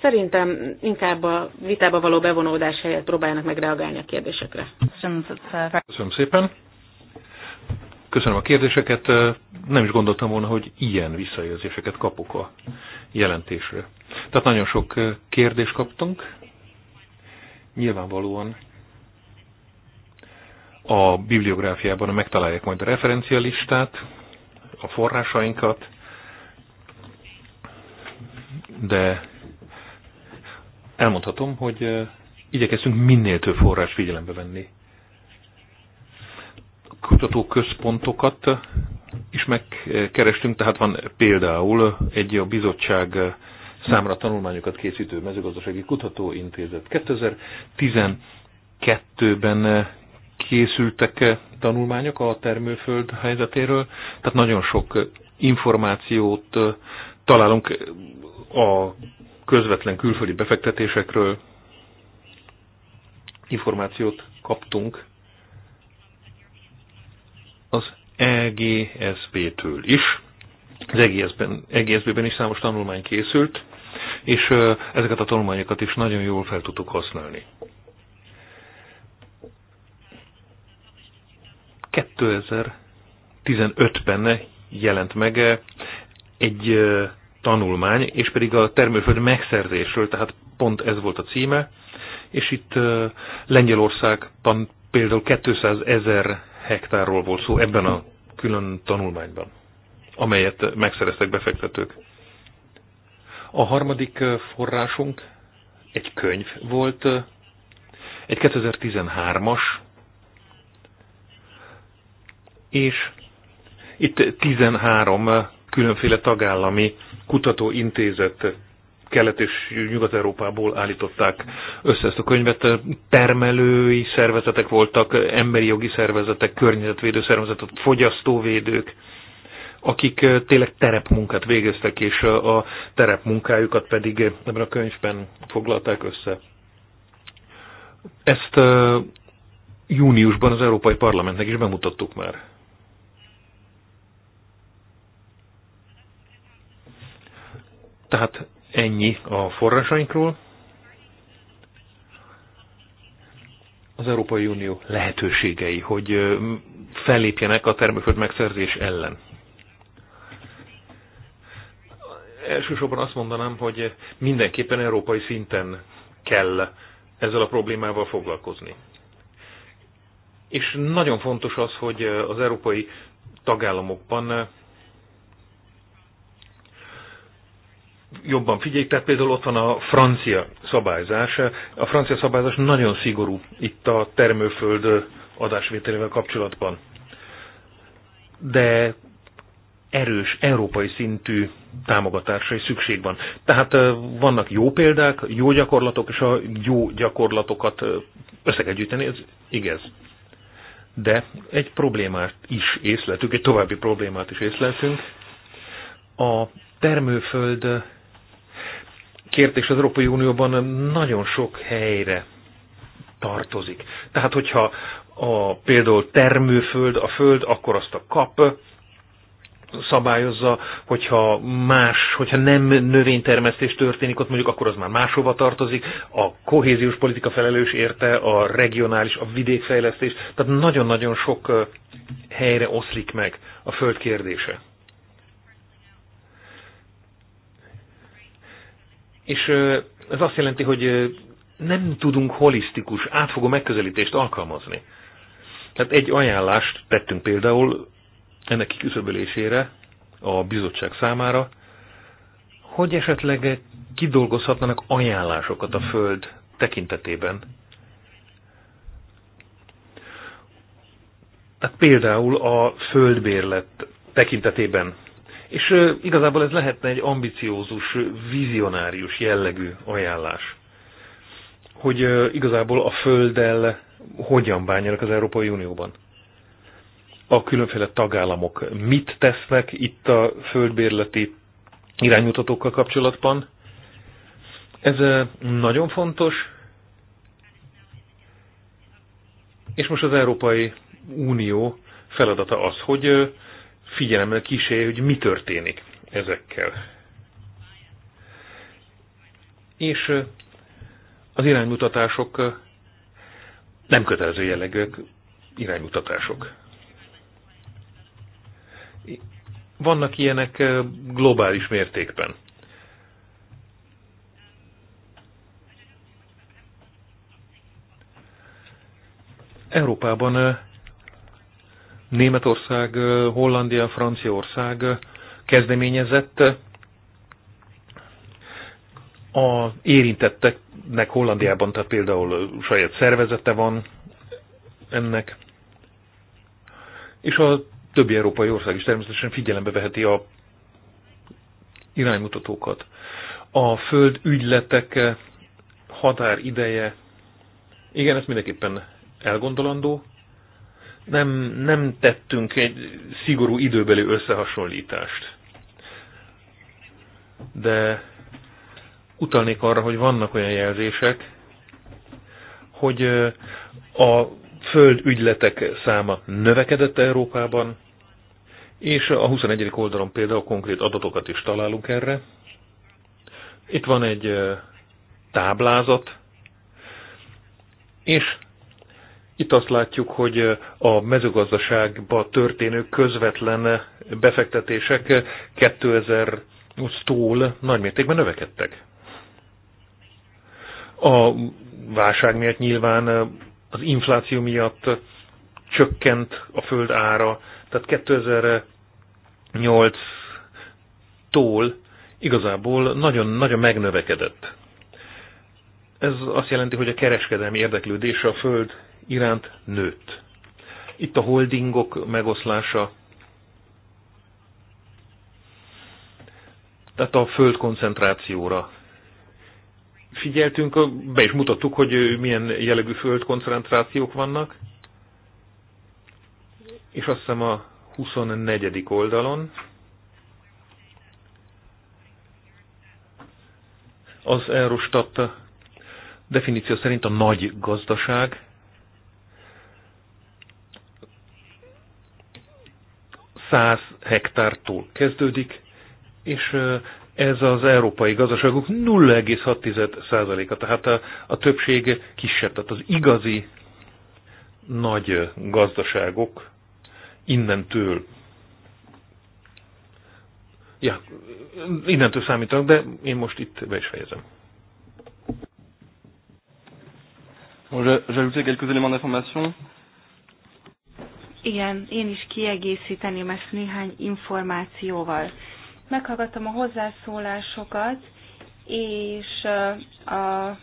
Szerintem inkább a vitába való bevonódás helyett próbálnak meg reagálni a kérdésekre. Köszönöm szépen. Köszönöm a kérdéseket. Nem is gondoltam volna, hogy ilyen visszajelzéseket kapok a jelentésre. Tehát nagyon sok kérdést kaptunk. Nyilvánvalóan a bibliográfiában megtalálják majd a referencialistát, a forrásainkat, de elmondhatom, hogy igyekeztünk minél több forrás figyelembe venni. A kutatóközpontokat is megkerestünk, tehát van például egy a bizottság számra tanulmányokat készítő mezőgazdasági kutatóintézet. 2012-ben készültek tanulmányok a termőföld helyzetéről, tehát nagyon sok információt találunk a közvetlen külföldi befektetésekről információt kaptunk az EGSB-től is. Az EGSB-ben e is számos tanulmány készült, és ezeket a tanulmányokat is nagyon jól fel tudtuk használni. 2015-ben jelent meg egy tanulmány, és pedig a termőföld megszerzésről, tehát pont ez volt a címe, és itt Lengyelország például 200 ezer hektárról volt szó ebben a külön tanulmányban, amelyet megszereztek befektetők. A harmadik forrásunk egy könyv volt, egy 2013-as, és itt 13 különféle tagállami kutatóintézet kelet- és nyugat-európából állították össze ezt a könyvet. Termelői szervezetek voltak, emberi jogi szervezetek, környezetvédő szervezetek, fogyasztóvédők, akik eh, tényleg terepmunkát végeztek, és eh, a terepmunkájukat pedig ebben a könyvben foglalták össze. Ezt eh, júniusban az Európai Parlamentnek is bemutattuk már. Tehát ennyi a forrásainkról. Az Európai Unió lehetőségei, hogy fellépjenek a termőföld megszerzés ellen. Elsősorban azt mondanám, hogy mindenképpen európai szinten kell ezzel a problémával foglalkozni. És nagyon fontos az, hogy az európai tagállamokban jobban figyeljük. Tehát például ott van a francia szabályzás. A francia szabályzás nagyon szigorú itt a termőföld adásvételével kapcsolatban. De erős, európai szintű támogatásra is szükség van. Tehát vannak jó példák, jó gyakorlatok, és a jó gyakorlatokat összegegyűjteni, ez igaz. De egy problémát is észletünk, egy további problémát is észleltünk. A termőföld kérdés az Európai Unióban nagyon sok helyre tartozik. Tehát, hogyha a, például termőföld a föld, akkor azt a kap szabályozza, hogyha más, hogyha nem növénytermesztés történik ott mondjuk, akkor az már máshova tartozik, a kohéziós politika felelős érte, a regionális, a vidékfejlesztés, tehát nagyon-nagyon sok helyre oszlik meg a föld kérdése. És ez azt jelenti, hogy nem tudunk holisztikus, átfogó megközelítést alkalmazni. Tehát egy ajánlást tettünk például ennek kiküszöbölésére a bizottság számára, hogy esetleg kidolgozhatnának ajánlásokat a Föld tekintetében. Tehát például a földbérlet tekintetében és igazából ez lehetne egy ambiciózus, vizionárius jellegű ajánlás, hogy igazából a földdel hogyan bánjanak az Európai Unióban. A különféle tagállamok mit tesznek itt a földbérleti iránymutatókkal kapcsolatban. Ez nagyon fontos, és most az Európai Unió feladata az, hogy figyelemmel kísérje, hogy mi történik ezekkel. És az iránymutatások nem kötelező jellegűek iránymutatások. Vannak ilyenek globális mértékben. Európában Németország, Hollandia, Franciaország kezdeményezett a érintetteknek Hollandiában, tehát például saját szervezete van ennek, és a többi európai ország is természetesen figyelembe veheti a iránymutatókat. A föld ügyletek határideje, igen, ez mindenképpen elgondolandó, nem, nem tettünk egy szigorú időbeli összehasonlítást. De utalnék arra, hogy vannak olyan jelzések, hogy a földügyletek száma növekedett Európában, és a 21. oldalon például konkrét adatokat is találunk erre. Itt van egy táblázat, és itt azt látjuk, hogy a mezőgazdaságba történő közvetlen befektetések 2020 tól nagymértékben növekedtek. A válság miatt nyilván az infláció miatt csökkent a föld ára, tehát 2008-tól igazából nagyon-nagyon megnövekedett. Ez azt jelenti, hogy a kereskedelmi érdeklődés a föld iránt nőtt. Itt a holdingok megoszlása, tehát a föld koncentrációra figyeltünk, be is mutattuk, hogy milyen jellegű földkoncentrációk vannak, és azt hiszem a 24. oldalon az Eurostat definíció szerint a nagy gazdaság 100 hektártól kezdődik, és ez az európai gazdaságok 0,6%-a, tehát a, a többség kisebb, tehát az igazi nagy gazdaságok innentől ja, innentől számítanak, de én most itt be is fejezem. ajouté quelques éléments d'information. Igen, én is kiegészíteném ezt néhány információval. Meghallgattam a hozzászólásokat, és a, az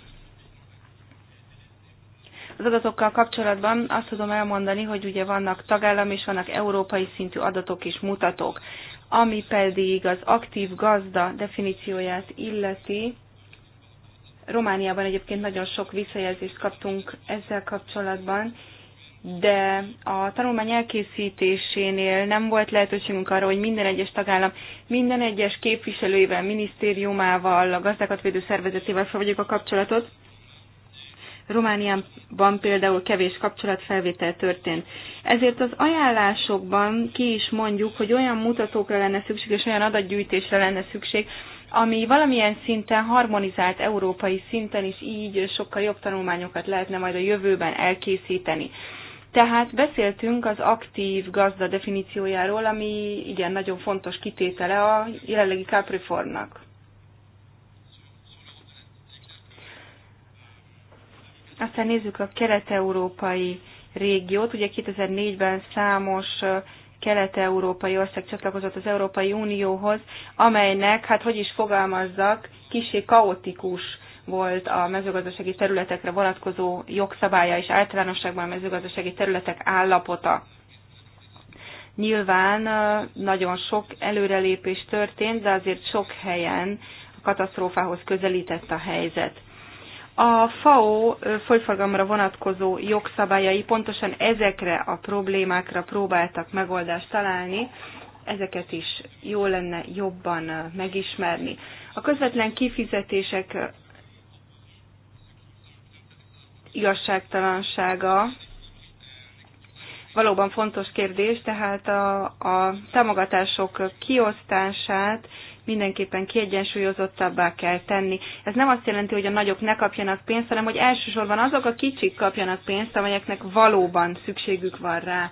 adatokkal kapcsolatban azt tudom elmondani, hogy ugye vannak tagállam és vannak európai szintű adatok és mutatók, ami pedig az aktív gazda definícióját illeti. Romániában egyébként nagyon sok visszajelzést kaptunk ezzel kapcsolatban, de a tanulmány elkészítésénél nem volt lehetőségünk arra, hogy minden egyes tagállam, minden egyes képviselőivel, minisztériumával, a gazdákat védő szervezetével felvegyük a kapcsolatot. Romániában például kevés kapcsolatfelvétel történt. Ezért az ajánlásokban ki is mondjuk, hogy olyan mutatókra lenne szükség, és olyan adatgyűjtésre lenne szükség, ami valamilyen szinten harmonizált európai szinten is így sokkal jobb tanulmányokat lehetne majd a jövőben elkészíteni. Tehát beszéltünk az aktív gazda definíciójáról, ami igen nagyon fontos kitétele a jelenlegi Capriformnak. Aztán nézzük a kelet-európai régiót. Ugye 2004-ben számos kelet-európai ország csatlakozott az Európai Unióhoz, amelynek, hát hogy is fogalmazzak, kicsi kaotikus volt a mezőgazdasági területekre vonatkozó jogszabálya és általánosságban a mezőgazdasági területek állapota. Nyilván nagyon sok előrelépés történt, de azért sok helyen a katasztrófához közelített a helyzet. A FAO folyfogamra vonatkozó jogszabályai pontosan ezekre a problémákra próbáltak megoldást találni, ezeket is jó lenne jobban megismerni. A közvetlen kifizetések igazságtalansága valóban fontos kérdés, tehát a, a támogatások kiosztását mindenképpen kiegyensúlyozottabbá kell tenni. Ez nem azt jelenti, hogy a nagyok ne kapjanak pénzt, hanem hogy elsősorban azok a kicsik kapjanak pénzt, amelyeknek valóban szükségük van rá.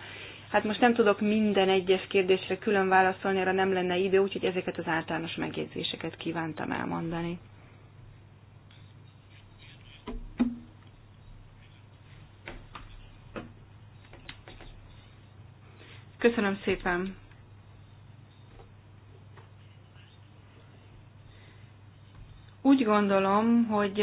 Hát most nem tudok minden egyes kérdésre külön válaszolni, erre nem lenne idő, úgyhogy ezeket az általános megjegyzéseket kívántam elmondani. Köszönöm szépen! Úgy gondolom, hogy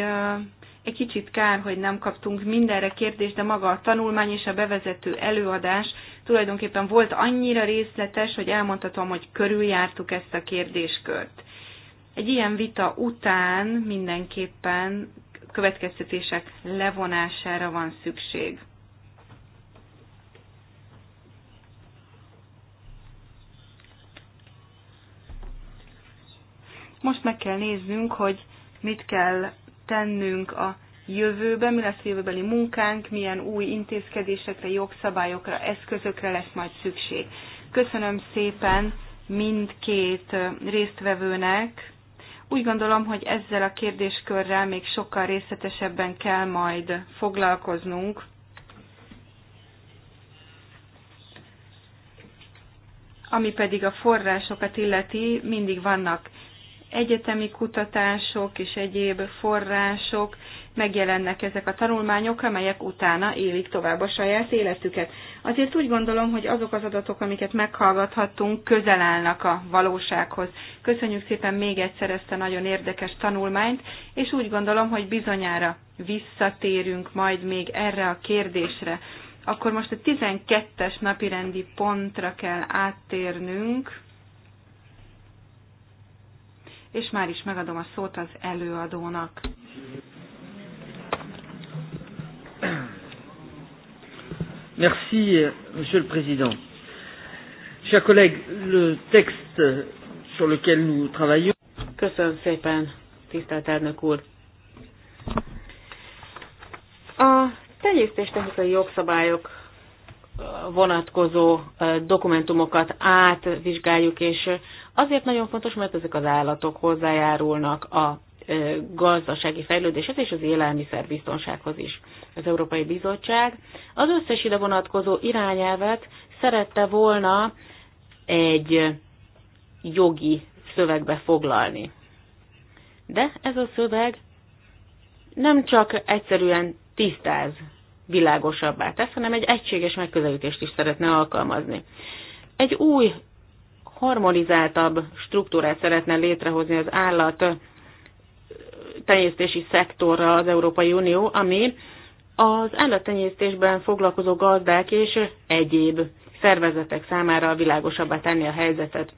egy kicsit kár, hogy nem kaptunk mindenre kérdést, de maga a tanulmány és a bevezető előadás tulajdonképpen volt annyira részletes, hogy elmondhatom, hogy körüljártuk ezt a kérdéskört. Egy ilyen vita után mindenképpen következtetések levonására van szükség. Most meg kell néznünk, hogy mit kell tennünk a jövőben, mi lesz a jövőbeli munkánk, milyen új intézkedésekre, jogszabályokra, eszközökre lesz majd szükség. Köszönöm szépen mindkét résztvevőnek. Úgy gondolom, hogy ezzel a kérdéskörrel még sokkal részletesebben kell majd foglalkoznunk. Ami pedig a forrásokat illeti, mindig vannak egyetemi kutatások és egyéb források megjelennek ezek a tanulmányok, amelyek utána élik tovább a saját életüket. Azért úgy gondolom, hogy azok az adatok, amiket meghallgathattunk, közel állnak a valósághoz. Köszönjük szépen még egyszer ezt a nagyon érdekes tanulmányt, és úgy gondolom, hogy bizonyára visszatérünk majd még erre a kérdésre. Akkor most a 12-es napirendi pontra kell áttérnünk és már is megadom a szót az előadónak. Merci, Monsieur le Président. Chers collègues, le texte sur lequel nous travaillons. Köszönöm szépen, tisztelt elnök úr. A tenyésztés technikai jogszabályok vonatkozó dokumentumokat átvizsgáljuk, és Azért nagyon fontos, mert ezek az állatok hozzájárulnak a gazdasági fejlődéshez és az élelmiszerbiztonsághoz is. Az Európai Bizottság az összes ide vonatkozó irányelvet szerette volna egy jogi szövegbe foglalni. De ez a szöveg nem csak egyszerűen tisztáz, világosabbá tesz, hanem egy egységes megközelítést is szeretne alkalmazni. Egy új harmonizáltabb struktúrát szeretne létrehozni az állat tenyésztési szektorra az Európai Unió, ami az állattenyésztésben foglalkozó gazdák és egyéb szervezetek számára világosabbá tenni a helyzetet.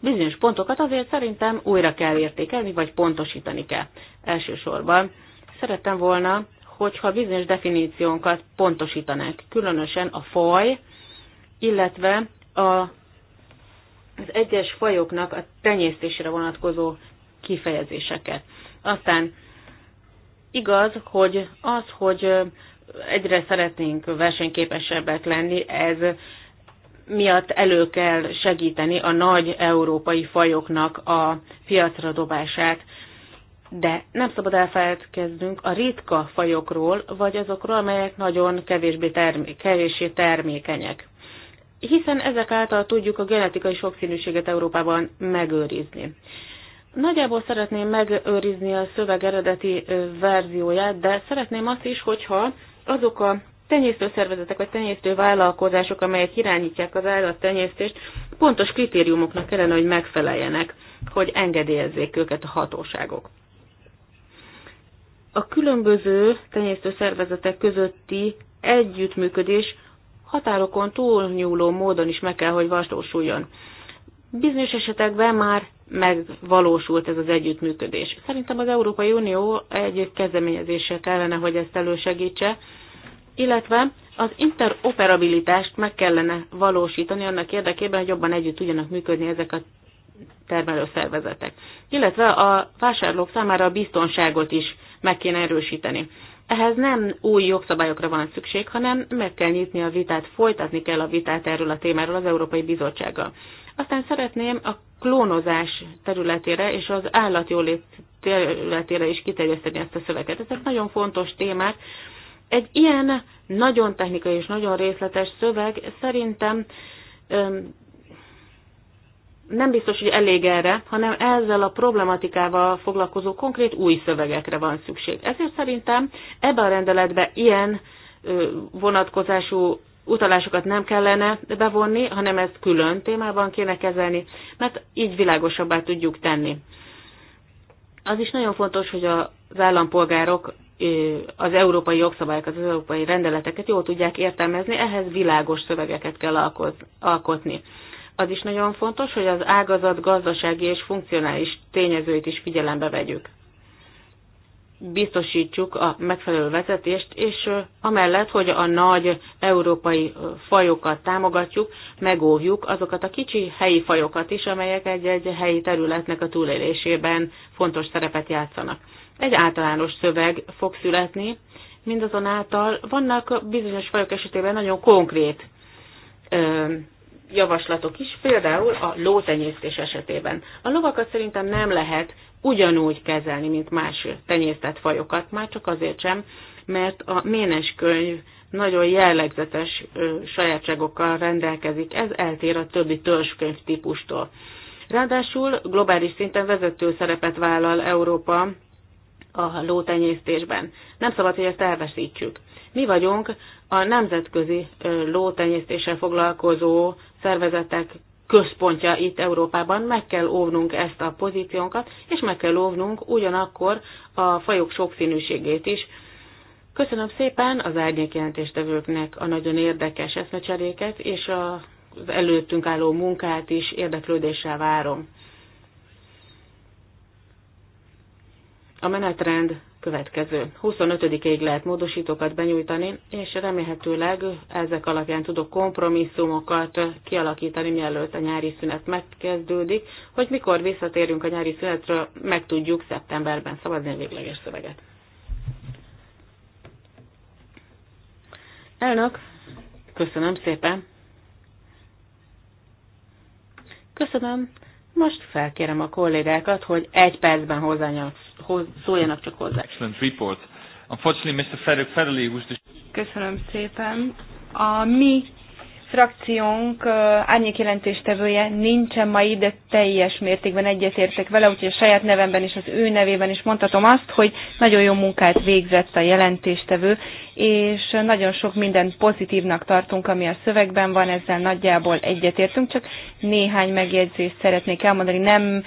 Bizonyos pontokat azért szerintem újra kell értékelni, vagy pontosítani kell. Elsősorban szerettem volna, hogyha bizonyos definíciónkat pontosítanák, különösen a faj, illetve a az egyes fajoknak a tenyésztésére vonatkozó kifejezéseket. Aztán igaz, hogy az, hogy egyre szeretnénk versenyképesebbek lenni, ez miatt elő kell segíteni a nagy európai fajoknak a piacra dobását. De nem szabad elfelejtkeznünk a ritka fajokról, vagy azokról, amelyek nagyon kevésbé termé- kevésbé termékenyek hiszen ezek által tudjuk a genetikai sokszínűséget Európában megőrizni. Nagyjából szeretném megőrizni a szöveg eredeti verzióját, de szeretném azt is, hogyha azok a szervezetek, vagy vállalkozások, amelyek irányítják az állattenyésztést, pontos kritériumoknak kellene, hogy megfeleljenek, hogy engedélyezzék őket a hatóságok. A különböző szervezetek közötti együttműködés határokon túlnyúló módon is meg kell, hogy valósuljon. Bizonyos esetekben már megvalósult ez az együttműködés. Szerintem az Európai Unió egy kezdeményezéssel kellene, hogy ezt elősegítse, illetve az interoperabilitást meg kellene valósítani annak érdekében, hogy jobban együtt tudjanak működni ezek a termelőszervezetek. Illetve a vásárlók számára a biztonságot is meg kéne erősíteni. Ehhez nem új jogszabályokra van szükség, hanem meg kell nyitni a vitát, folytatni kell a vitát erről a témáról az Európai Bizottsággal. Aztán szeretném a klónozás területére és az állatjólét területére is kiterjeszteni ezt a szöveget. Ezek nagyon fontos témák. Egy ilyen nagyon technikai és nagyon részletes szöveg szerintem nem biztos, hogy elég erre, hanem ezzel a problematikával foglalkozó konkrét új szövegekre van szükség. Ezért szerintem ebbe a rendeletbe ilyen vonatkozású utalásokat nem kellene bevonni, hanem ezt külön témában kéne kezelni, mert így világosabbá tudjuk tenni. Az is nagyon fontos, hogy az állampolgárok az európai jogszabályokat, az európai rendeleteket jól tudják értelmezni, ehhez világos szövegeket kell alkotni. Az is nagyon fontos, hogy az ágazat gazdasági és funkcionális tényezőit is figyelembe vegyük. Biztosítsuk a megfelelő vezetést, és amellett, hogy a nagy európai fajokat támogatjuk, megóvjuk azokat a kicsi helyi fajokat is, amelyek egy-egy helyi területnek a túlélésében fontos szerepet játszanak. Egy általános szöveg fog születni, mindazonáltal vannak bizonyos fajok esetében nagyon konkrét javaslatok is, például a lótenyésztés esetében. A lovakat szerintem nem lehet ugyanúgy kezelni, mint más tenyésztett fajokat, már csak azért sem, mert a ménes könyv nagyon jellegzetes ö, sajátságokkal rendelkezik, ez eltér a többi törzskönyv típustól. Ráadásul globális szinten vezető szerepet vállal Európa a lótenyésztésben. Nem szabad, hogy ezt elveszítsük. Mi vagyunk a nemzetközi lótenyésztéssel foglalkozó szervezetek központja itt Európában, meg kell óvnunk ezt a pozíciónkat, és meg kell óvnunk ugyanakkor a fajok sokszínűségét is. Köszönöm szépen az árnyékjelentéstevőknek a nagyon érdekes eszmecseréket, és az előttünk álló munkát is érdeklődéssel várom. A menetrend következő. 25-ig lehet módosítókat benyújtani, és remélhetőleg ezek alapján tudok kompromisszumokat kialakítani, mielőtt a nyári szünet megkezdődik, hogy mikor visszatérünk a nyári szünetről, meg tudjuk szeptemberben szavazni a végleges szöveget. Elnök, köszönöm szépen. Köszönöm. Most felkérem a kollégákat, hogy egy percben hozzányúlnak szóljanak csak hozzá. Excellent report. Unfortunately, Mr. Frederick Federley, who's the... Köszönöm szépen. A mi frakciónk jelentéstevője nincsen ma ide, teljes mértékben egyetértek vele, úgyhogy a saját nevemben és az ő nevében is mondhatom azt, hogy nagyon jó munkát végzett a jelentéstevő, és nagyon sok minden pozitívnak tartunk, ami a szövegben van, ezzel nagyjából egyetértünk, csak néhány megjegyzést szeretnék elmondani. Nem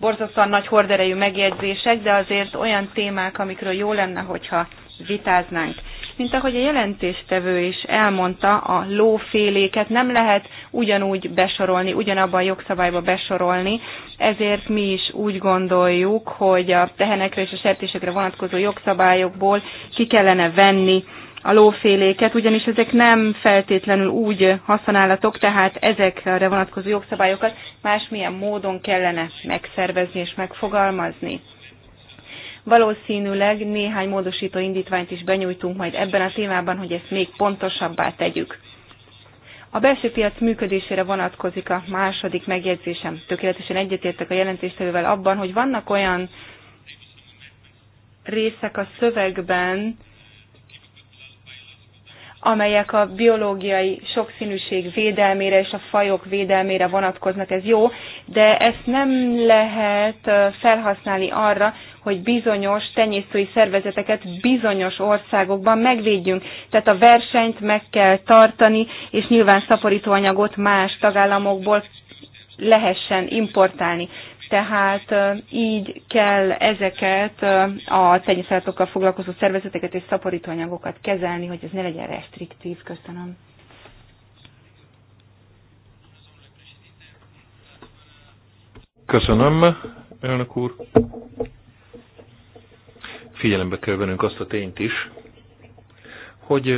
borzasztóan nagy horderejű megjegyzések, de azért olyan témák, amikről jó lenne, hogyha vitáznánk mint ahogy a jelentéstevő is elmondta, a lóféléket nem lehet ugyanúgy besorolni, ugyanabban a jogszabályba besorolni, ezért mi is úgy gondoljuk, hogy a tehenekre és a sertésekre vonatkozó jogszabályokból ki kellene venni a lóféléket, ugyanis ezek nem feltétlenül úgy használatok, tehát ezekre vonatkozó jogszabályokat másmilyen módon kellene megszervezni és megfogalmazni. Valószínűleg néhány módosító indítványt is benyújtunk majd ebben a témában, hogy ezt még pontosabbá tegyük. A belső piac működésére vonatkozik a második megjegyzésem. Tökéletesen egyetértek a jelentéstevővel abban, hogy vannak olyan részek a szövegben, amelyek a biológiai sokszínűség védelmére és a fajok védelmére vonatkoznak, ez jó, de ezt nem lehet felhasználni arra, hogy bizonyos tenyésztői szervezeteket bizonyos országokban megvédjünk. Tehát a versenyt meg kell tartani, és nyilván szaporítóanyagot más tagállamokból lehessen importálni. Tehát így kell ezeket a tenyészállatokkal foglalkozó szervezeteket és szaporítóanyagokat kezelni, hogy ez ne legyen restriktív. Köszönöm. Köszönöm, elnök úr figyelembe kell vennünk azt a tényt is, hogy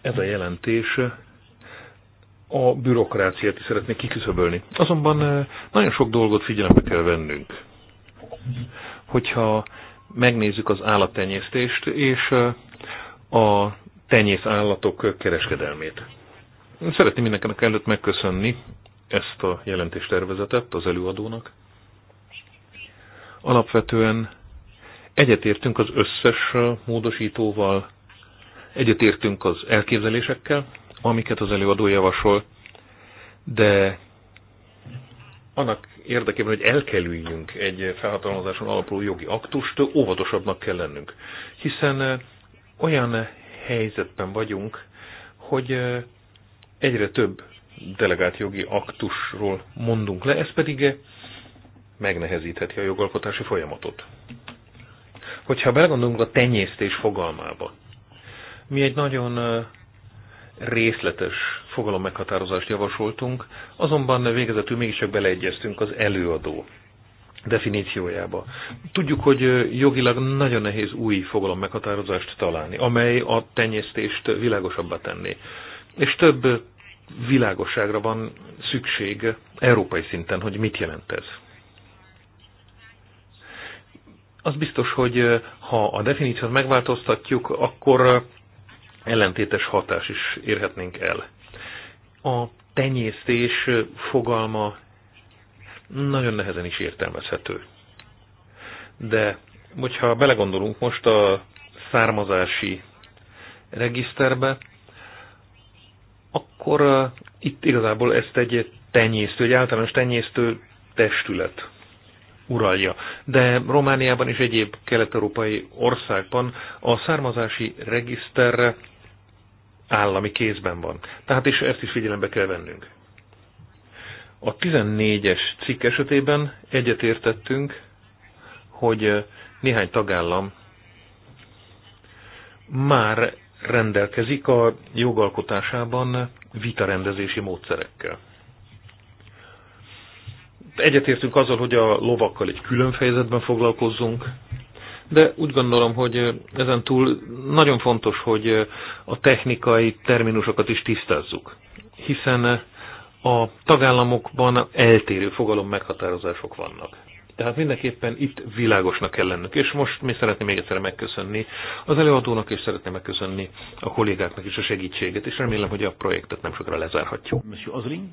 ez a jelentés a bürokráciát is szeretné kiküszöbölni. Azonban nagyon sok dolgot figyelembe kell vennünk. Hogyha megnézzük az állattenyésztést és a tenyész állatok kereskedelmét. Szeretném mindenkinek előtt megköszönni ezt a jelentéstervezetet az előadónak. Alapvetően Egyetértünk az összes módosítóval, egyetértünk az elképzelésekkel, amiket az előadó javasol, de annak érdekében, hogy elkerüljünk egy felhatalmazáson alapuló jogi aktust, óvatosabbnak kell lennünk. Hiszen olyan helyzetben vagyunk, hogy egyre több delegált jogi aktusról mondunk le, ez pedig megnehezítheti a jogalkotási folyamatot. Hogyha belegondolunk a tenyésztés fogalmába, mi egy nagyon részletes fogalom meghatározást javasoltunk, azonban végezetül mégiscsak beleegyeztünk az előadó definíciójába. Tudjuk, hogy jogilag nagyon nehéz új fogalom meghatározást találni, amely a tenyésztést világosabbá tenné. És több világosságra van szükség európai szinten, hogy mit jelent ez az biztos, hogy ha a definíciót megváltoztatjuk, akkor ellentétes hatás is érhetnénk el. A tenyésztés fogalma nagyon nehezen is értelmezhető. De hogyha belegondolunk most a származási regiszterbe, akkor itt igazából ezt egy tenyésztő, egy általános tenyésztő testület uralja. De Romániában és egyéb kelet-európai országban a származási regiszter állami kézben van. Tehát is ezt is figyelembe kell vennünk. A 14-es cikk esetében egyetértettünk, hogy néhány tagállam már rendelkezik a jogalkotásában vitarendezési módszerekkel egyetértünk azzal, hogy a lovakkal egy külön fejezetben foglalkozzunk, de úgy gondolom, hogy ezen túl nagyon fontos, hogy a technikai terminusokat is tisztázzuk, hiszen a tagállamokban eltérő fogalom meghatározások vannak. Tehát mindenképpen itt világosnak kell lennünk. És most mi szeretném még egyszer megköszönni az előadónak, és szeretném megköszönni a kollégáknak is a segítséget, és remélem, hogy a projektet nem sokra lezárhatjuk. Monsieur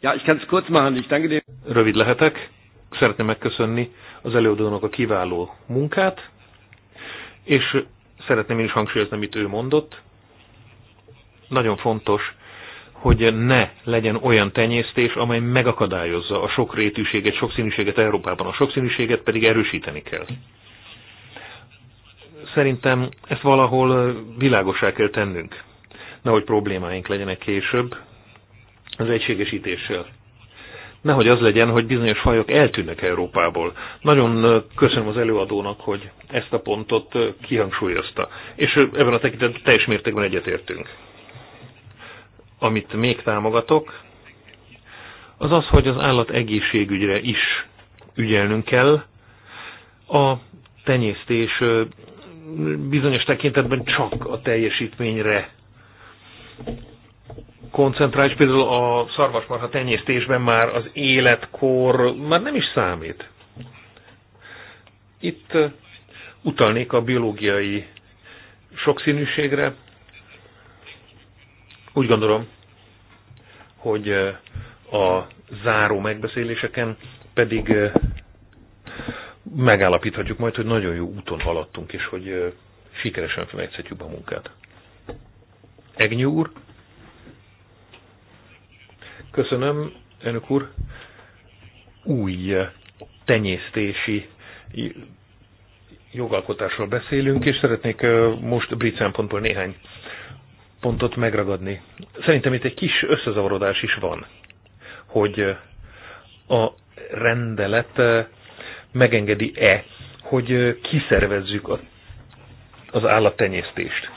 Ja, ich kann es kurz machen. Ich danke dir. Rövid lehetek. Szeretném megköszönni az előadónak a kiváló munkát, és szeretném én is hangsúlyozni, amit ő mondott. Nagyon fontos, hogy ne legyen olyan tenyésztés, amely megakadályozza a sok sokrétűséget, sokszínűséget Európában. A sokszínűséget pedig erősíteni kell. Szerintem ezt valahol világosá kell tennünk. Nehogy problémáink legyenek később, az egységesítéssel. Nehogy az legyen, hogy bizonyos fajok eltűnnek Európából. Nagyon köszönöm az előadónak, hogy ezt a pontot kihangsúlyozta. És ebben a tekintetben teljes mértékben egyetértünk. Amit még támogatok, az az, hogy az állat egészségügyre is ügyelnünk kell. A tenyésztés bizonyos tekintetben csak a teljesítményre koncentrál, és például a szarvasmarha tenyésztésben már az életkor már nem is számít. Itt utalnék a biológiai sokszínűségre. Úgy gondolom, hogy a záró megbeszéléseken pedig megállapíthatjuk majd, hogy nagyon jó úton haladtunk, és hogy sikeresen fejleszthetjük a munkát. Egnyi úr, Köszönöm, önök úr. Új tenyésztési jogalkotásról beszélünk, és szeretnék most a brit szempontból néhány pontot megragadni. Szerintem itt egy kis összezavarodás is van, hogy a rendelet megengedi-e, hogy kiszervezzük az állattenyésztést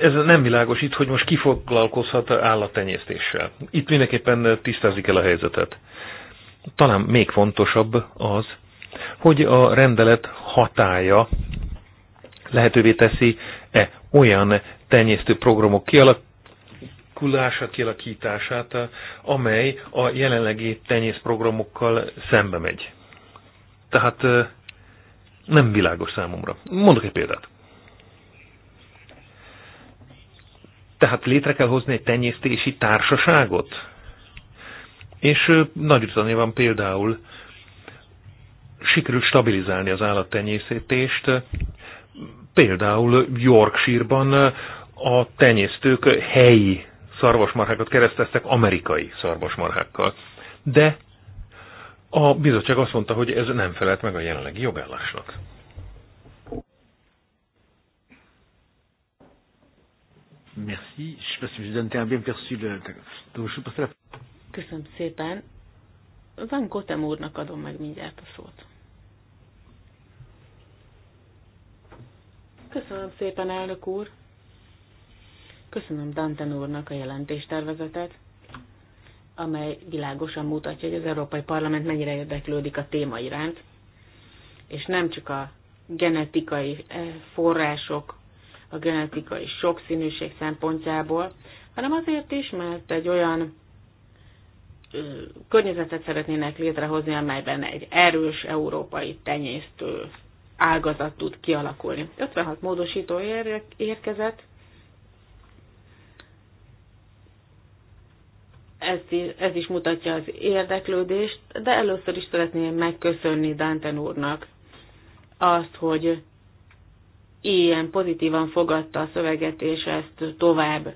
ez nem világos itt, hogy most ki foglalkozhat állattenyésztéssel. Itt mindenképpen tisztázik el a helyzetet. Talán még fontosabb az, hogy a rendelet hatája lehetővé teszi-e olyan tenyésztő programok kialakulása, kialakítását, amely a jelenlegi tenyészprogramokkal szembe megy. Tehát nem világos számomra. Mondok egy példát. Tehát létre kell hozni egy tenyésztési társaságot. És nagy van például sikerült stabilizálni az állattenyésztést. Például Yorkshire-ban a tenyésztők helyi szarvasmarhákat kereszteztek amerikai szarvasmarhákkal. De a bizottság azt mondta, hogy ez nem felelt meg a jelenlegi jogállásnak. Merci. Je sais pas si vous avez bien perçu le... Donc, je passe la... Köszönöm szépen. Van Gotem úrnak adom meg mindjárt a szót. Köszönöm szépen, elnök úr. Köszönöm Danten úrnak a jelentéstervezetet, amely világosan mutatja, hogy az Európai Parlament mennyire érdeklődik a téma iránt, és nem csak a genetikai eh, források a genetikai sokszínűség szempontjából, hanem azért is, mert egy olyan környezetet szeretnének létrehozni, amelyben egy erős európai tenyésztő ágazat tud kialakulni. 56 módosító érkezett, ez is, ez is mutatja az érdeklődést, de először is szeretném megköszönni Dánten úrnak azt, hogy ilyen pozitívan fogadta a szöveget, és ezt tovább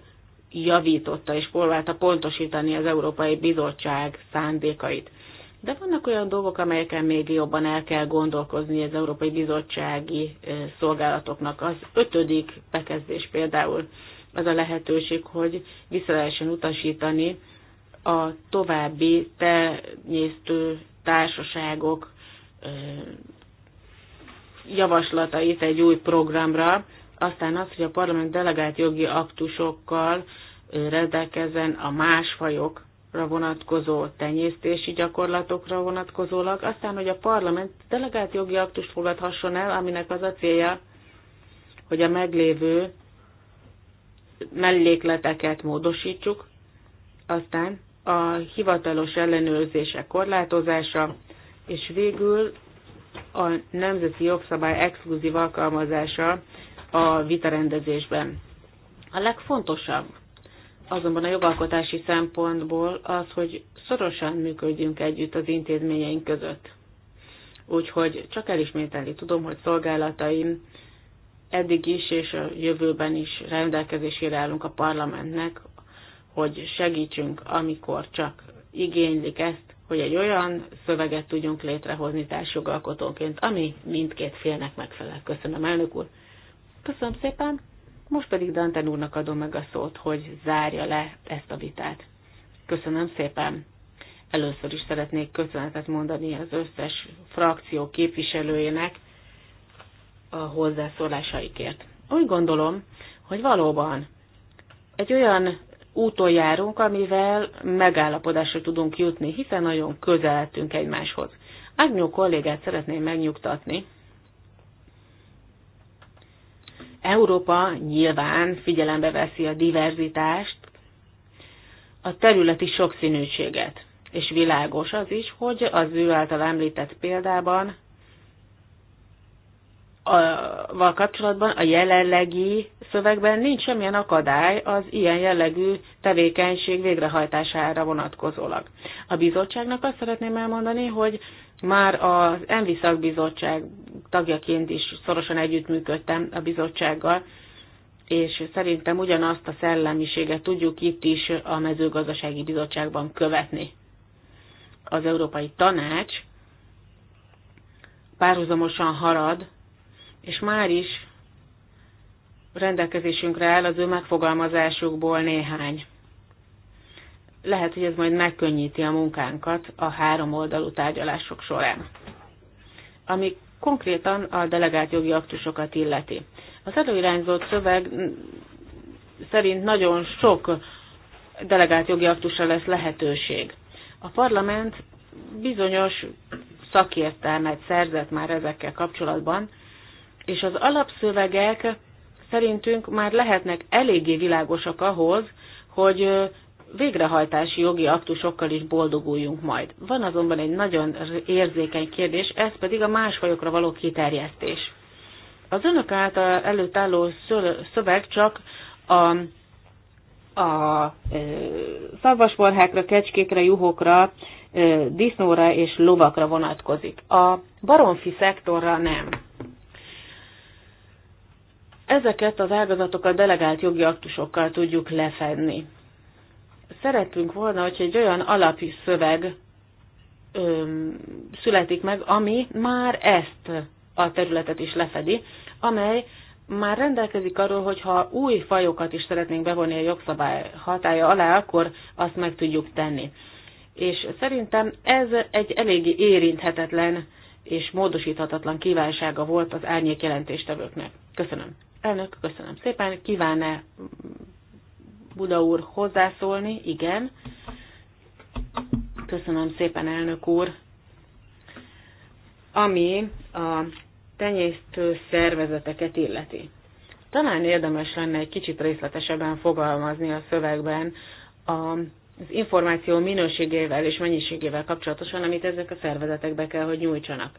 javította és próbálta pontosítani az Európai Bizottság szándékait. De vannak olyan dolgok, amelyeken még jobban el kell gondolkozni az Európai Bizottsági eh, szolgálatoknak. Az ötödik bekezdés például az a lehetőség, hogy vissza lehessen utasítani a további tenyésztő társaságok eh, javaslatait egy új programra, aztán az, hogy a parlament delegált jogi aktusokkal rendelkezzen a más fajokra vonatkozó tenyésztési gyakorlatokra vonatkozólag, aztán, hogy a parlament delegált jogi aktust fogadhasson el, aminek az a célja, hogy a meglévő mellékleteket módosítsuk, aztán a hivatalos ellenőrzése korlátozása, és végül a nemzeti jogszabály exkluzív alkalmazása a vitarendezésben. A legfontosabb azonban a jogalkotási szempontból az, hogy szorosan működjünk együtt az intézményeink között. Úgyhogy csak elismételni tudom, hogy szolgálataim eddig is és a jövőben is rendelkezésére állunk a parlamentnek, hogy segítsünk, amikor csak igénylik ezt, hogy egy olyan szöveget tudjunk létrehozni társjogalkotónként, ami mindkét félnek megfelel. Köszönöm, elnök úr. Köszönöm szépen. Most pedig Danten úrnak adom meg a szót, hogy zárja le ezt a vitát. Köszönöm szépen. Először is szeretnék köszönetet mondani az összes frakció képviselőjének a hozzászólásaikért. Úgy gondolom, hogy valóban egy olyan úton járunk, amivel megállapodásra tudunk jutni, hiszen nagyon lettünk egymáshoz. Ágnyó kollégát szeretném megnyugtatni. Európa nyilván figyelembe veszi a diverzitást, a területi sokszínűséget, és világos az is, hogy az ő által említett példában val kapcsolatban a jelenlegi szövegben nincs semmilyen akadály az ilyen jellegű tevékenység végrehajtására vonatkozólag. A bizottságnak azt szeretném elmondani, hogy már az ENVI szakbizottság tagjaként is szorosan együttműködtem a bizottsággal, és szerintem ugyanazt a szellemiséget tudjuk itt is a mezőgazdasági bizottságban követni. Az Európai Tanács párhuzamosan harad és már is rendelkezésünkre áll az ő megfogalmazásukból néhány. Lehet, hogy ez majd megkönnyíti a munkánkat a három oldalú tárgyalások során. Ami konkrétan a delegált jogi aktusokat illeti. Az előirányzott szöveg szerint nagyon sok delegált jogi aktusra lesz lehetőség. A parlament bizonyos szakértelmet szerzett már ezekkel kapcsolatban, és az alapszövegek szerintünk már lehetnek eléggé világosak ahhoz, hogy végrehajtási jogi aktusokkal is boldoguljunk majd. Van azonban egy nagyon érzékeny kérdés, ez pedig a másfajokra való kiterjesztés. Az önök által előtt álló szöveg csak a a e, szarvasborhákra, kecskékre, juhokra, e, disznóra és lovakra vonatkozik. A baromfi szektorra nem. Ezeket az ágazatokat delegált jogi aktusokkal tudjuk lefedni. Szeretünk volna, hogy egy olyan alapi szöveg öm, születik meg, ami már ezt a területet is lefedi, amely már rendelkezik arról, hogy ha új fajokat is szeretnénk bevonni a jogszabály hatája alá, akkor azt meg tudjuk tenni. És szerintem ez egy eléggé érinthetetlen és módosíthatatlan kívánsága volt az árnyék jelentéstevőknek. Köszönöm. Elnök, köszönöm szépen. Kíván-e Buda úr hozzászólni? Igen. Köszönöm szépen, elnök úr. Ami a tenyésztő szervezeteket illeti. Talán érdemes lenne egy kicsit részletesebben fogalmazni a szövegben a az információ minőségével és mennyiségével kapcsolatosan, amit ezek a szervezetek be kell, hogy nyújtsanak.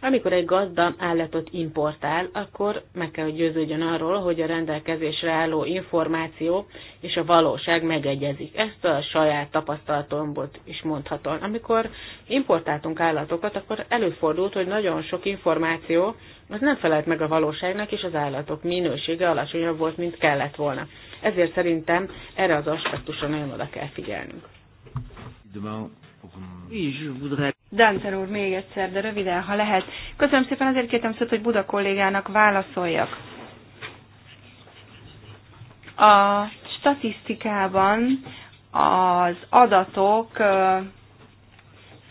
Amikor egy gazda állatot importál, akkor meg kell, hogy győződjön arról, hogy a rendelkezésre álló információ és a valóság megegyezik. Ezt a saját tapasztalatomból is mondhatom. Amikor importáltunk állatokat, akkor előfordult, hogy nagyon sok információ az nem felelt meg a valóságnak, és az állatok minősége alacsonyabb volt, mint kellett volna. Ezért szerintem erre az aspektusra nagyon oda kell figyelnünk. Dancer úr, még egyszer, de röviden, ha lehet. Köszönöm szépen, azért kértem szót, hogy Buda kollégának válaszoljak. A statisztikában az adatok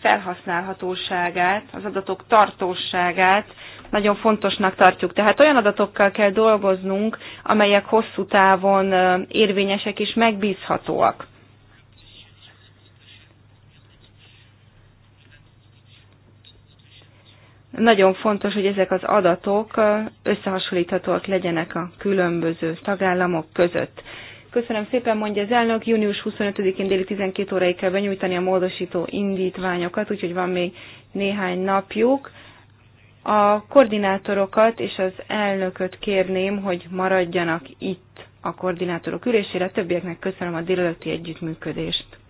felhasználhatóságát, az adatok tartóságát nagyon fontosnak tartjuk. Tehát olyan adatokkal kell dolgoznunk, amelyek hosszú távon érvényesek és megbízhatóak. Nagyon fontos, hogy ezek az adatok összehasonlíthatóak legyenek a különböző tagállamok között. Köszönöm szépen, mondja az elnök. Június 25-én déli 12 óráig kell benyújtani a módosító indítványokat, úgyhogy van még néhány napjuk. A koordinátorokat és az elnököt kérném, hogy maradjanak itt a koordinátorok ülésére. Többieknek köszönöm a délelőtti együttműködést.